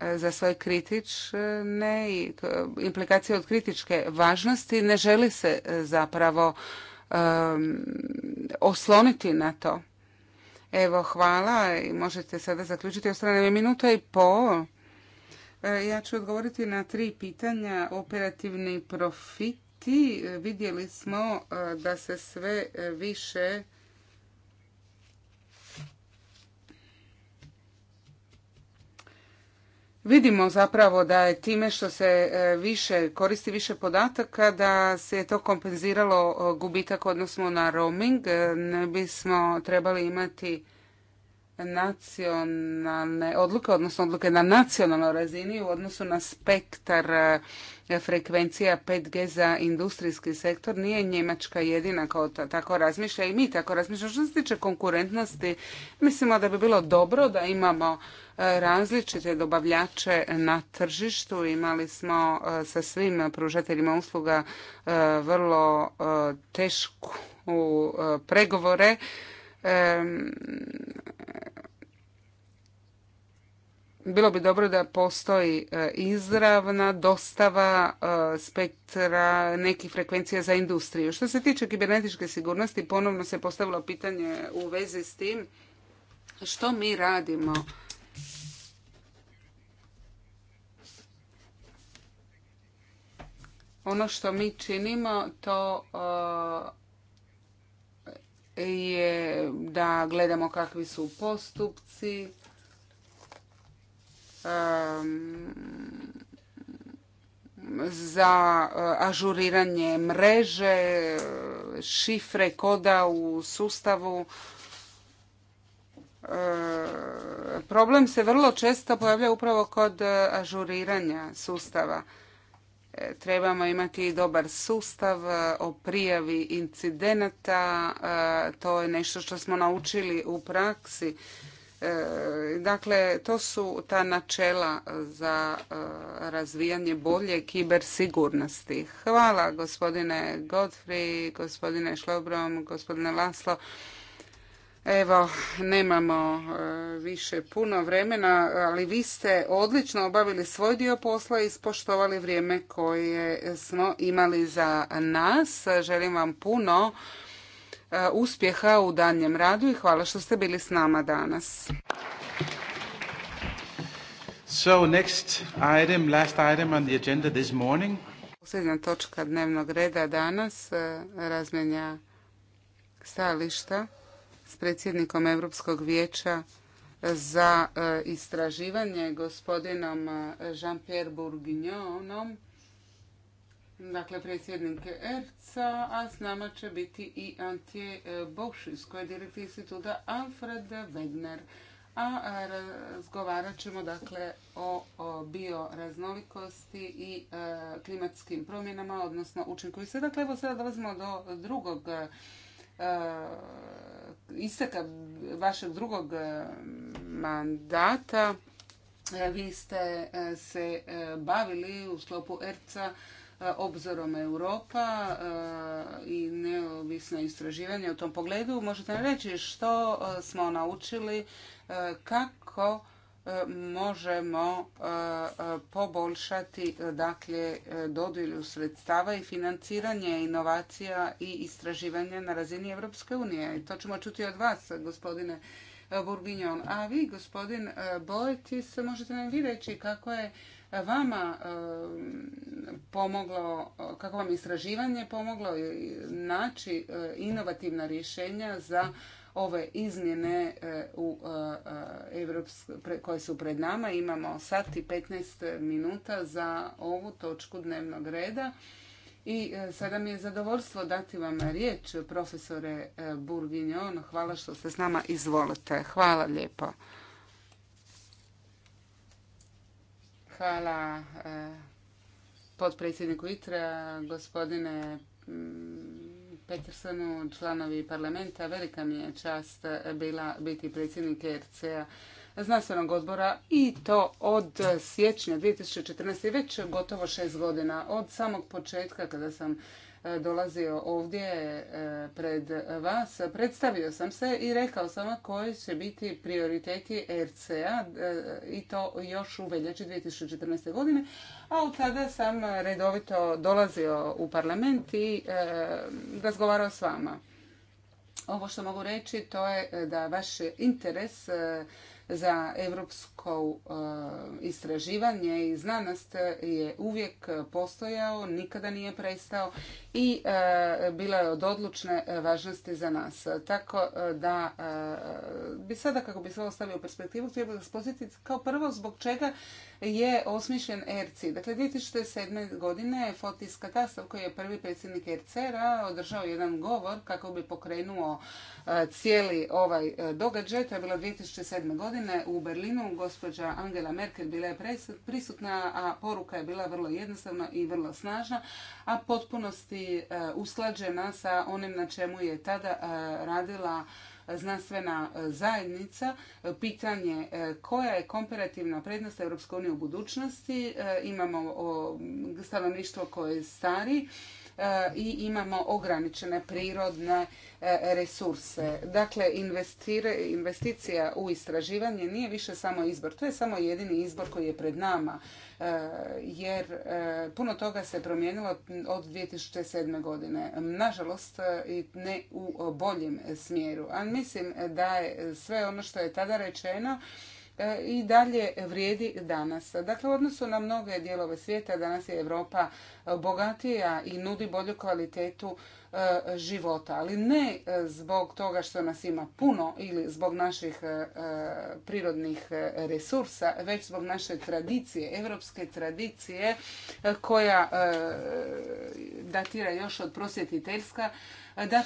za svoje kritične i implikacije od kritičke važnosti ne želi se e, zapravo osloniti na to. Evo, hvala i možete sada zaključiti. Ostane mi minuta i pol. E, ja ću odgovoriti na tri pitanja. Operativni profiti. Vidjeli smo e, da se sve više Vidimo zapravo da je time što se e, više koristi više podataka da se je to kompenziralo e, gubitak odnosno na roaming. E, ne bismo trebali imati nacionalne odluke, odnosno odluke na nacionalnoj razini u odnosu na spektar e, frekvencija 5G za industrijski sektor. Nije Njemačka jedina kao tako razmišlja i mi tako razmišljamo. Što se tiče konkurentnosti, mislimo da bi bilo dobro da imamo e, različite dobavljače na tržištu. Imali smo e, sa svim pružateljima usluga vrlo tešku pregovore bilo bi dobro da postoji e, izravna dostava e, spektra nekih frekvencija za industriju. Što se tiče kibernetičke sigurnosti, ponovno se postavilo pitanje u vezi s tim što mi radimo. Ono što mi činimo, to e, je da gledamo kakvi su postupci, za eh, ažuriranje mreže, šifre, koda u sustavu. Eh, problem se vrlo često pojavlja upravo kod eh, ažuriranja sustava trebamo imati dobar sustav e, o prijavi incidenata. E, to je nešto što smo naučili u praksi. E, dakle, to su ta načela za razvijanje bolje kibersigurnosti. Hvala gospodine Godfrey, gospodine Šlobrom, gospodine Laslo Evo, nemamo e, više puno vremena, ali vi ste odlično obavili svoj dio posla i ispoštovali vrijeme koje smo imali za nas. Želim vam puno e, uspjeha u danjem radu i hvala što ste bili s nama danas. So Posljedna točka dnevnog reda danas e, razmjenja stajališta predsjednikom Europskog vijeća za e, istraživanje gospodinom e, Jean-Pierre Bourguignonom, dakle predsjednike ERCA, a s nama će biti i Antje Bošis koja je direkt instituta Alfred Wegner. A razgovarat ćemo dakle o, bioraznolikosti i e, klimatskim promjenama, odnosno učinku. I dakle, evo sada dolazimo do drugog Eh, isteka vašeg drugog eh, mandata eh, vi ste se bavili u sklopu ERCA obzorom Europa i neovisno istraživanje u tom pogledu. Možete nam reći što smo naučili, kako možemo e, e, poboljšati e, dakle dodjelju sredstava i financiranje inovacija i istraživanja na razini Evropske unije. I to ćemo čuti od vas, gospodine Burginjon. A vi, gospodin Bojtis, možete nam vi reći kako je vama pomoglo, kako vam istraživanje pomoglo naći inovativna rješenja za ove izmjene e, u, e, e, koje su pred nama. Imamo sat i 15 minuta za ovu točku dnevnog reda. I sada mi je zadovoljstvo dati vam riječ, profesore Burginjon. Hvala što ste s nama. Izvolite. Hvala lijepo. Hvala potpredsjedniku ITRA, gospodine Petersonu, članovi parlamenta. Velika mi je čast bila biti predsjednik ERC-a znanstvenog odbora i to od siječnja 2014. već gotovo šest godina od samog početka kada sam dolazio ovdje e, pred vas, predstavio sam se i rekao sam vam koji će biti prioriteti RCA e, i to još u veljači 2014. godine, a od tada sam redovito dolazio u parlament i e, razgovarao s vama. Ovo što mogu reći to je da vaš interes za europsko e, istraživanje i znanost je uvijek postojao, nikada nije prestao i e, bila je od odlučne važnosti za nas. Tako e, da bi sada, kako bi se ovo stavio u perspektivu, trebalo se kao prvo zbog čega je osmišljen ERC. Dakle, 2007. godine je Fotis Katastav, koji je prvi predsjednik Ercera a održao jedan govor kako bi pokrenuo e, cijeli ovaj e, događaj. To je bilo 2007. godine u Berlinu. Gospođa Angela Merkel bila je prisutna, a poruka je bila vrlo jednostavna i vrlo snažna, a potpunosti e, usklađena sa onim na čemu je tada radila znanstvena e, zajednica. Pitanje e, koja je komparativna prednost Europske unije u budućnosti. E, imamo stanovništvo koje je stari E, i imamo ograničene prirodne e, resurse. Dakle, investicija u istraživanje nije više samo izbor. To je samo jedini izbor koji je pred nama. E, jer puno toga se promijenilo od 2007. godine. Nažalost, ne u boljem smjeru. mislim da je sve ono što je tada rečeno E, i dalje vrijedi danas. Dakle, u odnosu na mnoge dijelove svijeta, danas je Europa e, bogatija i nudi bolju kvalitetu e, života, ali ne zbog toga što nas ima puno ili zbog naših prirodnih resursa, već zbog naše tradicije, evropske tradicije koja datira još od prosjetiteljska da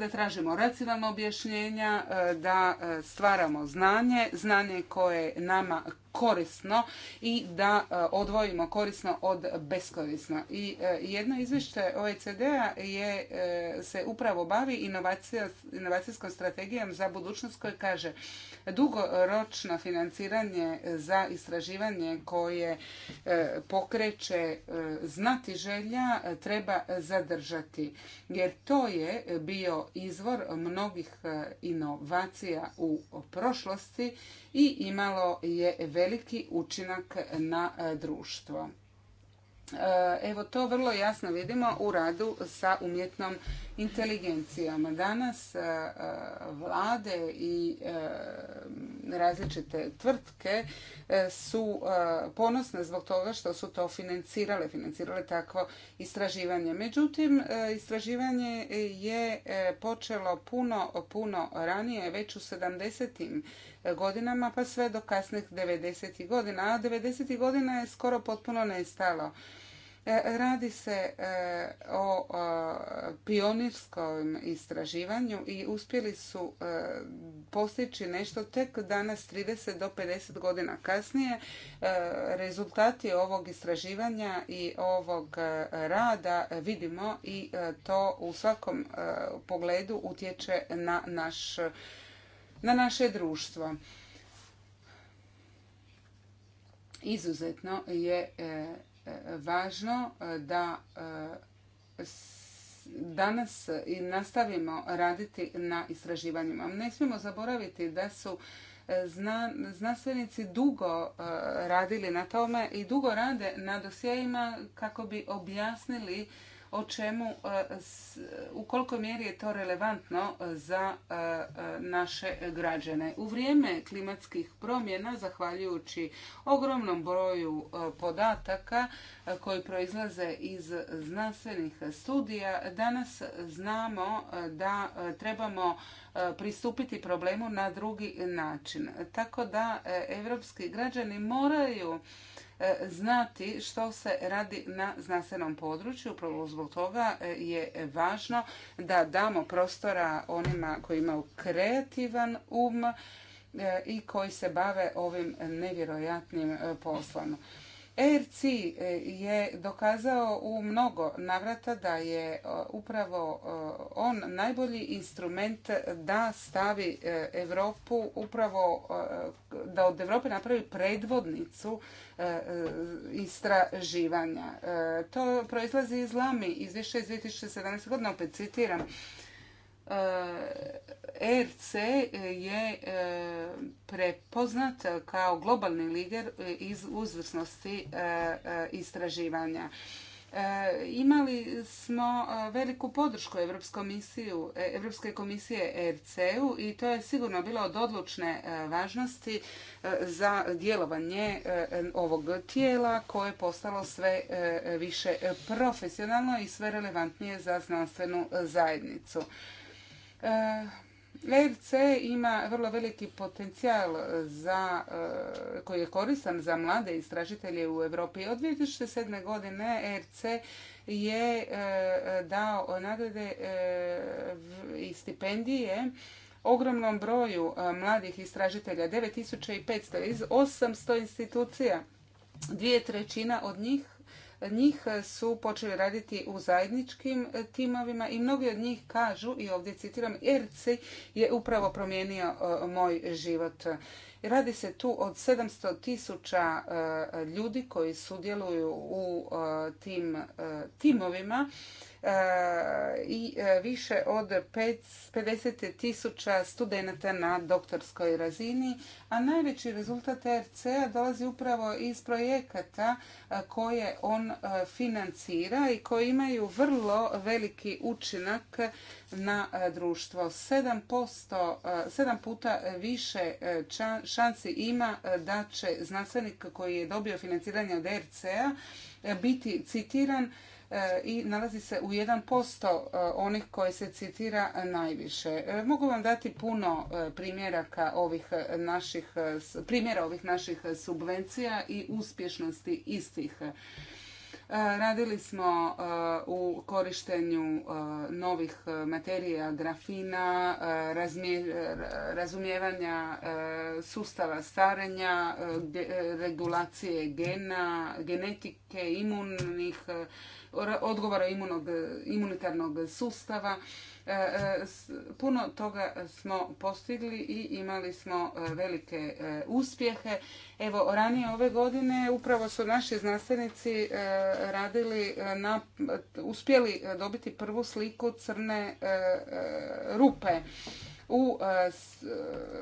da tražimo racionalna objašnjenja, e, da e, stvaramo znanje, znanje koje je nama korisno i da e, odvojimo korisno od beskorisno. I jedno izvješće OECD-a je, se upravo bavi inovacijskom strategijom za budućnost koja kaže dugoročno financiranje za istraživanje koje pokreće znati želja treba zadržati. Jer to je bio izvor mnogih e, inovacija u prošlosti i imalo je veliki učinak na e, društvo. E, evo to vrlo jasno vidimo u radu sa umjetnom inteligencijom. Danas e, vlade i e, različite tvrtke su ponosne zbog toga što su to financirale, financirale takvo istraživanje. Međutim, istraživanje je počelo puno, puno ranije, već u 70 godinama pa sve do kasnih 90. godina. A 90. godina je skoro potpuno nestalo. E, radi se e, o e, pionirskom istraživanju i uspjeli su postići nešto tek danas 30 do 50 godina kasnije. Rezultati ovog istraživanja i ovog rada vidimo i to u svakom pogledu utječe na, naš, na naše društvo. Izuzetno je važno e, da e, danas i nastavimo raditi na istraživanjima. Ne smijemo zaboraviti da su e, znanstvenici dugo radili na tome i dugo rade na dosjejima kako bi objasnili o čemu, e, u koliko mjeri je to relevantno e, za e, naše građane. U vrijeme klimatskih promjena, zahvaljujući ogromnom broju podataka koji proizlaze iz znanstvenih studija, danas znamo da trebamo pristupiti problemu na drugi način. Tako da evropski građani moraju E, znati što se radi na znanstvenom području. Upravo zbog toga e, je važno da damo prostora onima koji imaju kreativan um e, i koji se bave ovim nevjerojatnim poslom. ERC e, je dokazao u mnogo navrata da je e, upravo e, on najbolji instrument da stavi Europu upravo da od Europe napravi predvodnicu istraživanja. To proizlazi iz Lami, izvješća iz 2017. godine, opet citiram, ERC je e, prepoznat kao globalni lider e, iz uzvrsnosti e, istraživanja. Imali smo veliku podršku Europske komisije ERC-u i to je sigurno bilo od odlučne važnosti za djelovanje ovog tijela koje je postalo sve više profesionalno i sve relevantnije za znanstvenu zajednicu. ERC ima vrlo veliki potencijal za, e, koji je koristan za mlade istražitelje u Europi. Od 2007. godine ERC je e, dao nagrade e, i stipendije ogromnom broju mladih istražitelja, 9500 iz 800 institucija. Dvije trećina od njih njih su počeli raditi u zajedničkim timovima i mnogi od njih kažu, i ovdje citiram, ERC je upravo promijenio e, moj život. Radi se tu od 700 tisuća e, ljudi koji sudjeluju u e, tim e, timovima i više od 50 tisuća studenta na doktorskoj razini, a najveći rezultat erc dolazi upravo iz projekata koje on financira i koji imaju vrlo veliki učinak na društvo. 7%, puta više šanse ima e, da će znanstvenik koji je dobio financiranje od ERC-a e, biti citiran e, i nalazi se u 1% onih koje se citira najviše. Mogu vam dati puno primjeraka ovih naših, primjera ovih naših subvencija i uspješnosti istih. E, radili smo e, u korištenju e, novih materija, grafina, razumijevanja sustava starenja, regulacije gena, genetike, imunnih odgovora imunog, imunitarnog sustava. E, e, puno toga smo postigli i imali smo e, velike uspjehe. Evo, ranije ove godine upravo su naši znanstvenici radili na, uspjeli dobiti prvu sliku crne rupe u e, e,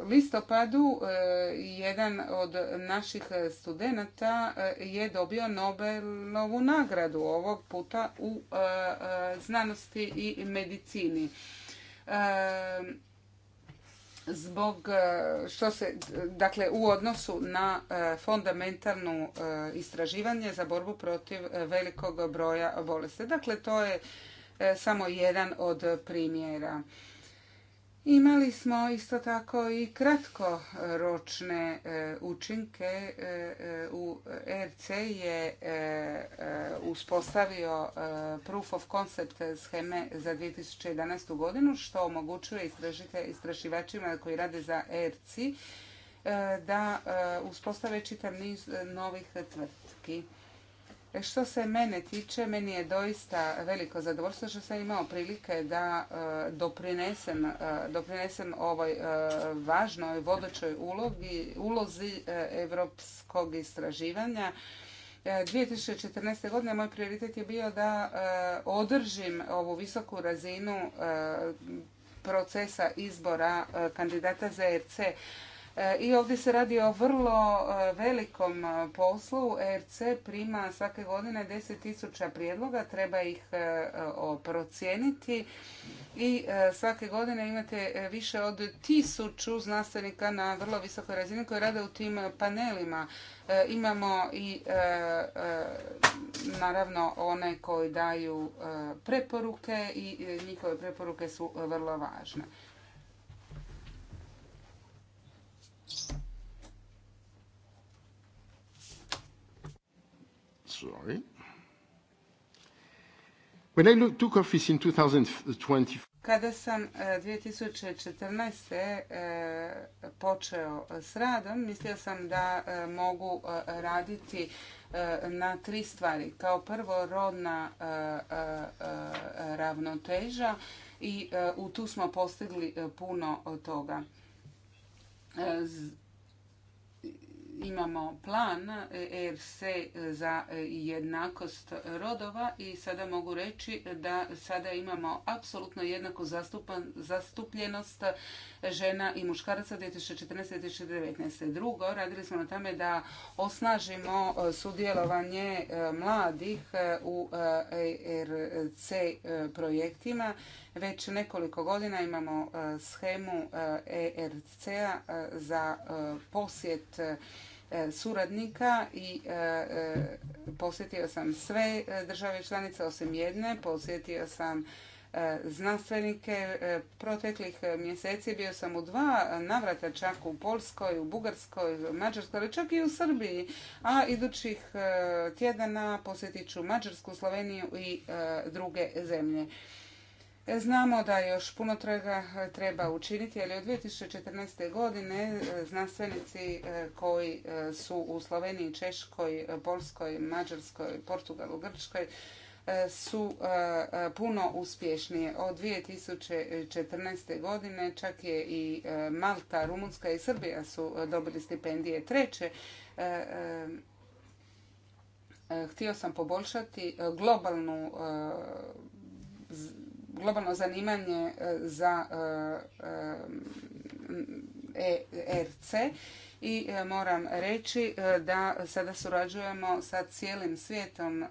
listopadu e, jedan od naših studenata je dobio Nobelovu nagradu ovog puta u znanosti i medicini zbog što se dakle u odnosu na fundamentalno istraživanje za borbu protiv velikog broja bolesti. Dakle to je samo jedan od primjera. Imali smo isto tako i kratkoročne e, učinke. E, e, u RC je uspostavio proof of concept scheme za 2011. godinu što omogućuje istraživačima koji rade za ERC da uspostave čitav niz novih tvrtki. E, što se mene tiče, meni je doista veliko zadovoljstvo što sam imao prilike da e, e, doprinesem, ovoj važnoj vodećoj ulozi europskog istraživanja. 2014. godine moj prioritet je bio da održim ovu visoku razinu procesa izbora kandidata za ERC i ovdje se radi o vrlo e, velikom e, poslu. ERC prima svake godine 10.000 prijedloga, treba ih e, procijeniti i svake godine imate više od tisuću znanstvenika na vrlo visokoj razini koji rade u tim panelima. Imamo i naravno one koji daju preporuke i njihove preporuke su vrlo važne. sorry. When I took Kada sam 2014. E, e, počeo s radom, mislio sam da e, mogu raditi na tri stvari. Kao prvo, rodna ravnoteža i tu smo postigli puno toga imamo plan ERC za jednakost rodova i sada mogu reći da sada imamo apsolutno jednaku zastupljenost žena i muškaraca 2014-2019. Drugo, radili smo na tome da osnažimo e, sudjelovanje e, mladih e, u ERC projektima već nekoliko godina imamo e, schemu ERC-a e e, za posjet suradnika i posjetio sam sve države članice osim jedne, posjetio sam znanstvenike. Proteklih mjeseci bio sam u dva navrata čak u Polskoj, u Bugarskoj, Mađarskoj, ali čak i u Srbiji. A idućih tjedana posjetit ću Mađarsku, Sloveniju i druge zemlje. Znamo da još puno toga e, treba učiniti, ali od 2014. godine e, znanstvenici e, koji su u Sloveniji, Češkoj, Poljskoj, Mađarskoj, Portugalu, Grčkoj su puno uspješnije. Od 2014. godine čak je i Malta, Rumunska i Srbija su dobili stipendije. Treće, htio sam poboljšati globalnu globalno zanimanje e, za ERC e, e i moram reći da sada surađujemo sa cijelim svijetom,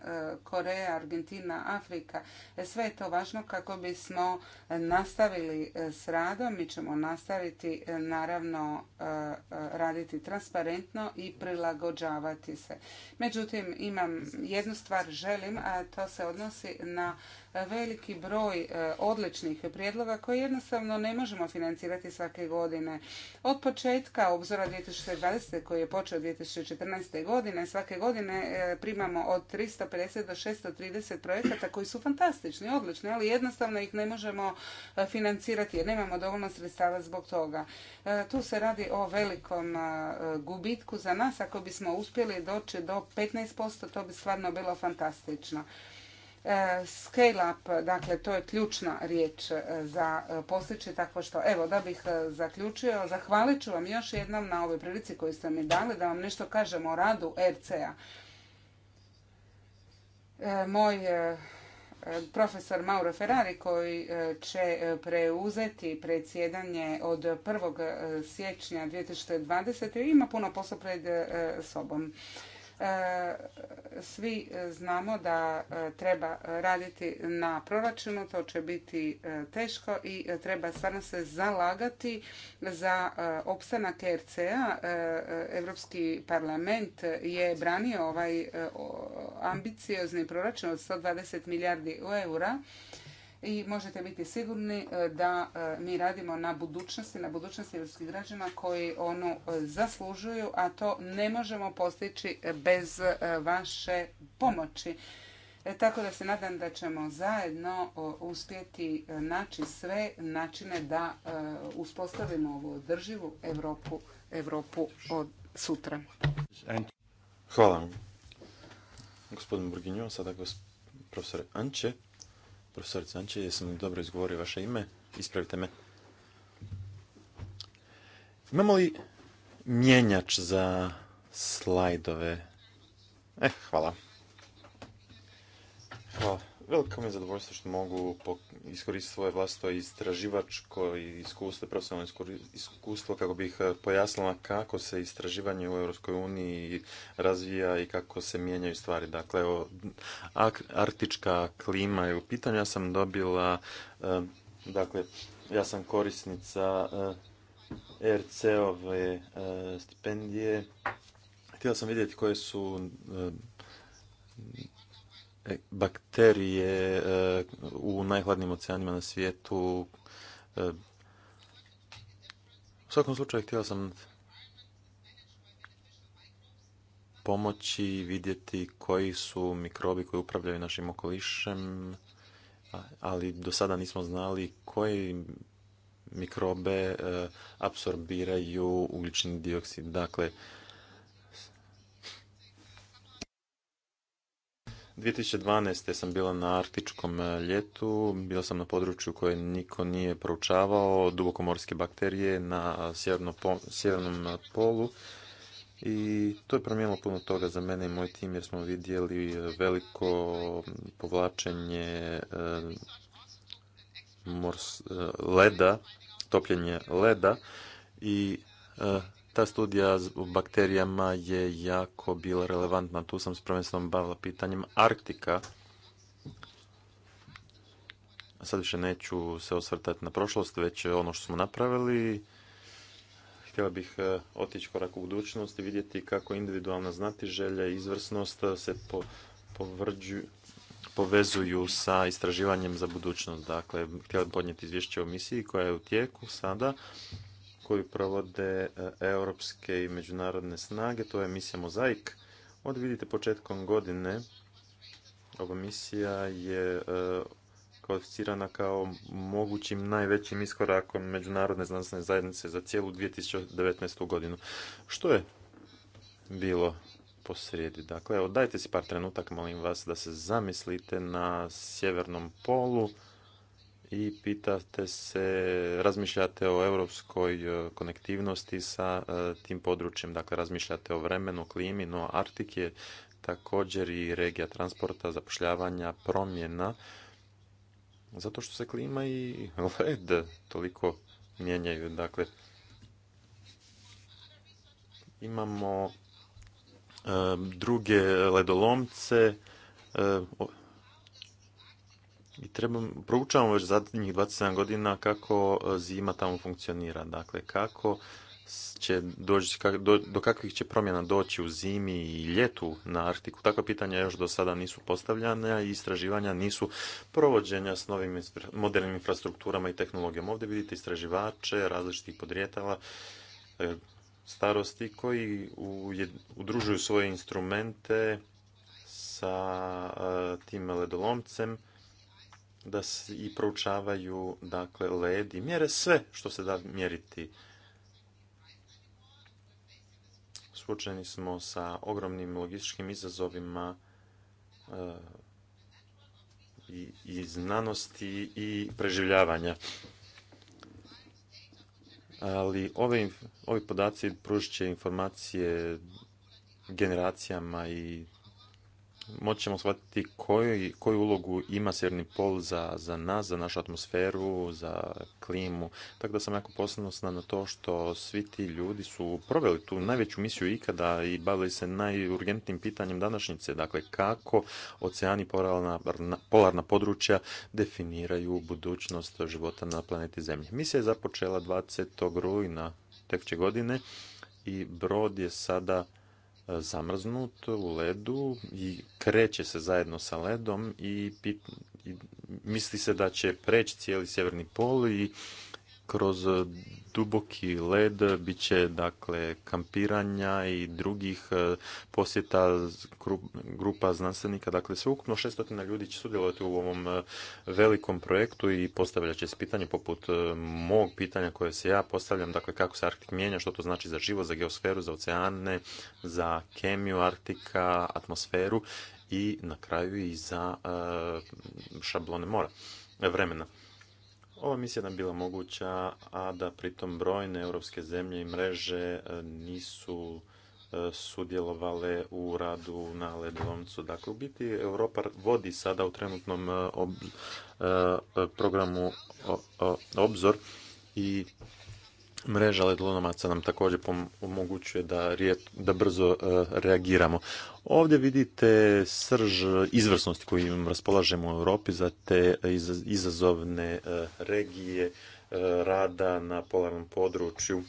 Koreja, Argentina, Afrika. Sve je to važno kako bismo nastavili s radom. Mi ćemo nastaviti naravno raditi transparentno i prilagođavati se. Međutim, imam jednu stvar želim, a to se odnosi na veliki broj e, odličnih prijedloga koje jednostavno ne možemo financirati svake godine. Od početka obzora 2020 koji je počeo 2014. godine svake godine e, primamo od 350 do 630 projekata koji su fantastični, odlični, ali jednostavno ih ne možemo e, financirati jer nemamo dovoljno sredstava zbog toga. Tu se radi o velikom gubitku za nas. Ako bismo uspjeli doći do 15%, to bi stvarno bilo fantastično. E, scale up, dakle, to je ključna riječ e, za e, postići tako što, evo, da bih zaključio, zahvalit ću vam još jednom na ovoj prilici koju ste mi dali, da vam nešto kažem o radu RCA. Moj profesor Mauro Ferrari koji će preuzeti predsjedanje od 1. siječnja 2020. ima puno posla pred sobom. E, svi e, znamo da e, treba raditi na proračunu, to će biti teško i treba stvarno se zalagati za opstanak ERC-a. Europski parlament je branio ovaj ambiciozni proračun od 120 milijardi eura i možete biti sigurni e, da e, mi radimo na budućnosti, na budućnosti ljudskih građana koji onu e, zaslužuju, a to ne možemo postići bez vaše pomoći. Tako da se nadam da ćemo zajedno uspjeti naći sve načine da uspostavimo ovu održivu Europu, Europu od sutra. Hvala vam. Gospodin Burginjo, sada profesor Anče. Profesor Canče, jesam li dobro izgovorio vaše ime? Ispravite me. Imamo li mjenjač za slajdove? Eh hvala. Hvala. Veliko mi je zadovoljstvo što mogu iskoristiti svoje vlastito istraživačko iskustvo, profesionalno iskustvo kako bih e, pojasnila kako se istraživanje u Europskoj uniji razvija i kako se mijenjaju stvari. Dakle, arktička klima je u pitanju. Ja sam dobila, e, dakle, ja sam korisnica e, RC-ove stipendije. htio sam vidjeti koje su E, bakterije e, u najhladnijim oceanima na svijetu. E, u svakom slučaju htio sam pomoći vidjeti koji su mikrobi koji upravljaju našim okolišem, ali do sada nismo znali koji mikrobe apsorbiraju ugljični dioksid. Dakle, 2012. sam bila na artičkom e, ljetu, bio sam na području koje niko nije proučavao, dubokomorske bakterije na sjeverno, sjevernom polu i to je promijenilo puno toga za mene i moj tim jer smo vidjeli veliko povlačenje e, e, leda, topljenje leda i ta studija u bakterijama je jako bila relevantna. Tu sam s prvenstvom bavila pitanjem Arktika. Sad više neću se osvrtati na prošlost, već ono što smo napravili. Htjela bih e, otići korak u budućnost i vidjeti kako individualna znatiželja i izvrsnost se po, povezuju sa istraživanjem za budućnost. Dakle, htjela bih podnijeti izvješće o misiji koja je u tijeku sada koju provode e, europske i međunarodne snage. To je misija Mozaik. Od vidite početkom godine ova misija je e, kvalificirana kao mogućim najvećim iskorakom međunarodne znanstvene zajednice za cijelu 2019. godinu. Što je bilo posrijedi? Dakle, evo, dajte si par trenutak, molim vas, da se zamislite na sjevernom polu i pitate se, razmišljate o europskoj e, konektivnosti sa e, tim područjem, dakle razmišljate o vremenu, klimi, no Artik je također i regija transporta, zapošljavanja, promjena, zato što se klima i led toliko mijenjaju. Dakle, imamo e, druge ledolomce, i trebam, proučavamo već zadnjih 27 godina kako e, zima tamo funkcionira. Dakle, kako će doći, do, kakvih će promjena doći u zimi i ljetu na Arktiku. Takva pitanja još do sada nisu postavljana i istraživanja nisu provođenja s novim modernim infrastrukturama i tehnologijama. Ovdje vidite istraživače različitih podrijetala, e, starosti koji udružuju svoje instrumente sa e, tim ledolomcem da i proučavaju dakle led i mjere sve što se da mjeriti. Suočeni smo sa ogromnim logističkim izazovima e, i, znanosti i preživljavanja. Ali ovi podaci pružit će informacije generacijama i moći ćemo shvatiti koju, koju ulogu ima Sjeverni pol za, za nas, za našu atmosferu, za klimu. Tako da sam jako posljednostna na to što svi ti ljudi su proveli tu najveću misiju ikada i bavili se najurgentnijim pitanjem današnjice. Dakle, kako oceani polarna, polarna područja definiraju budućnost života na planeti Zemlje. Misija je započela 20. rujna tekuće godine i brod je sada zamrznut u ledu i kreće se zajedno sa ledom i, i misli se da će preći cijeli sjeverni pol i kroz duboki led, bit će dakle kampiranja i drugih e, posjeta grupa znanstvenika. Dakle, sveukupno 600 ljudi će sudjelovati u ovom e, velikom projektu i postavljat će se pitanje poput e, mog pitanja koje se ja postavljam, dakle kako se Arktik mijenja, što to znači za život, za geosferu, za oceane, za kemiju Arktika, atmosferu i na kraju i za šablone mora vremena ova misija nam bila moguća, a da pritom brojne europske zemlje i mreže e, nisu e, sudjelovale u radu na ledolomcu. Dakle, u biti Europa vodi sada u trenutnom e, programu obzor i Mreža ledlonomaca nam također omogućuje da, da brzo e, reagiramo. Ovdje vidite srž izvrsnosti kojim raspolažemo u Europi za te izazovne e, regije e, rada na polarnom području.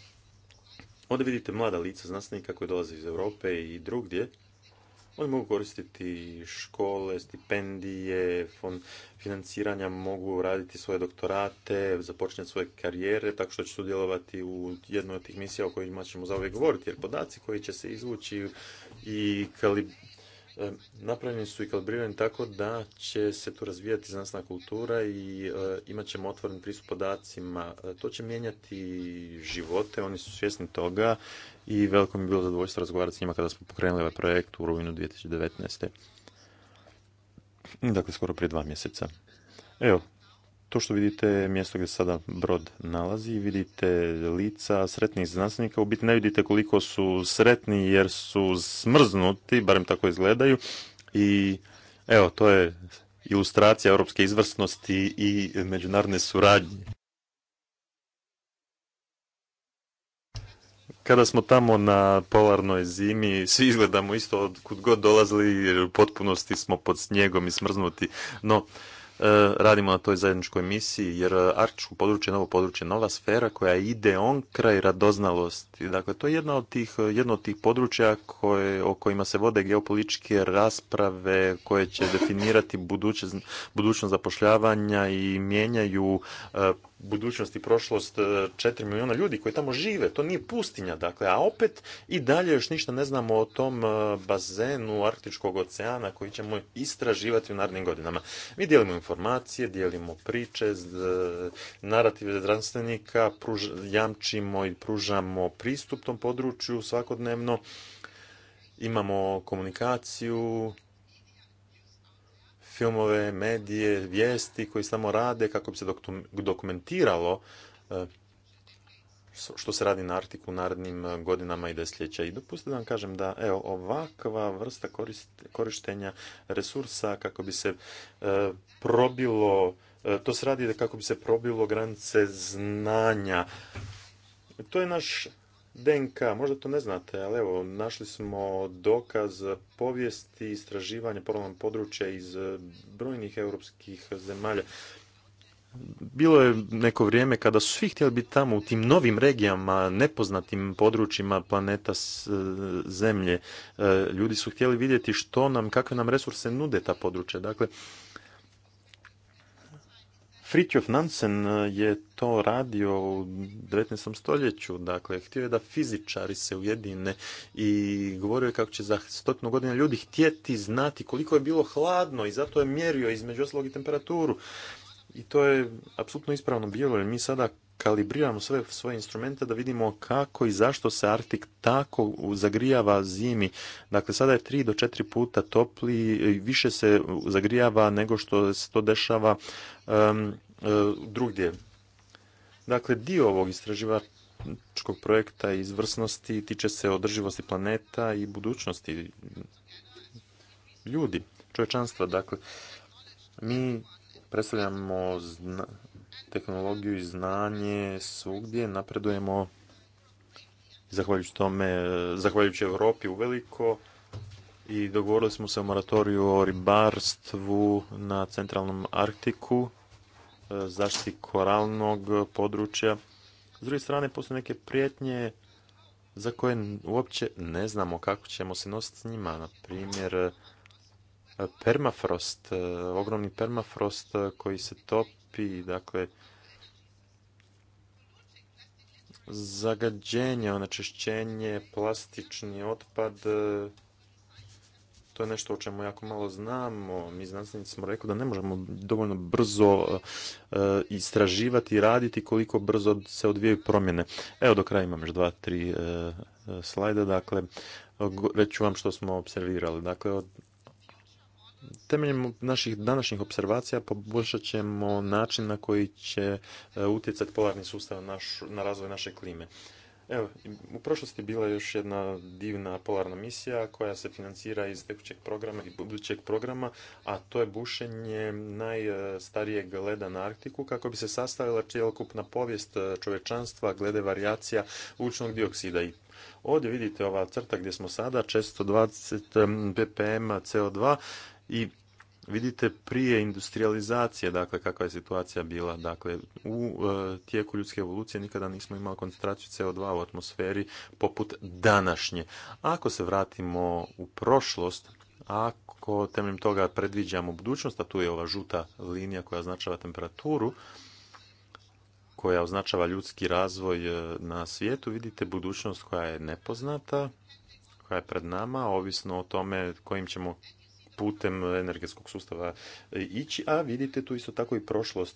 Ovdje vidite mlada lica znanstvenika koji dolaze iz Europe i drugdje oni mogu koristiti škole, stipendije, fond financiranja, mogu raditi svoje doktorate, započinjati svoje karijere, tako što će sudjelovati u jednoj od tih misija o kojima ćemo zauvijek govoriti, jer podaci koji će se izvući i kalib E, napravljeni su i kalibrirani tako da će se tu razvijati znanstvena kultura i e, imat ćemo otvoren pristup podacima. E, to će mijenjati živote, oni su svjesni toga i veliko mi je bilo zadovoljstvo razgovarati s njima kada smo pokrenuli ovaj projekt u rujnu 2019. Dakle, skoro prije dva mjeseca. Evo, to što vidite mjesto gdje sada brod nalazi, vidite lica sretnih znanstvenika, u biti ne vidite koliko su sretni jer su smrznuti, barem tako izgledaju. I evo, to je ilustracija europske izvrsnosti i međunarodne suradnje. Kada smo tamo na polarnoj zimi, svi izgledamo isto od kud god dolazili, jer u potpunosti smo pod snijegom i smrznuti. No, E, radimo na toj zajedničkoj misiji, jer e, arktičko područje je novo područje, nova sfera koja ide on kraj radoznalosti. Dakle, to je jedna od tih, e, jedno od tih područja koje, o kojima se vode geopolitičke rasprave koje će definirati buduće, budućnost zapošljavanja i mijenjaju budućnost i prošlost e, četiri milijuna ljudi koji tamo žive, to nije pustinja, dakle, a opet i dalje još ništa ne znamo o tom e, bazenu Arktičkog oceana koji ćemo istraživati u narednim godinama. Mi dijelimo informacije, dijelimo priče, e, narative zdravstvenika, jamčimo i pružamo pristup tom području svakodnevno, imamo komunikaciju, filmove, medije, vijesti koji samo rade kako bi se dokumentiralo e, što se radi na Artiku u narednim e, godinama i desetljeća. I dopustite da vam kažem da evo, ovakva vrsta korištenja resursa kako bi se e, probilo, to se radi da kako bi se probilo granice znanja. To je naš DNK, možda to ne znate, ali evo, našli smo dokaz povijesti istraživanja polovnog područja iz e, brojnih europskih zemalja. Bilo je neko vrijeme kada su svi htjeli biti tamo u tim novim regijama, nepoznatim područjima planeta e, Zemlje. E, ljudi su htjeli vidjeti što nam, kakve nam resurse nude ta područja. Dakle, Fritjof Nansen eh, je to radio u 19. stoljeću, dakle, htio je da fizičari se ujedine i govorio je kako će za stotinu godina ljudi htjeti znati koliko je bilo hladno i zato je mjerio između oslog i temperaturu. I to je apsolutno ispravno bilo, jer mi sada kalibriramo sve svoje instrumente da vidimo kako i zašto se Arktik tako zagrijava zimi. Dakle, sada je tri do četiri puta i više se zagrijava nego što se to dešava um, drugdje. Dakle, dio ovog istraživačkog projekta izvrsnosti tiče se održivosti planeta i budućnosti ljudi, čovječanstva. Dakle, mi predstavljamo tehnologiju i znanje svugdje. Napredujemo zahvaljujući tome, zahvaljujući Europi veliko. i dogovorili smo se o moratoriju o ribarstvu na centralnom Arktiku, e, zaštiti koralnog područja. S druge strane, postoje neke prijetnje za koje uopće ne znamo kako ćemo se nositi s njima. Na primjer, permafrost, e, ogromni permafrost koji se topi Pi, dakle, zagađenje, onečišćenje, plastični otpad, e, to je nešto o čemu jako malo znamo. Mi znanstvenici smo rekli da ne možemo dovoljno brzo e, istraživati i raditi koliko brzo se odvijaju promjene. Evo do kraja imam još dva, tri e, slajda. Dakle, reću vam što smo observirali. Dakle, od temeljem naših današnjih observacija poboljšat ćemo način na koji će e, utjecati polarni sustav na razvoj naše klime. Evo, u prošlosti je bila još jedna divna polarna misija koja se financira iz tekućeg programa i budućeg programa, a to je bušenje najstarijeg leda na Arktiku kako bi se sastavila cjelokupna povijest e, čovečanstva glede varijacija učnog dioksida i Ovdje vidite ova crta gdje smo sada, 420 ppm CO2 i vidite prije industrializacije, dakle kakva je situacija bila. Dakle, u e, tijeku ljudske evolucije nikada nismo imali koncentraciju CO2 u atmosferi poput današnje. Ako se vratimo u prošlost, ako temeljem toga predviđamo budućnost, a tu je ova žuta linija koja označava temperaturu, koja označava ljudski razvoj e, na svijetu, vidite budućnost koja je nepoznata, koja je pred nama, ovisno o tome kojim ćemo putem energetskog sustava e, ići, a vidite tu isto tako i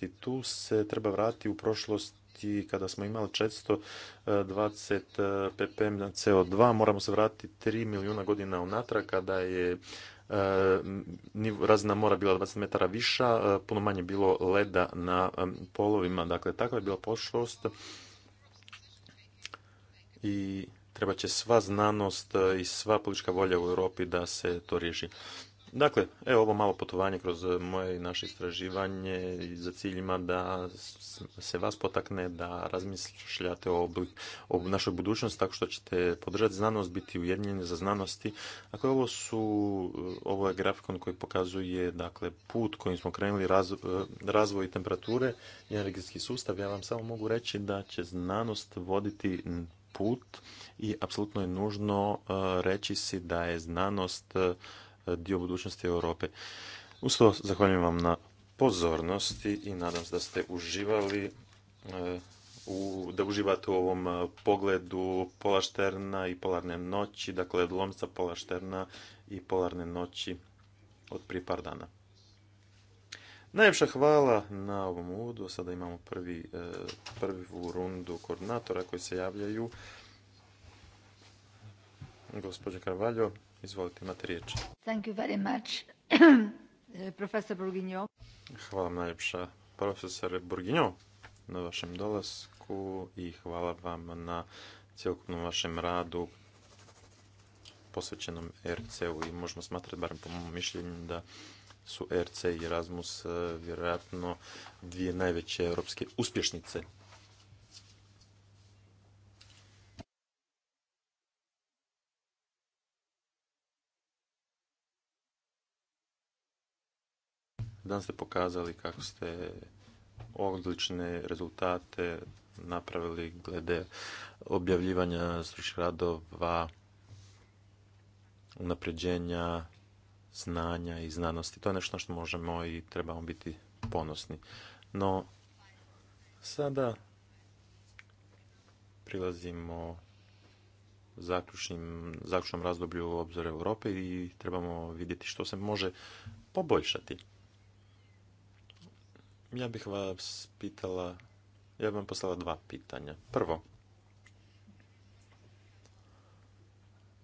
i Tu se treba vratiti u prošlosti kada smo imali 420 e, e, ppm CO2, moramo se vratiti 3 milijuna godina unatrag kada je razina mora bila 20 metara viša, puno manje bilo leda na polovima, dakle takva je bila prošlost i treba će sva znanost i sva politička volja u Europi da se to riješi. Dakle, evo ovo malo potovanje kroz moje i naše istraživanje i za ciljima da se vas potakne da razmišljate o, o našoj budućnosti tako što ćete podržati znanost, biti ujedinjeni za znanosti. Dakle, ovo su, ovo je grafikon koji pokazuje dakle, put kojim smo krenuli razvoj, razvoj temperature i energetski sustav. Ja vam samo mogu reći da će znanost voditi put i apsolutno je nužno e, reći si da je znanost dio budućnosti Europe. Uz to zahvaljujem vam na pozornosti i nadam se da ste uživali e, u, da uživate u ovom e, pogledu polašterna i polarne noći, dakle lomca polašterna i polarne noći od prije par dana. Najljepša hvala na ovom uvodu. Sada imamo prvi, e, prvu rundu koordinatora koji se javljaju. Gospodin Karvaljo, Izvolite, imate riječ. Thank you Burginjo. Hvala vam najljepša profesore Burginjo na vašem dolasku i hvala vam na cijelokupnom vašem radu posvećenom RC-u i možemo smatrati, barem po mom mišljenju, da su RC i Erasmus eh, vjerojatno dvije najveće europske uspješnice Dan ste pokazali kako ste odlične rezultate napravili glede objavljivanja stručnih radova, unapređenja znanja i znanosti. To je nešto što možemo i trebamo biti ponosni. No, sada prilazimo zaključnim, zaključnom razdoblju obzora Europe i trebamo vidjeti što se može poboljšati. Ja bih vas pitala, ja bih vam poslala dva pitanja. Prvo,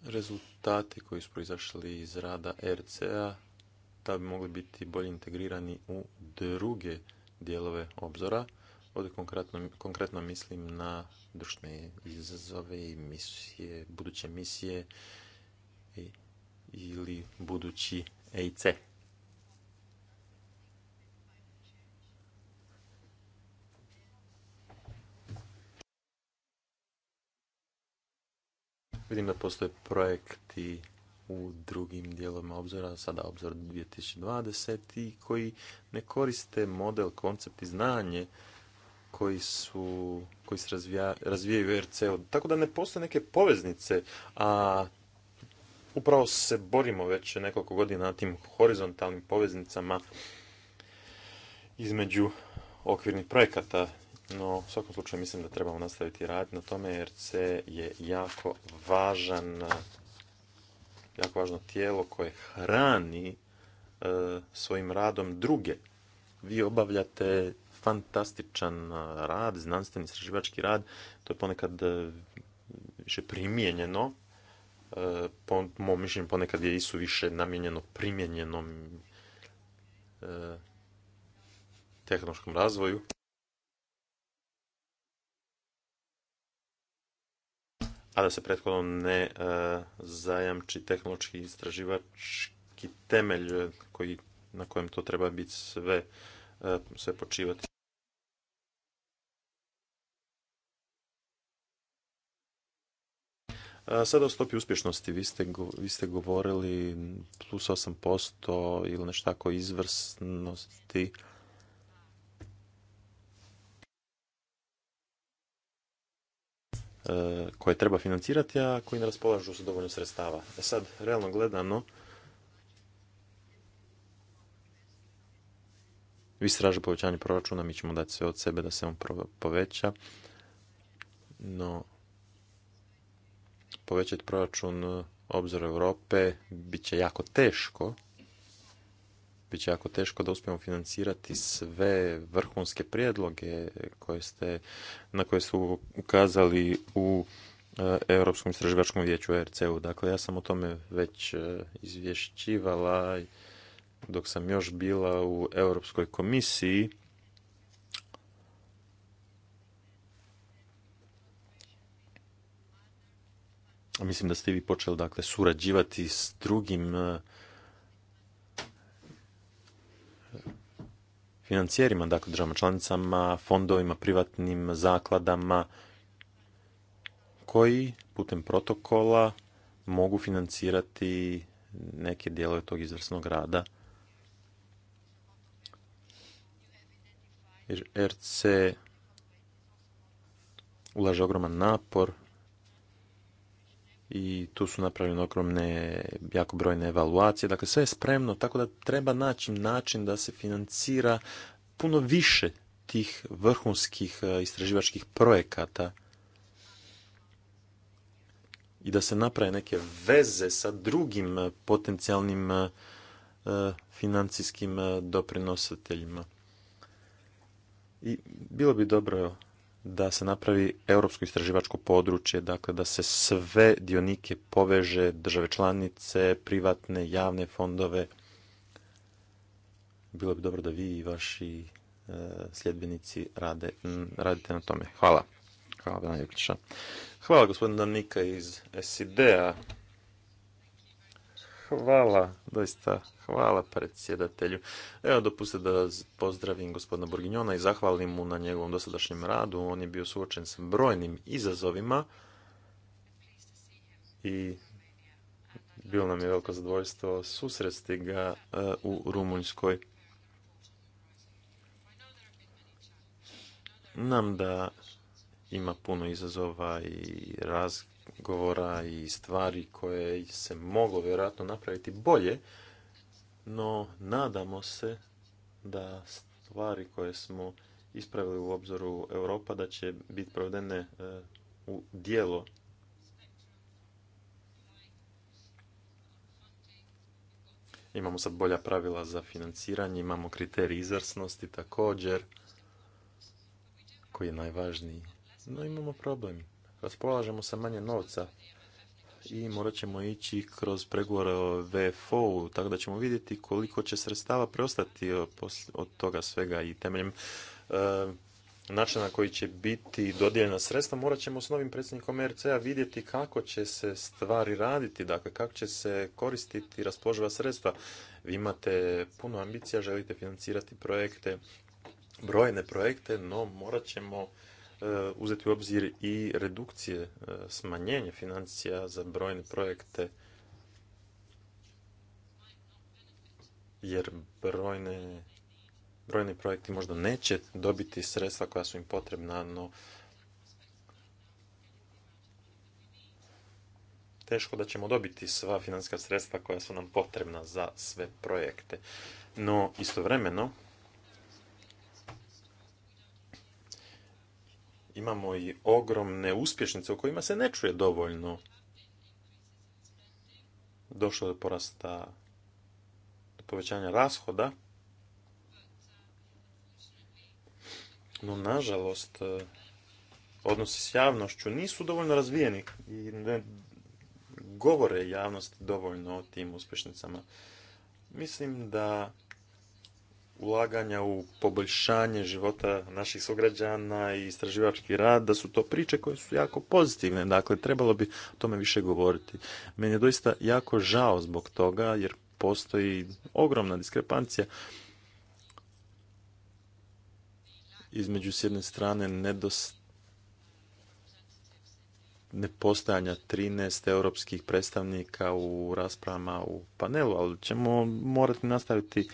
rezultati koji su proizašli iz rada RCA da bi mogli biti bolje integrirani u druge dijelove obzora. Ovdje konkretno, konkretno mislim na društvene izazove i misije, buduće misije ili budući EIC. Vidim da postoje projekti u drugim dijelovima obzora, sada obzor 2020, i koji ne koriste model, koncept i znanje koji, su, koji se razvija, razvijaju u rc Tako da ne postoje neke poveznice, a upravo se borimo već nekoliko godina na tim horizontalnim poveznicama između okvirnih projekata no u svakom slučaju mislim da trebamo nastaviti raditi na tome jer C je jako važan eh, jako važno tijelo koje hrani eh, svojim radom druge. Vi obavljate fantastičan eh, rad, znanstveni istraživački rad, to je ponekad više primijenjeno, mišljenju ponekad je isu više namijenjeno primjenjenom tehnološkom razvoju. a da se prethodno ne e, zajamči tehnološki istraživački temelj e, koji, na kojem to treba biti sve, e, sve počivati. Sada o stopi uspješnosti, vi ste, vi ste govorili plus 8% ili nešto tako izvrsnosti E, koje treba financirati, a koji ne raspolažu sa dovoljno sredstava. E sad, realno gledano, vi straže povećanje proračuna, mi ćemo dati sve od sebe da se on poveća, no povećati proračun e, obzor Europe bit će jako teško, bit će jako teško da uspijemo financirati sve vrhunske prijedloge koje ste, na koje su ukazali u e, Europskom istraživačkom vijeću erc Dakle, ja sam o tome već e, izvješćivala dok sam još bila u Europskoj komisiji. Mislim da ste vi počeli dakle surađivati s drugim e, financijerima, dakle državama članicama, fondovima, privatnim zakladama koji putem protokola mogu financirati neke dijelove tog izvrsnog rada. RC ulaže ogroman napor i tu su napravljene ogromne, jako brojne evaluacije. Dakle, sve je spremno, tako da treba naći način da se financira puno više tih vrhunskih e, istraživačkih projekata i da se naprave neke veze sa drugim e, potencijalnim e, financijskim doprinositeljima. I bilo bi dobro da se napravi europsko istraživačko područje, dakle da se sve dionike poveže, države članice, privatne, javne fondove. Bilo bi dobro da vi i vaši e, sljedbenici rade, radite na tome. Hvala. Hvala, Hvala gospodin Danika iz SID-a. Hvala, doista hvala predsjedatelju. Evo dopustite da pozdravim gospodina Burginjona i zahvalim mu na njegovom dosadašnjem radu. On je bio suočen s brojnim izazovima i bilo nam je veliko zadovoljstvo susresti ga e, u Rumunjskoj. Nam da ima puno izazova i raz govora i stvari koje se moglo vjerojatno napraviti bolje, no nadamo se da stvari koje smo ispravili u obzoru Europa da će biti provedene e, u dijelo Imamo sad bolja pravila za financiranje, imamo kriterij izvrsnosti također, koji je najvažniji. No imamo problem raspolažemo sa manje novca i morat ćemo ići kroz pregovore o VFO-u, tako da ćemo vidjeti koliko će sredstava preostati od toga svega i temeljem e, načina na koji će biti dodijeljena sredstva, morat ćemo s novim predsjednikom RCA vidjeti kako će se stvari raditi, dakle kako će se koristiti raspoloživa sredstva. Vi imate puno ambicija, želite financirati projekte, brojne projekte, no morat ćemo Eh, uzeti u obzir i redukcije, eh, smanjenje financija za brojne projekte, jer brojne, brojni projekti možda neće dobiti sredstva koja su im potrebna, no teško da ćemo dobiti sva financijska sredstva koja su nam potrebna za sve projekte. No, istovremeno, imamo i ogromne uspješnice o kojima se ne čuje dovoljno. Došlo je do porasta do povećanja rashoda. No, nažalost, odnosi s javnošću nisu dovoljno razvijeni i ne govore javnosti dovoljno o tim uspješnicama. Mislim da ulaganja u poboljšanje života naših sugrađana i istraživački rad, da su to priče koje su jako pozitivne. Dakle, trebalo bi o tome više govoriti. Meni je doista jako žao zbog toga, jer postoji ogromna diskrepancija između s jedne strane nepostojanja nepostajanja 13 europskih predstavnika u raspravama u panelu, ali ćemo morati nastaviti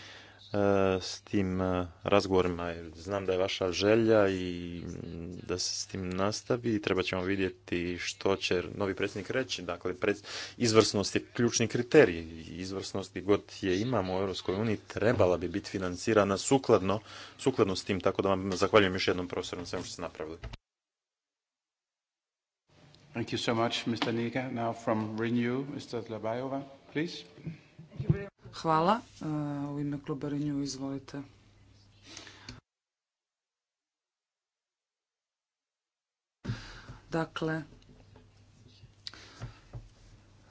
E, s tim e, razgovorima. Znam da je vaša želja i da se s tim nastavi. i Treba ćemo vidjeti što će novi predsjednik reći. Dakle, izvrsnost je ključni kriterij. Izvrsnosti god je imamo u EU uniji trebala bi biti financirana sukladno, sukladno s tim. Tako da vam zahvaljujem još jednom profesoru na svemu što ste napravili. Thank you so much, Mr. Now from Mr. please. Hvala. E, u ime kluba izvolite. Dakle,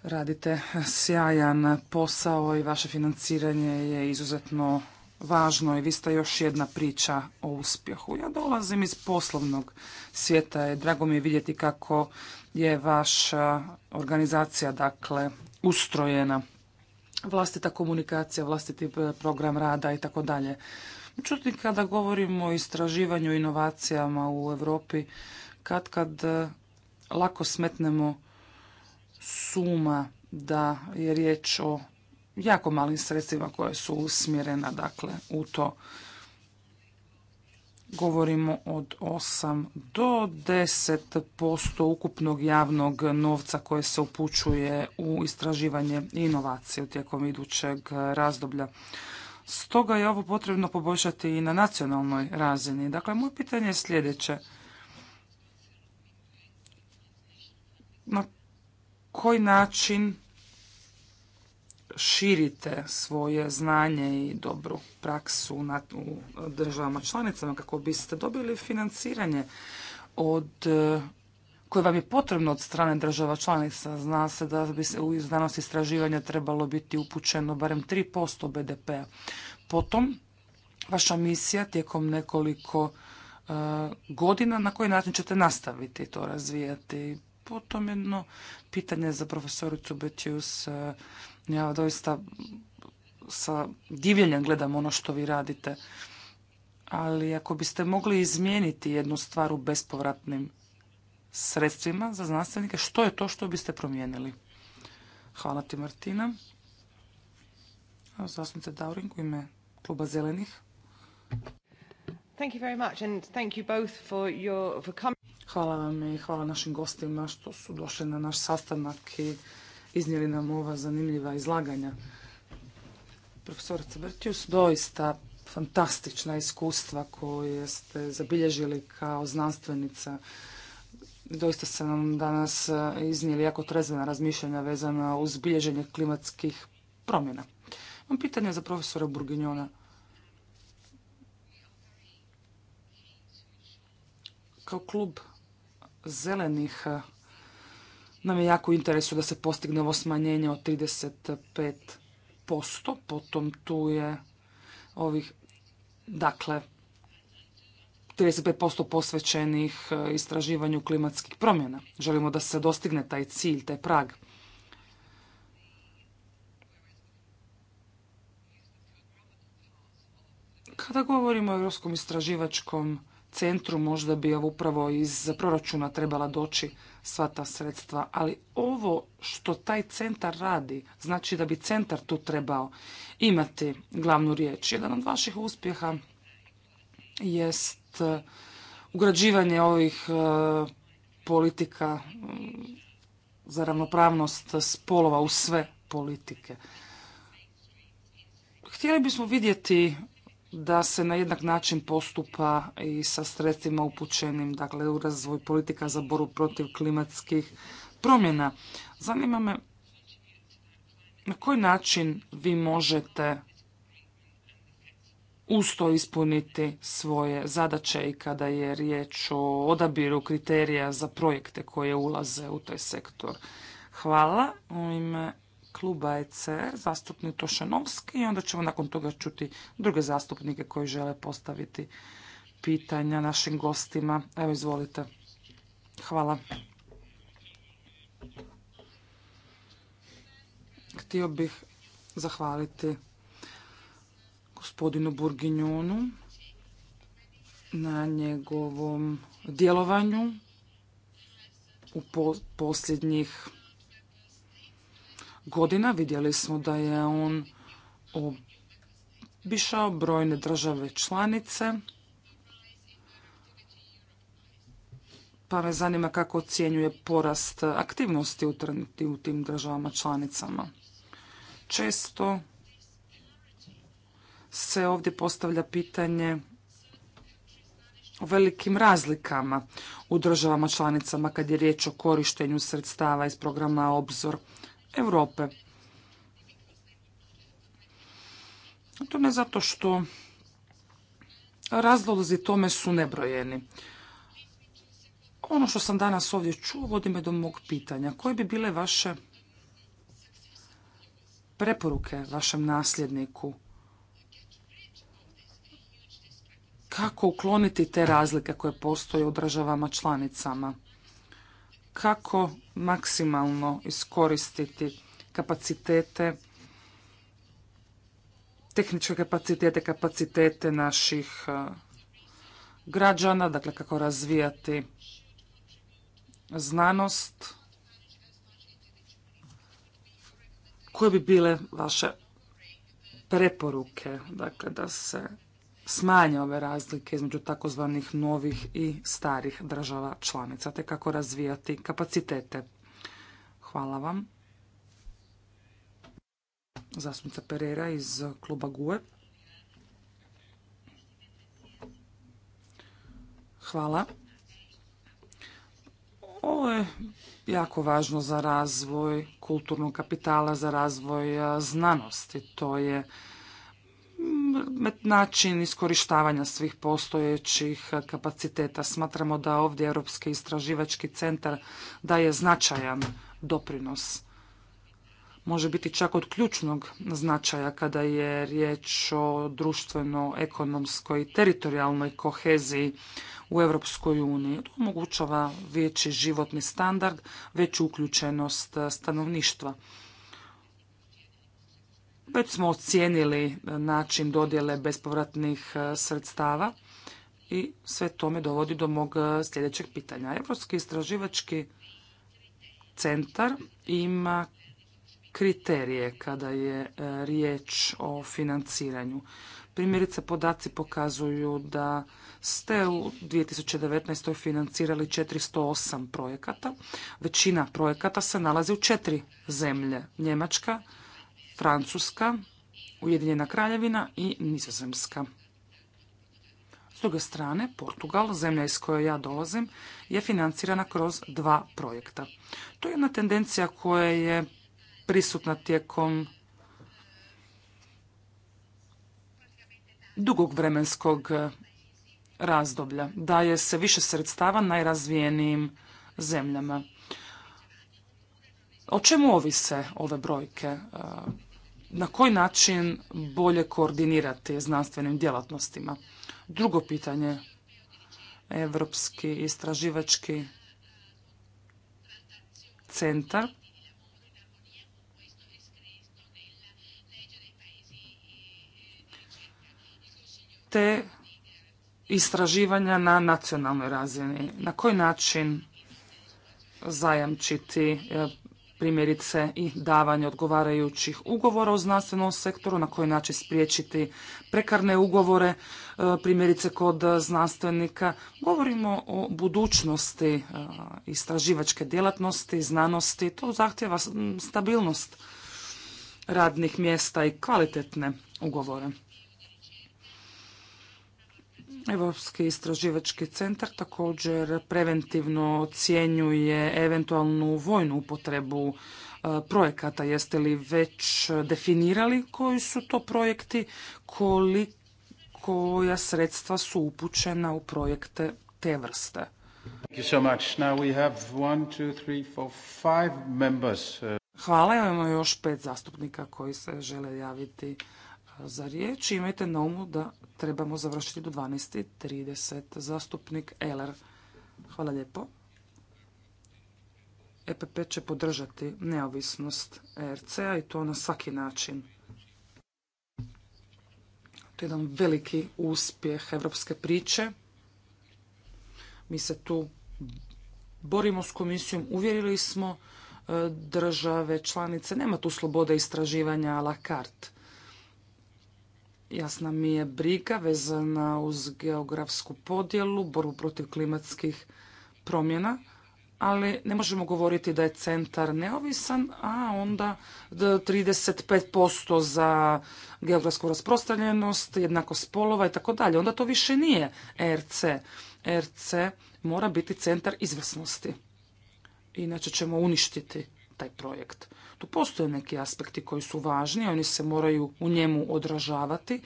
radite sjajan posao i vaše financiranje je izuzetno važno i vi ste još jedna priča o uspjehu. Ja dolazim iz poslovnog svijeta i drago mi je vidjeti kako je vaša organizacija dakle ustrojena vlastita komunikacija, vlastiti e, program rada i tako dalje. Međutim, kada govorimo o istraživanju inovacijama u Europi, kad kad e, lako smetnemo suma da je riječ o jako malim sredstvima koje su usmjerena dakle u to govorimo od 8 do 10% ukupnog javnog novca koje se upućuje u istraživanje i inovacije tijekom idućeg razdoblja. Stoga je ovo potrebno poboljšati i na nacionalnoj razini. Dakle, moje pitanje je sljedeće. Na koji način širite svoje znanje i dobru praksu u državama članicama kako biste dobili financiranje od e, koje vam je potrebno od strane država članica. Zna se da bi se u znanosti istraživanja trebalo biti upućeno barem 3% BDP-a. Potom, vaša misija tijekom nekoliko e, godina, na koji način ćete nastaviti to razvijati? Potom jedno pitanje za profesoricu Betius. E, ja doista sa divljenjem gledam ono što vi radite. Ali ako biste mogli izmijeniti jednu stvar u bespovratnim sredstvima za znanstvenike, što je to što biste promijenili? Hvala ti Martina. Zastupnice Daurin, u ime Kluba zelenih. Hvala vam i hvala našim gostima što su došli na naš sastanak i iznijeli nam ova zanimljiva izlaganja. Profesorica Brtius doista fantastična iskustva koje ste zabilježili kao znanstvenica. Doista ste nam danas e, iznijeli jako trezvena razmišljanja vezana uz bilježenje klimatskih promjena. Imam pitanje za profesora Burginjona. Kao klub zelenih e, nam je jako u interesu da se postigne ovo smanjenje od 35%, potom tu je ovih, dakle, 35% posvećenih e, istraživanju klimatskih promjena. Želimo da se dostigne taj cilj, taj prag. Kada govorimo o europskom istraživačkom centru možda bi upravo iz proračuna trebala doći sva ta sredstva, ali ovo što taj centar radi, znači da bi centar tu trebao imati glavnu riječ. Jedan od vaših uspjeha jest eh, ugrađivanje ovih eh, politika mm, za ravnopravnost spolova u sve politike. Htjeli bismo vidjeti da se na jednak način postupa i sa sredstvima upućenim dakle, u razvoj politika za boru protiv klimatskih promjena. Zanima me na koji način vi možete usto ispuniti svoje zadaće i kada je riječ o odabiru kriterija za projekte koje ulaze u taj sektor. Hvala. U ime kluba ECR, zastupnik Tošenovski i onda ćemo nakon toga čuti druge zastupnike koji žele postaviti pitanja našim gostima. Evo izvolite. Hvala. Htio bih zahvaliti gospodinu Burginjonu na njegovom djelovanju u posljednjih godina. Vidjeli smo da je on obišao brojne države članice. Pa me zanima kako ocjenjuje porast aktivnosti u tim državama članicama. Često se ovdje postavlja pitanje o velikim razlikama u državama članicama kad je riječ o korištenju sredstava iz programa Obzor Europe. To ne zato što razlozi tome su nebrojeni. Ono što sam danas ovdje čuo vodi me do mog pitanja. Koje bi bile vaše preporuke vašem nasljedniku? Kako ukloniti te razlike koje postoje u državama članicama? kako maksimalno iskoristiti kapacitete, tehničke kapacitete, kapacitete naših e, građana, dakle kako razvijati znanost. Koje bi bile vaše preporuke, dakle da se smanje ove razlike između takozvanih novih i starih država članica, te kako razvijati kapacitete. Hvala vam. Zastupnica Pereira iz kluba GUE. Hvala. Ovo je jako važno za razvoj kulturnog kapitala, za razvoj znanosti. To je Mm, način iskorištavanja svih postojećih kapaciteta. Smatramo da ovdje Europski istraživački centar daje značajan doprinos. Može biti čak od ključnog značaja kada je riječ o društveno, ekonomskoj i teritorijalnoj koheziji u Europskoj uniji. To omogućava veći životni standard, veću uključenost stanovništva. Već smo ocijenili način dodjele bespovratnih e, sredstava i sve to me dovodi do mog e, sljedećeg pitanja. Europski istraživački centar ima kriterije kada je e, riječ o financiranju. Primjerice, podaci pokazuju da ste u 2019. financirali 408 projekata. Većina projekata se nalazi u četiri zemlje. Njemačka, Francuska, Ujedinjena kraljevina i Nizozemska. S druge strane, Portugal, zemlja iz koje ja dolazim, je financirana kroz dva projekta. To je jedna tendencija koja je prisutna tijekom dugog vremenskog razdoblja. Daje se više sredstava najrazvijenijim zemljama. O čemu ovise ove brojke? E, na koji način bolje koordinirati znanstvenim djelatnostima? Drugo pitanje, Evropski istraživački centar. Te istraživanja na nacionalnoj razini. Na koji način zajamčiti e, primjerice i davanje odgovarajućih ugovora u znanstvenom sektoru, na koji način spriječiti prekarne ugovore, e, primjerice kod znanstvenika. Govorimo o budućnosti e, istraživačke djelatnosti, znanosti. To zahtjeva stabilnost radnih mjesta i kvalitetne ugovore. Evropski istraživački centar također preventivno ocjenjuje eventualnu vojnu upotrebu e, projekata. Jeste li već definirali koji su to projekti, koja sredstva su upućena u projekte te vrste? Uh, Hvala, imamo još pet zastupnika koji se žele javiti za riječ. Imajte na umu da trebamo završiti do 12.30. Zastupnik Eler. Hvala lijepo. EPP će podržati neovisnost ERC-a i to na svaki način. To je jedan veliki uspjeh evropske priče. Mi se tu borimo s komisijom, uvjerili smo e, države, članice. Nema tu slobode istraživanja a la carte. Jasna mi je briga vezana uz geografsku podjelu, borbu protiv klimatskih promjena, ali ne možemo govoriti da je centar neovisan, a onda 35% za geografsku rasprostranjenost, jednako spolova i tako dalje. Onda to više nije RC. RC mora biti centar izvrsnosti. Inače ćemo uništiti taj projekt. Tu postoje neki aspekti koji su važni, oni se moraju u njemu odražavati,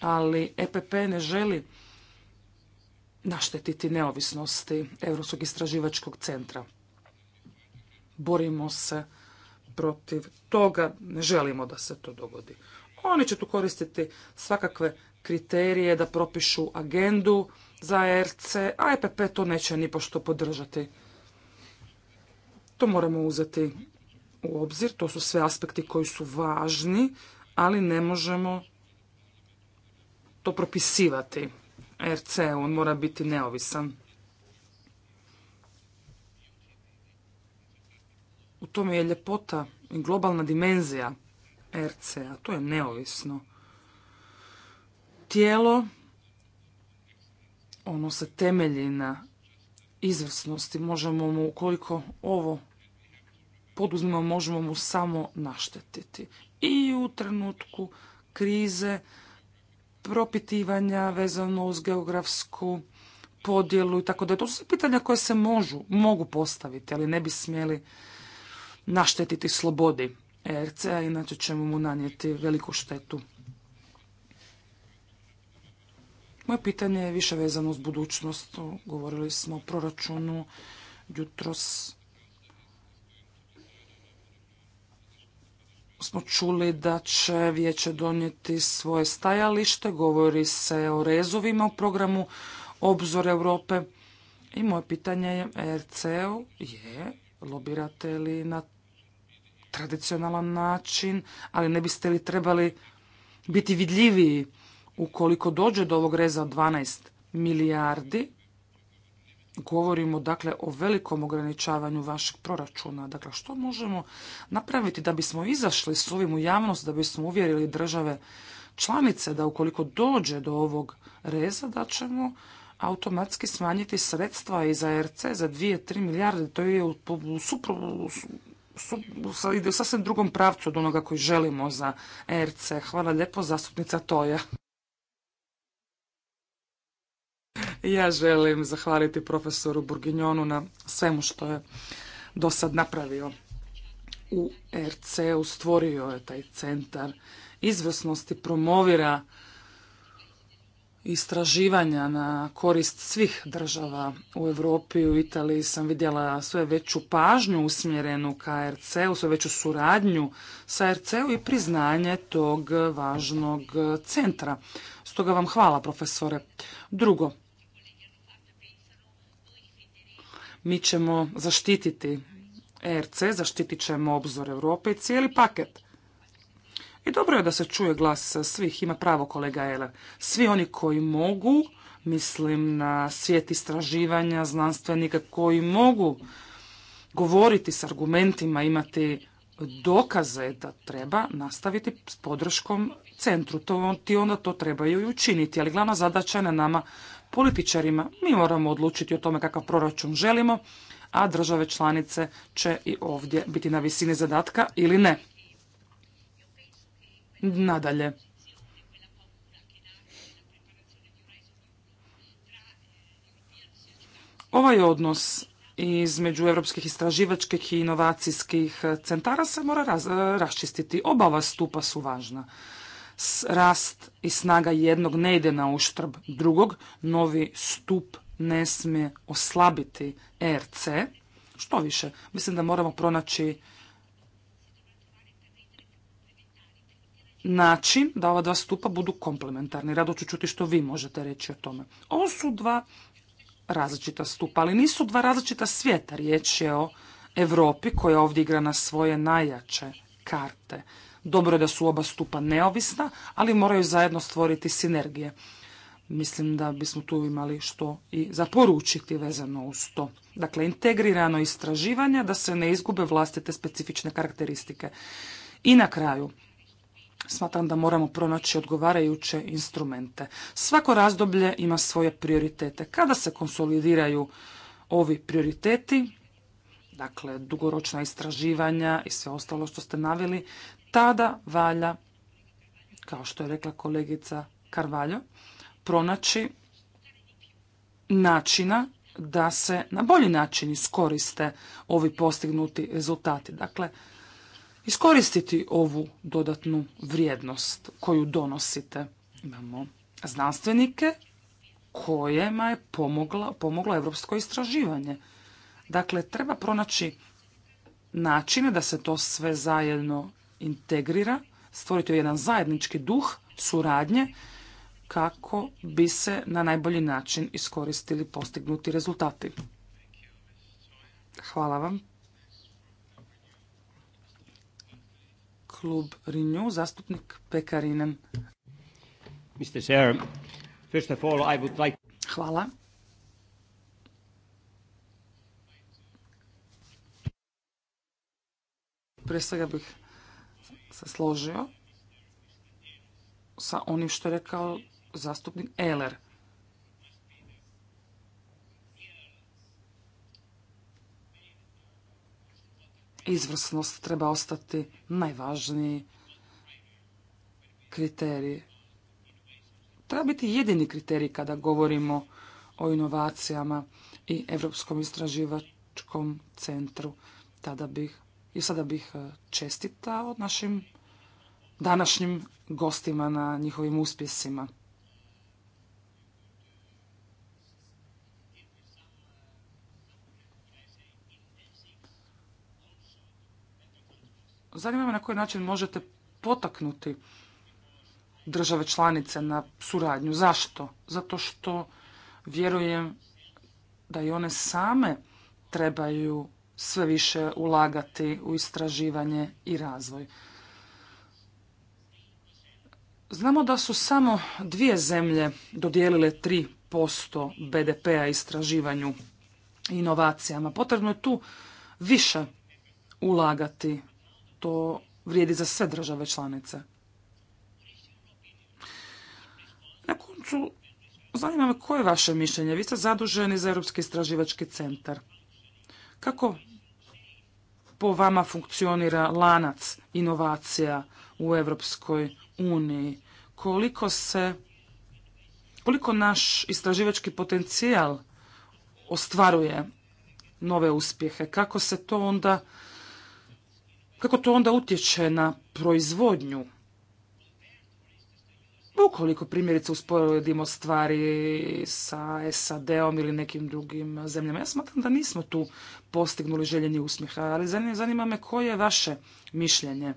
ali EPP ne želi naštetiti neovisnosti Europskog istraživačkog centra. Borimo se protiv toga, ne želimo da se to dogodi. Oni će tu koristiti svakakve kriterije da propišu agendu za e RC, a EPP to neće nipošto podržati. To moramo uzeti u obzir. To su sve aspekti koji su važni, ali ne možemo to propisivati. RC, on mora biti neovisan. U tome je ljepota i globalna dimenzija RC-a. To je neovisno tijelo. Ono se temelji na izvrsnosti. Možemo mu, ukoliko ovo poduzmemo možemo mu samo naštetiti. I u trenutku krize, propitivanja vezano uz geografsku podjelu i tako da. To su pitanja koje se možu, mogu postaviti, ali ne bi smjeli naštetiti slobodi ERC-a, inače ćemo mu nanijeti veliku štetu. Moje pitanje je više vezano uz budućnost. Govorili smo o proračunu jutros. smo čuli da će vijeće donijeti svoje stajalište, govori se o rezovima u programu Obzor Europe. I moje pitanje je RCO je, lobirate li na tradicionalan način, ali ne biste li trebali biti vidljiviji ukoliko dođe do ovog reza od 12 milijardi, govorimo dakle o velikom ograničavanju vašeg proračuna. Dakle, što možemo napraviti da bismo izašli s ovim u javnost, da bismo uvjerili države članice da ukoliko dođe do ovog reza da ćemo automatski smanjiti sredstva i za RC za 2-3 milijarde. To je ide u sasvim drugom pravcu od onoga koji želimo za RC. Hvala lijepo zastupnica Toja. Ja želim zahvaliti profesoru Burginjonu na svemu što je do sad napravio. U rc stvorio je taj centar izvrsnosti, promovira istraživanja na korist svih država u Europi. U Italiji sam vidjela sve veću pažnju usmjerenu ka RC-u, sve veću suradnju sa rc i priznanje tog važnog centra. Stoga vam hvala, profesore. Drugo, Mi ćemo zaštititi ERC, zaštitit ćemo obzor Europe i cijeli paket. I dobro je da se čuje glas svih, ima pravo kolega Eler. Svi oni koji mogu, mislim na svijet istraživanja, znanstvenika koji mogu govoriti s argumentima, imati dokaze da treba nastaviti s podrškom centru. To, ti onda to trebaju i učiniti, ali glavna zadaća je na nama političarima. Mi moramo odlučiti o tome kakav proračun želimo, a države članice će i ovdje biti na visini zadatka ili ne. Nadalje. Ovaj odnos između europskih istraživačkih i inovacijskih centara se mora raščistiti. Oba stupa su važna rast i snaga jednog ne ide na uštrb drugog, novi stup ne smije oslabiti ERC. Što više, mislim da moramo pronaći način da ova dva stupa budu komplementarni. Rado ću čuti što vi možete reći o tome. Ovo su dva različita stupa, ali nisu dva različita svijeta. Riječ je o Europi koja ovdje igra na svoje najjače karte. Dobro je da su oba stupa neovisna, ali moraju zajedno stvoriti sinergije. Mislim da bismo tu imali što i zaporučiti vezano uz to. Dakle, integrirano istraživanje da se ne izgube vlastite specifične karakteristike. I na kraju, smatram da moramo pronaći odgovarajuće instrumente. Svako razdoblje ima svoje prioritete. Kada se konsolidiraju ovi prioriteti, dakle dugoročna istraživanja i sve ostalo što ste naveli, tada valja, kao što je rekla kolegica Karvaljo, pronaći načina da se na bolji način iskoriste ovi postignuti rezultati. Dakle, iskoristiti ovu dodatnu vrijednost koju donosite. Imamo znanstvenike kojima je pomogla, pomoglo evropsko istraživanje. Dakle, treba pronaći načine da se to sve zajedno integrira, stvoriti jedan zajednički duh suradnje kako bi se na najbolji način iskoristili postignuti rezultati. Hvala vam. Klub Renew, zastupnik Pekarinen. Mr. Chair, first of all, I would like... Hvala. Pre svega bih se složio sa onim što je rekao zastupnik Eler. Izvrsnost treba ostati najvažniji kriterij. Treba biti jedini kriterij kada govorimo o inovacijama i Evropskom istraživačkom centru. Tada bih i sada bih e, čestitao našim današnjim gostima na njihovim uspjesima. Zanima me na koji način možete potaknuti države članice na suradnju. Zašto? Zato što vjerujem da i one same trebaju sve više ulagati u istraživanje i razvoj. Znamo da su samo dvije zemlje dodijelile 3% BDP-a istraživanju i inovacijama. Potrebno je tu više ulagati. To vrijedi za sve države članice. Na koncu, zanima me koje je vaše mišljenje. Vi ste zaduženi za Europski istraživački centar. Kako po vama funkcionira lanac inovacija u Europskoj uniji? Koliko se, koliko naš istraživački potencijal ostvaruje nove uspjehe? Kako se to onda, kako to onda utječe na proizvodnju Ukoliko primjerice usporedimo stvari sa SAD-om ili nekim drugim zemljama, ja smatram da nismo tu postignuli željeni uspjeh, ali zanima me koje je vaše mišljenje.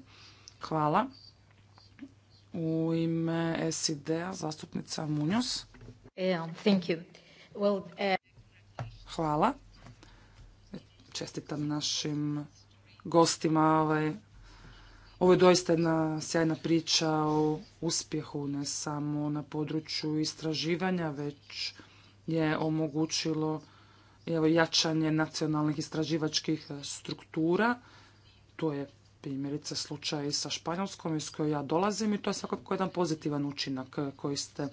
Hvala. U ime SID-a zastupnica Munjos. Uh, Hvala. Čestitam našim gostima ovaj ovo je doista jedna sjajna priča o uspjehu, ne samo na području istraživanja, već je omogućilo jačanje nacionalnih istraživačkih e, struktura. To je primjerice slučaj sa Španjolskom iz koje ja dolazim i to je svakako jedan pozitivan učinak e, koji ste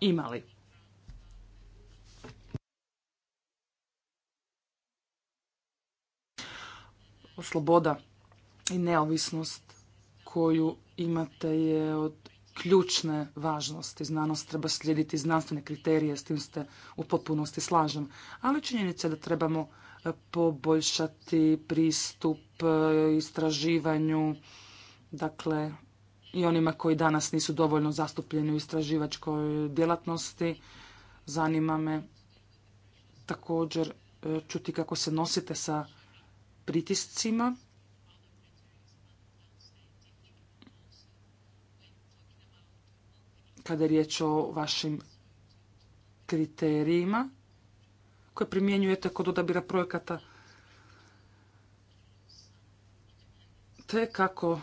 imali. Sloboda i neovisnost koju imate je od ključne važnosti. Znanost treba slijediti znanstvene kriterije, s tim ste u potpunosti slažem. Ali činjenica je da trebamo e, poboljšati pristup e, istraživanju, dakle i onima koji danas nisu dovoljno zastupljeni u istraživačkoj djelatnosti. Zanima me također e, čuti kako se nosite sa pritiscima kada je riječ o vašim kriterijima koje primjenjujete kod odabira projekata te kako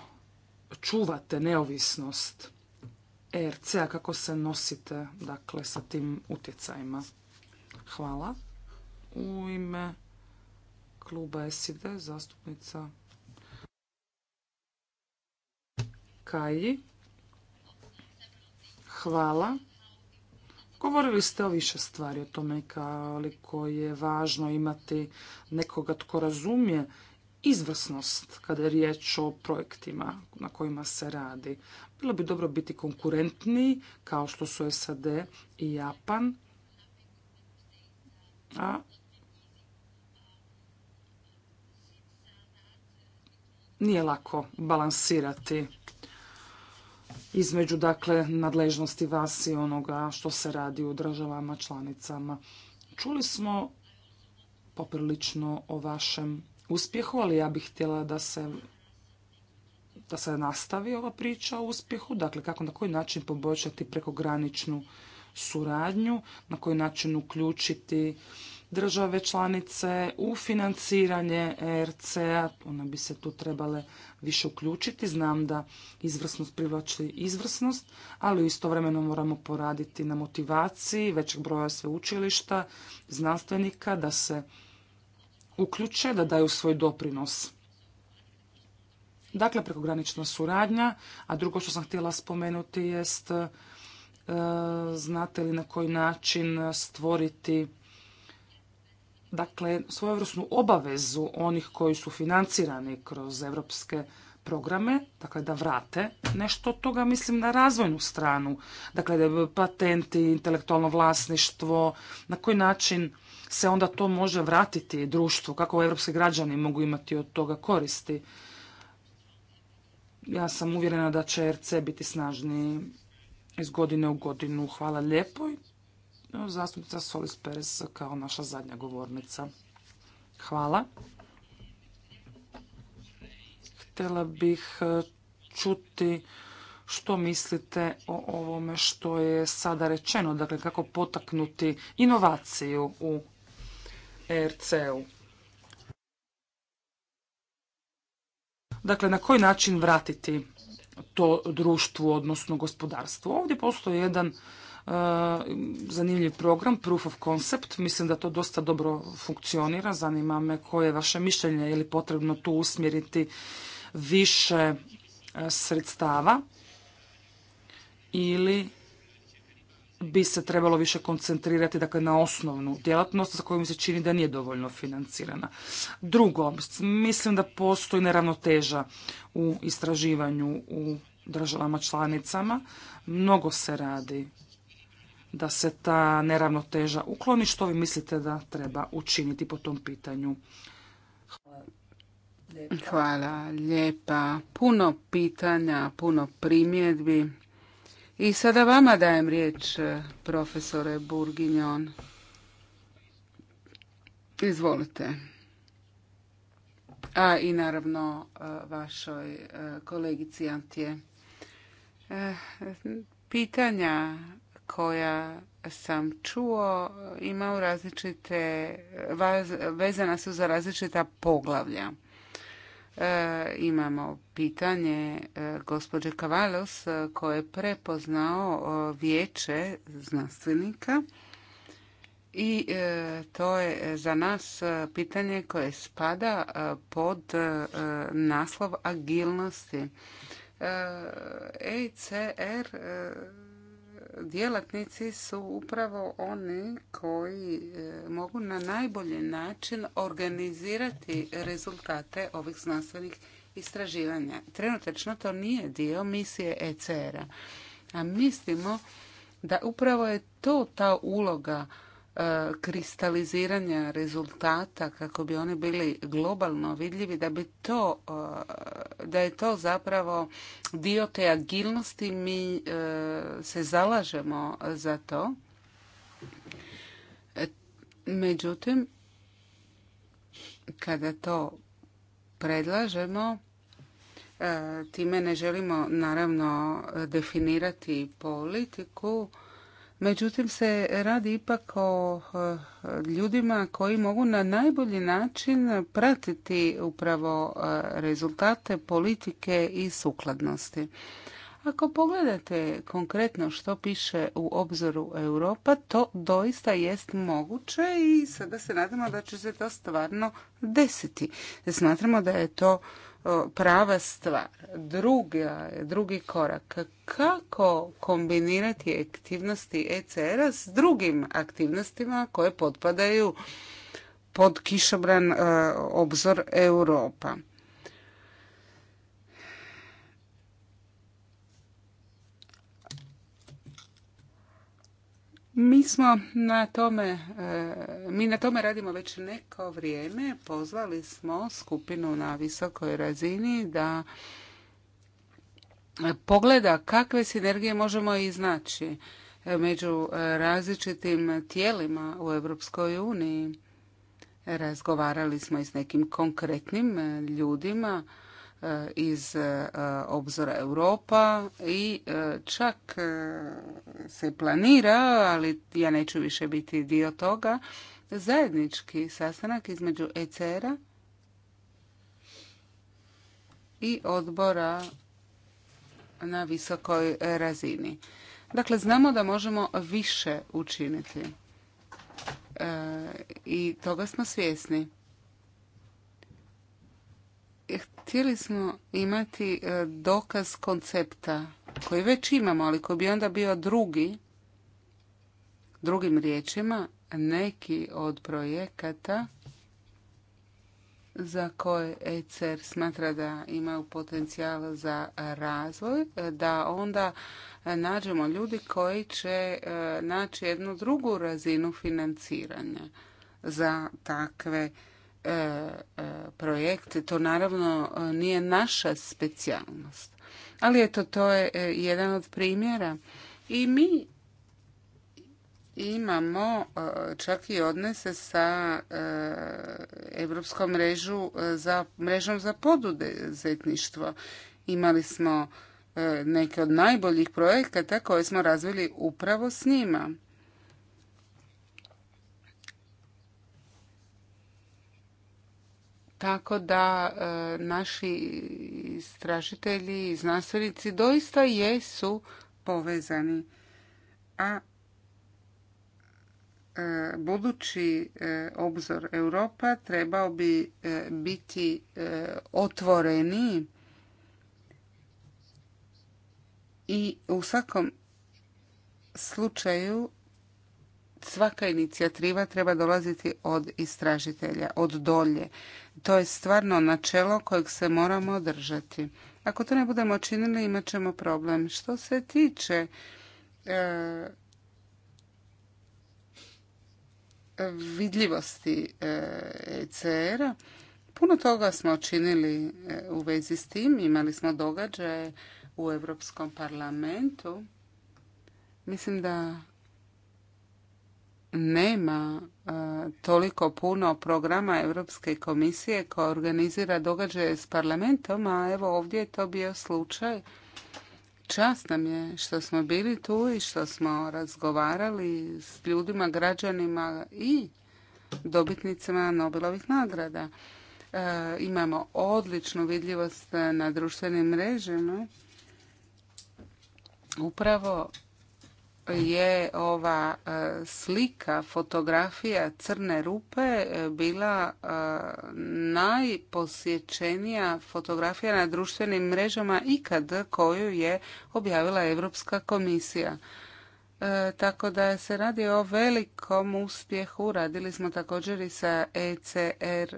čuvate neovisnost ERC-a, kako se nosite dakle, sa tim utjecajima. Hvala. U ime kluba SID, zastupnica Kaji. Hvala. Govorili ste o više stvari, o tome koliko je važno imati nekoga tko razumije izvrsnost kada je riječ o projektima na kojima se radi. Bilo bi dobro biti konkurentniji kao što su SAD i Japan. A nije lako balansirati između dakle nadležnosti vas i onoga što se radi u državama članicama. Čuli smo poprilično o vašem uspjehu, ali ja bih htjela da se da se nastavi ova priča o uspjehu, dakle kako na koji način poboljšati prekograničnu suradnju, na koji način uključiti države članice u financiranje ERC-a. Ona bi se tu trebale više uključiti. Znam da izvrsnost privlači izvrsnost, ali istovremeno moramo poraditi na motivaciji većeg broja sveučilišta, znanstvenika da se uključe, da daju svoj doprinos. Dakle, prekogranična suradnja, a drugo što sam htjela spomenuti jest e, znate li na koji način stvoriti dakle, svojevrsnu obavezu onih koji su financirani kroz evropske programe, dakle da vrate nešto od toga, mislim na razvojnu stranu, dakle da patenti, intelektualno vlasništvo, na koji način se onda to može vratiti društvu, kako evropski građani mogu imati od toga koristi. Ja sam uvjerena da će RC biti snažniji iz godine u godinu. Hvala lijepo zastupnica Solis Perez kao naša zadnja govornica. Hvala. Htjela bih e, čuti što mislite o ovome što je sada rečeno, dakle kako potaknuti inovaciju u ERC-u. Dakle, na koji način vratiti to društvu, odnosno gospodarstvu. Ovdje postoji jedan Eh, zanimljiv program, Proof of Concept. Mislim da to dosta dobro funkcionira. Zanima me koje je vaše mišljenje, je li potrebno tu usmjeriti više eh, sredstava ili bi se trebalo više koncentrirati dakle, na osnovnu djelatnost za koju mi se čini da nije dovoljno financirana. Drugo, mislim da postoji neravnoteža u istraživanju u državama članicama. Mnogo se radi da se ta neravnoteža ukloni. Što vi mislite da treba učiniti po tom pitanju? Hvala lijepa. Puno pitanja, puno primjedbi. I sada vama dajem riječ, profesore Burginjon. Izvolite. A i naravno e, vašoj e, kolegici Antije. E, pitanja koja sam čuo imaju različite, vezana su za različita poglavlja. E, imamo pitanje e, gospođe Kavalos e, koje je prepoznao vijeće znanstvenika i to je za nas pitanje koje spada pod naslov agilnosti. ECR djelatnici su upravo oni koji e, mogu na najbolji način organizirati rezultate ovih znanstvenih istraživanja. Trenutačno to nije dio misije ECR-a, a mislimo da upravo je to ta uloga E, kristaliziranja rezultata kako bi oni bili globalno vidljivi da bi to e, da je to zapravo dio te agilnosti mi e, se zalažemo za to međutim kada to predlažemo time ne želimo naravno definirati politiku Međutim, se radi ipak o eh, ljudima koji mogu na najbolji način pratiti upravo eh, rezultate politike i sukladnosti. Ako pogledate konkretno što piše u obzoru Europa, to doista jest moguće i sada se nadamo da će se to stvarno desiti. Smatramo da je to prava stvar, drugi korak. Kako kombinirati aktivnosti ECR-a s drugim aktivnostima koje potpadaju pod kišobran e, obzor Europa? Mi smo na tome, eh, mi na tome radimo već neko vrijeme. Pozvali smo skupinu na visokoj razini da eh, pogleda kakve sinergije možemo iznaći eh, među različitim tijelima u Europskoj uniji. Razgovarali smo i s nekim konkretnim ljudima Eh, iz eh, obzora Europa i eh, čak se planira, ali ja neću više biti dio toga, zajednički sastanak između ECR-a i odbora na visokoj razini. Dakle, znamo da možemo više učiniti i toga smo svjesni htjeli smo imati e, dokaz koncepta koji već imamo, ali koji bi onda bio drugi, drugim riječima, neki od projekata za koje ECR smatra da imaju potencijal za razvoj, e, da onda nađemo ljudi koji će e, naći jednu drugu razinu financiranja za takve E, e, projekt, to naravno e, nije naša specijalnost. Ali eto, to je jedan od primjera. I mi imamo čak i odnese sa Europskom mrežom za, mrežom za poduzetništvo. Imali smo neke od najboljih projekata koje smo razvili upravo s njima. Tako da e, naši istražitelji i znanstvenici doista jesu povezani. A e, budući e, obzor Europa trebao bi biti otvoreni i u svakom slučaju svaka inicijativa treba dolaziti od istražitelja, od dolje. To je stvarno načelo kojeg se moramo držati. Ako to ne budemo činili, imat ćemo problem. Što se tiče e, vidljivosti ECR-a, e puno toga smo činili e, u vezi s tim. Imali smo događaje u Europskom parlamentu. Mislim da nema e, toliko puno programa Europske komisije koja organizira događaje s parlamentom, a evo ovdje je to bio slučaj. Čast nam je što smo bili tu i što smo razgovarali s ljudima, građanima i dobitnicima Nobelovih nagrada. E, imamo odličnu vidljivost na društvenim mrežama. Upravo je ova e, slika, fotografija crne rupe e, bila e, najposjećenija fotografija na društvenim mrežama ikad koju je objavila Europska komisija. Tako da se radi o velikom uspjehu. Radili smo također i sa ECR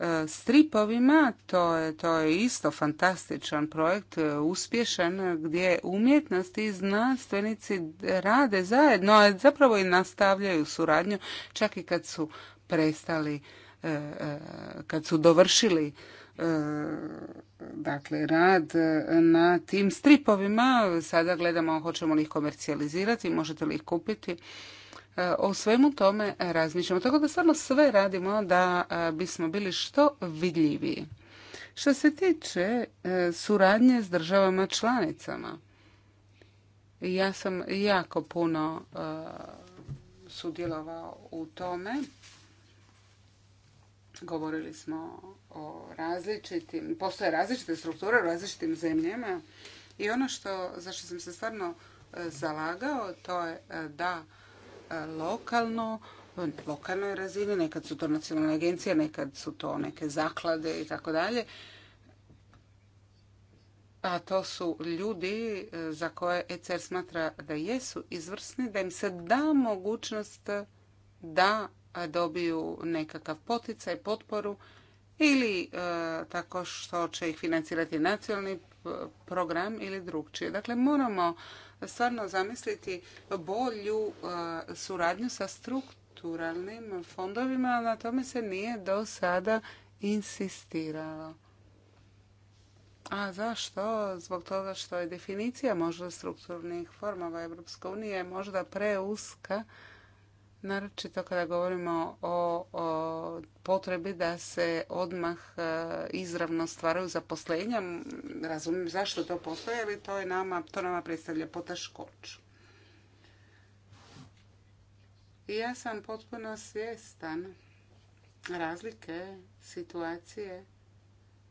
E, stripovima, to je, to je isto fantastičan projekt, e, uspješan, gdje umjetnost i znanstvenici rade zajedno, a zapravo i nastavljaju suradnju čak i kad su prestali, e, kad su dovršili dakle rad na tim stripovima. Sada gledamo hoćemo li ih komercijalizirati, možete li ih kupiti E, o svemu tome razmišljamo. Tako da stvarno sve radimo da e, bismo bili što vidljiviji. Što se tiče e, suradnje s državama članicama, ja sam jako puno sudjelovao u tome. Govorili smo o različitim, postoje različite strukture u različitim zemljama i ono što, za što sam se stvarno zalagao, to je da E, lokalno, lokalnoj razini, nekad su to nacionalne agencije, nekad su to neke zaklade i tako dalje. A to su ljudi e, za koje ECR smatra da jesu izvrsni, da im se da mogućnost da dobiju nekakav poticaj, potporu ili e, tako što će ih financirati nacionalni program ili drugčije. Dakle, moramo stvarno zamisliti bolju e, suradnju sa strukturalnim fondovima, na tome se nije do sada insistiralo. A zašto? Zbog toga što je definicija možda strukturnih formova EU unije možda preuska naročito kada govorimo o, potrebi da se odmah e, izravno stvaraju zaposlenja. Razumijem zašto to postoje, ali to, je nama, to nama predstavlja poteškoću. ja sam potpuno svjestan razlike situacije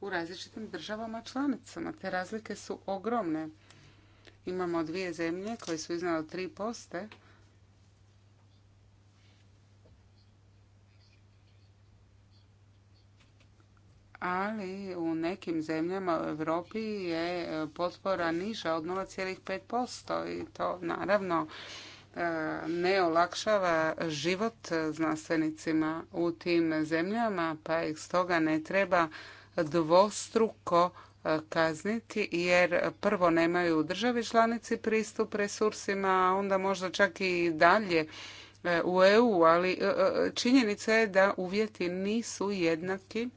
u različitim državama članicama. Te razlike su ogromne. Imamo dvije zemlje koje su tri poste, ali u nekim zemljama u Europi je e, potpora niža od 0,5% i to naravno e, ne olakšava život znanstvenicima u tim zemljama, pa ih stoga ne treba dvostruko e, kazniti jer prvo nemaju u državi članici pristup resursima, a onda možda čak i dalje u EU, ali činjenica je da uvjeti nisu jednaki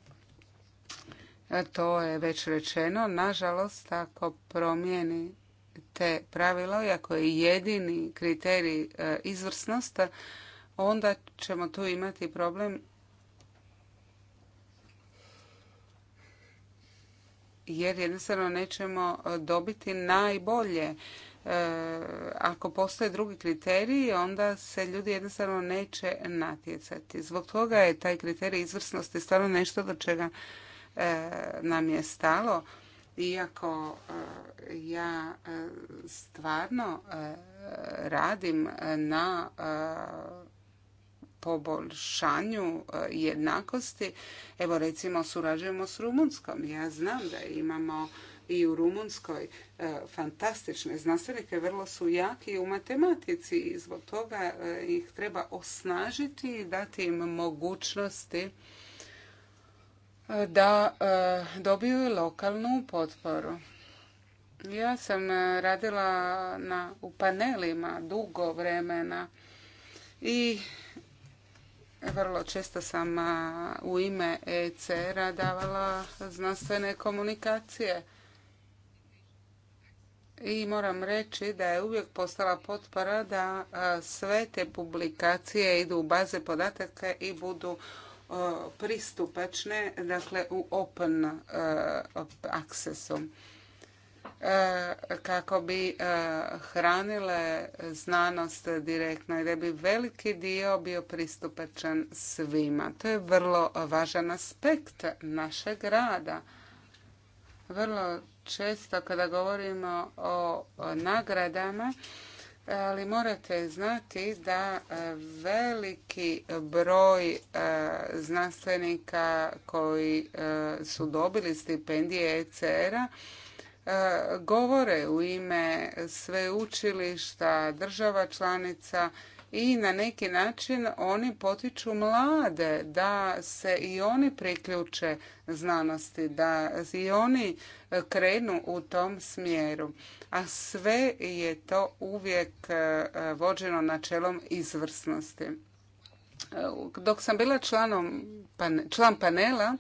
to je već rečeno. Nažalost, ako promijeni te pravilo i ako je jedini kriterij e, izvrsnost, onda ćemo tu imati problem jer jednostavno nećemo e, dobiti najbolje. E, ako postoje drugi kriteriji, onda se ljudi jednostavno neće natjecati. Zbog toga je taj kriterij izvrsnosti stvarno nešto do čega E, nam je stalo iako e, ja e, stvarno radim na poboljšanju jednakosti. Evo recimo surađujemo s Rumunskom. Ja znam da imamo i u Rumunskoj fantastične znanstvenike, vrlo su jaki u matematici i zbog toga ih treba osnažiti i dati im mogućnosti da e, dobiju lokalnu potporu. Ja sam e, radila u panelima dugo vremena i vrlo često sam e, u ime ECR-a davala znanstvene komunikacije. I moram reći da je uvijek postala potpora da sve te publikacije idu u baze podataka i budu E, pristupačne, dakle u open e, accessu e, kako bi hranile znanost direktno i da bi veliki dio bio pristupačan svima. To je vrlo važan aspekt našeg rada. Vrlo često kada govorimo o nagradama, ali morate znati da e, veliki broj e, znanstvenika koji e, su dobili stipendije ECR-a govore u ime sveučilišta, država članica i na neki način oni potiču mlade da se i oni priključe znanosti, da i oni e, krenu u tom smjeru. A sve je to uvijek e, vođeno načelom izvrsnosti. E, dok sam bila članom, član panela,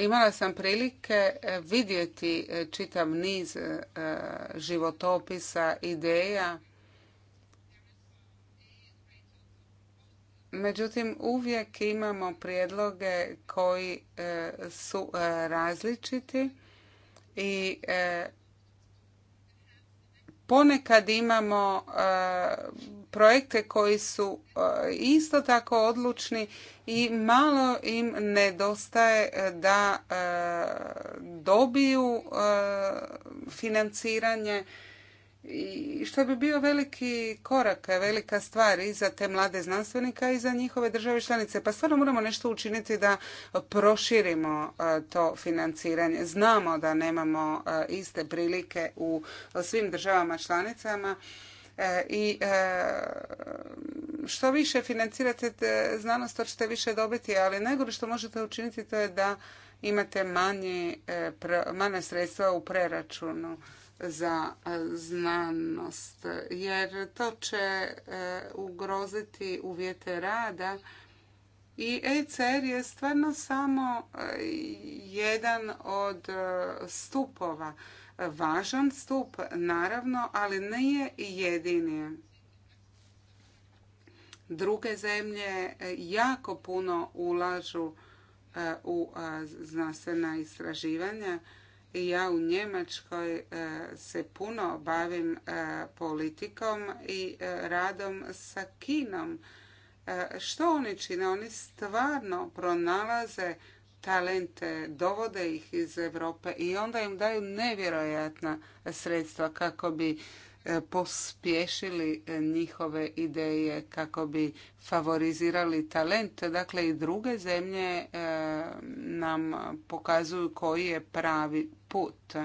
Imala sam prilike e, vidjeti e, čitav niz e, životopisa, ideja. Međutim, uvijek imamo prijedloge koji su različiti i ponekad imamo e, projekte koji su e, isto tako odlučni i malo im nedostaje e, da dobiju financiranje i što bi bio veliki korak, velika stvar i za te mlade znanstvenika i za njihove države članice. Pa stvarno moramo nešto učiniti da proširimo e, to financiranje. Znamo da nemamo e, iste prilike u svim državama članicama e, i što više financirate znanost, to ćete više dobiti, ali najgore što možete učiniti to je da imate manje, manje sredstva u preračunu za e, znanost jer to će e, ugroziti uvjete rada i ECR je stvarno samo e, jedan od stupova, važan stup naravno, ali nije jedini. Druge zemlje jako puno ulažu u znanstvena istraživanja ja u Njemačkoj e, se puno bavim e, politikom i e, radom sa Kinom. Što oni čine? Oni stvarno pronalaze talente, dovode ih iz Europe i onda im daju nevjerojatna sredstva kako bi E, pospješili e, njihove ideje kako bi favorizirali talent. Dakle, i druge zemlje e, nam pokazuju koji je pravi put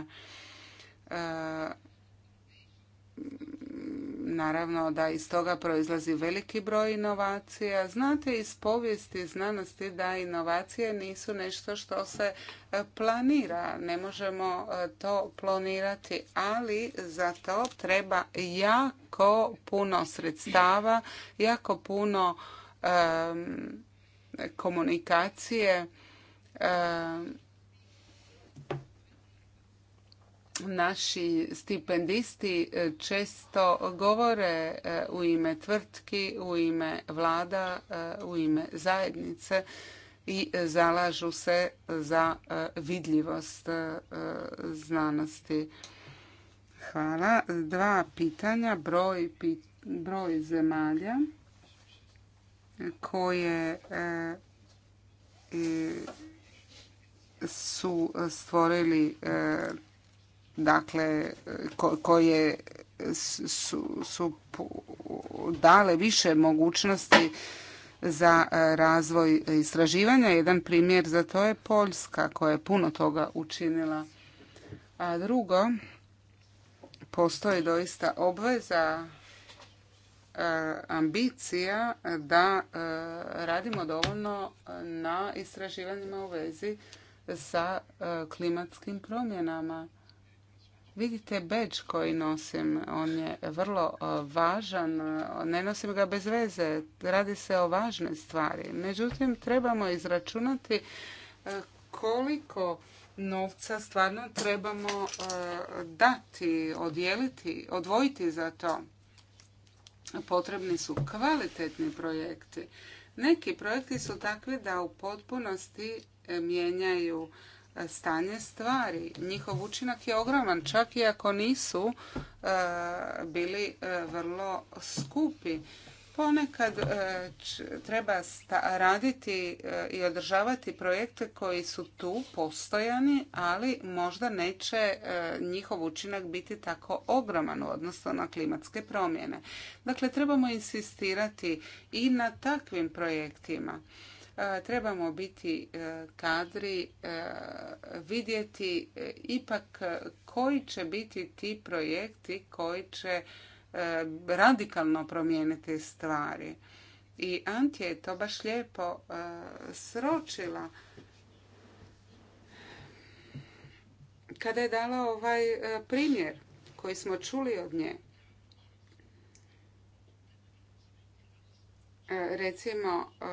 naravno da iz toga proizlazi veliki broj inovacija. Znate iz povijesti znanosti da inovacije nisu nešto što se e, planira. Ne možemo e, to planirati, ali za to treba jako puno sredstava, jako puno e, komunikacije, naši stipendisti e, često govore e, u ime tvrtki, u ime vlada, e, u ime zajednice i zalažu se za vidljivost znanosti. Hvala. Dva pitanja, broj, broj zemalja koje su stvorili dakle koje su, su dale više mogućnosti za e, razvoj istraživanja. Jedan primjer za to je Poljska koja je puno toga učinila. A drugo, postoji doista obveza e, ambicija da e, radimo dovoljno na istraživanjima u vezi sa klimatskim promjenama. Vidite beč koji nosim, on je vrlo e, važan, ne nosim ga bez veze, radi se o važnoj stvari. Međutim, trebamo izračunati e, koliko novca stvarno trebamo e, dati, odijeliti, odvojiti za to. Potrebni su kvalitetni projekti. Neki projekti su takvi da u potpunosti mijenjaju stanje stvari. Njihov učinak je ogroman, čak i ako nisu e, bili e, vrlo skupi. Ponekad e, treba raditi i održavati projekte koji su tu postojani, ali možda neće njihov učinak biti tako ogroman u odnosu na klimatske promjene. Dakle, trebamo insistirati i na takvim projektima. E, trebamo biti e, kadri e, vidjeti ipak koji će biti ti projekti koji će radikalno promijeniti stvari. I Anti je to baš lijepo sročila kada je dala ovaj primjer koji smo čuli od nje. E, recimo e,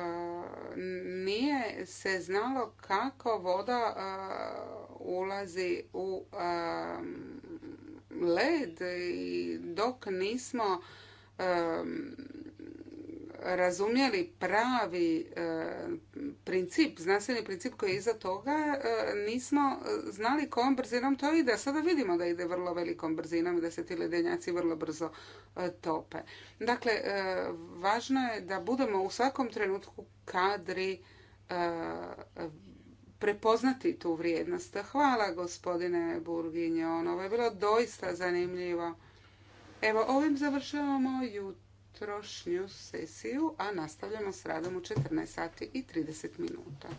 nije se znalo kako voda e, ulazi u led i dok nismo razumjeli pravi eh, princip, znanstveni princip koji je iza toga, eh, nismo znali kojom brzinom to ide. Sada vidimo da ide vrlo velikom brzinom i da se ti ledenjaci vrlo brzo eh, tope. Dakle, važno je da budemo u svakom trenutku kadri prepoznati tu vrijednost. Hvala gospodine Burginjon, ono, ovo je bilo doista zanimljivo. Evo, ovim završavamo jutro jutrošnju sesiju, a nastavljamo s radom u 14 sati i 30 minuta.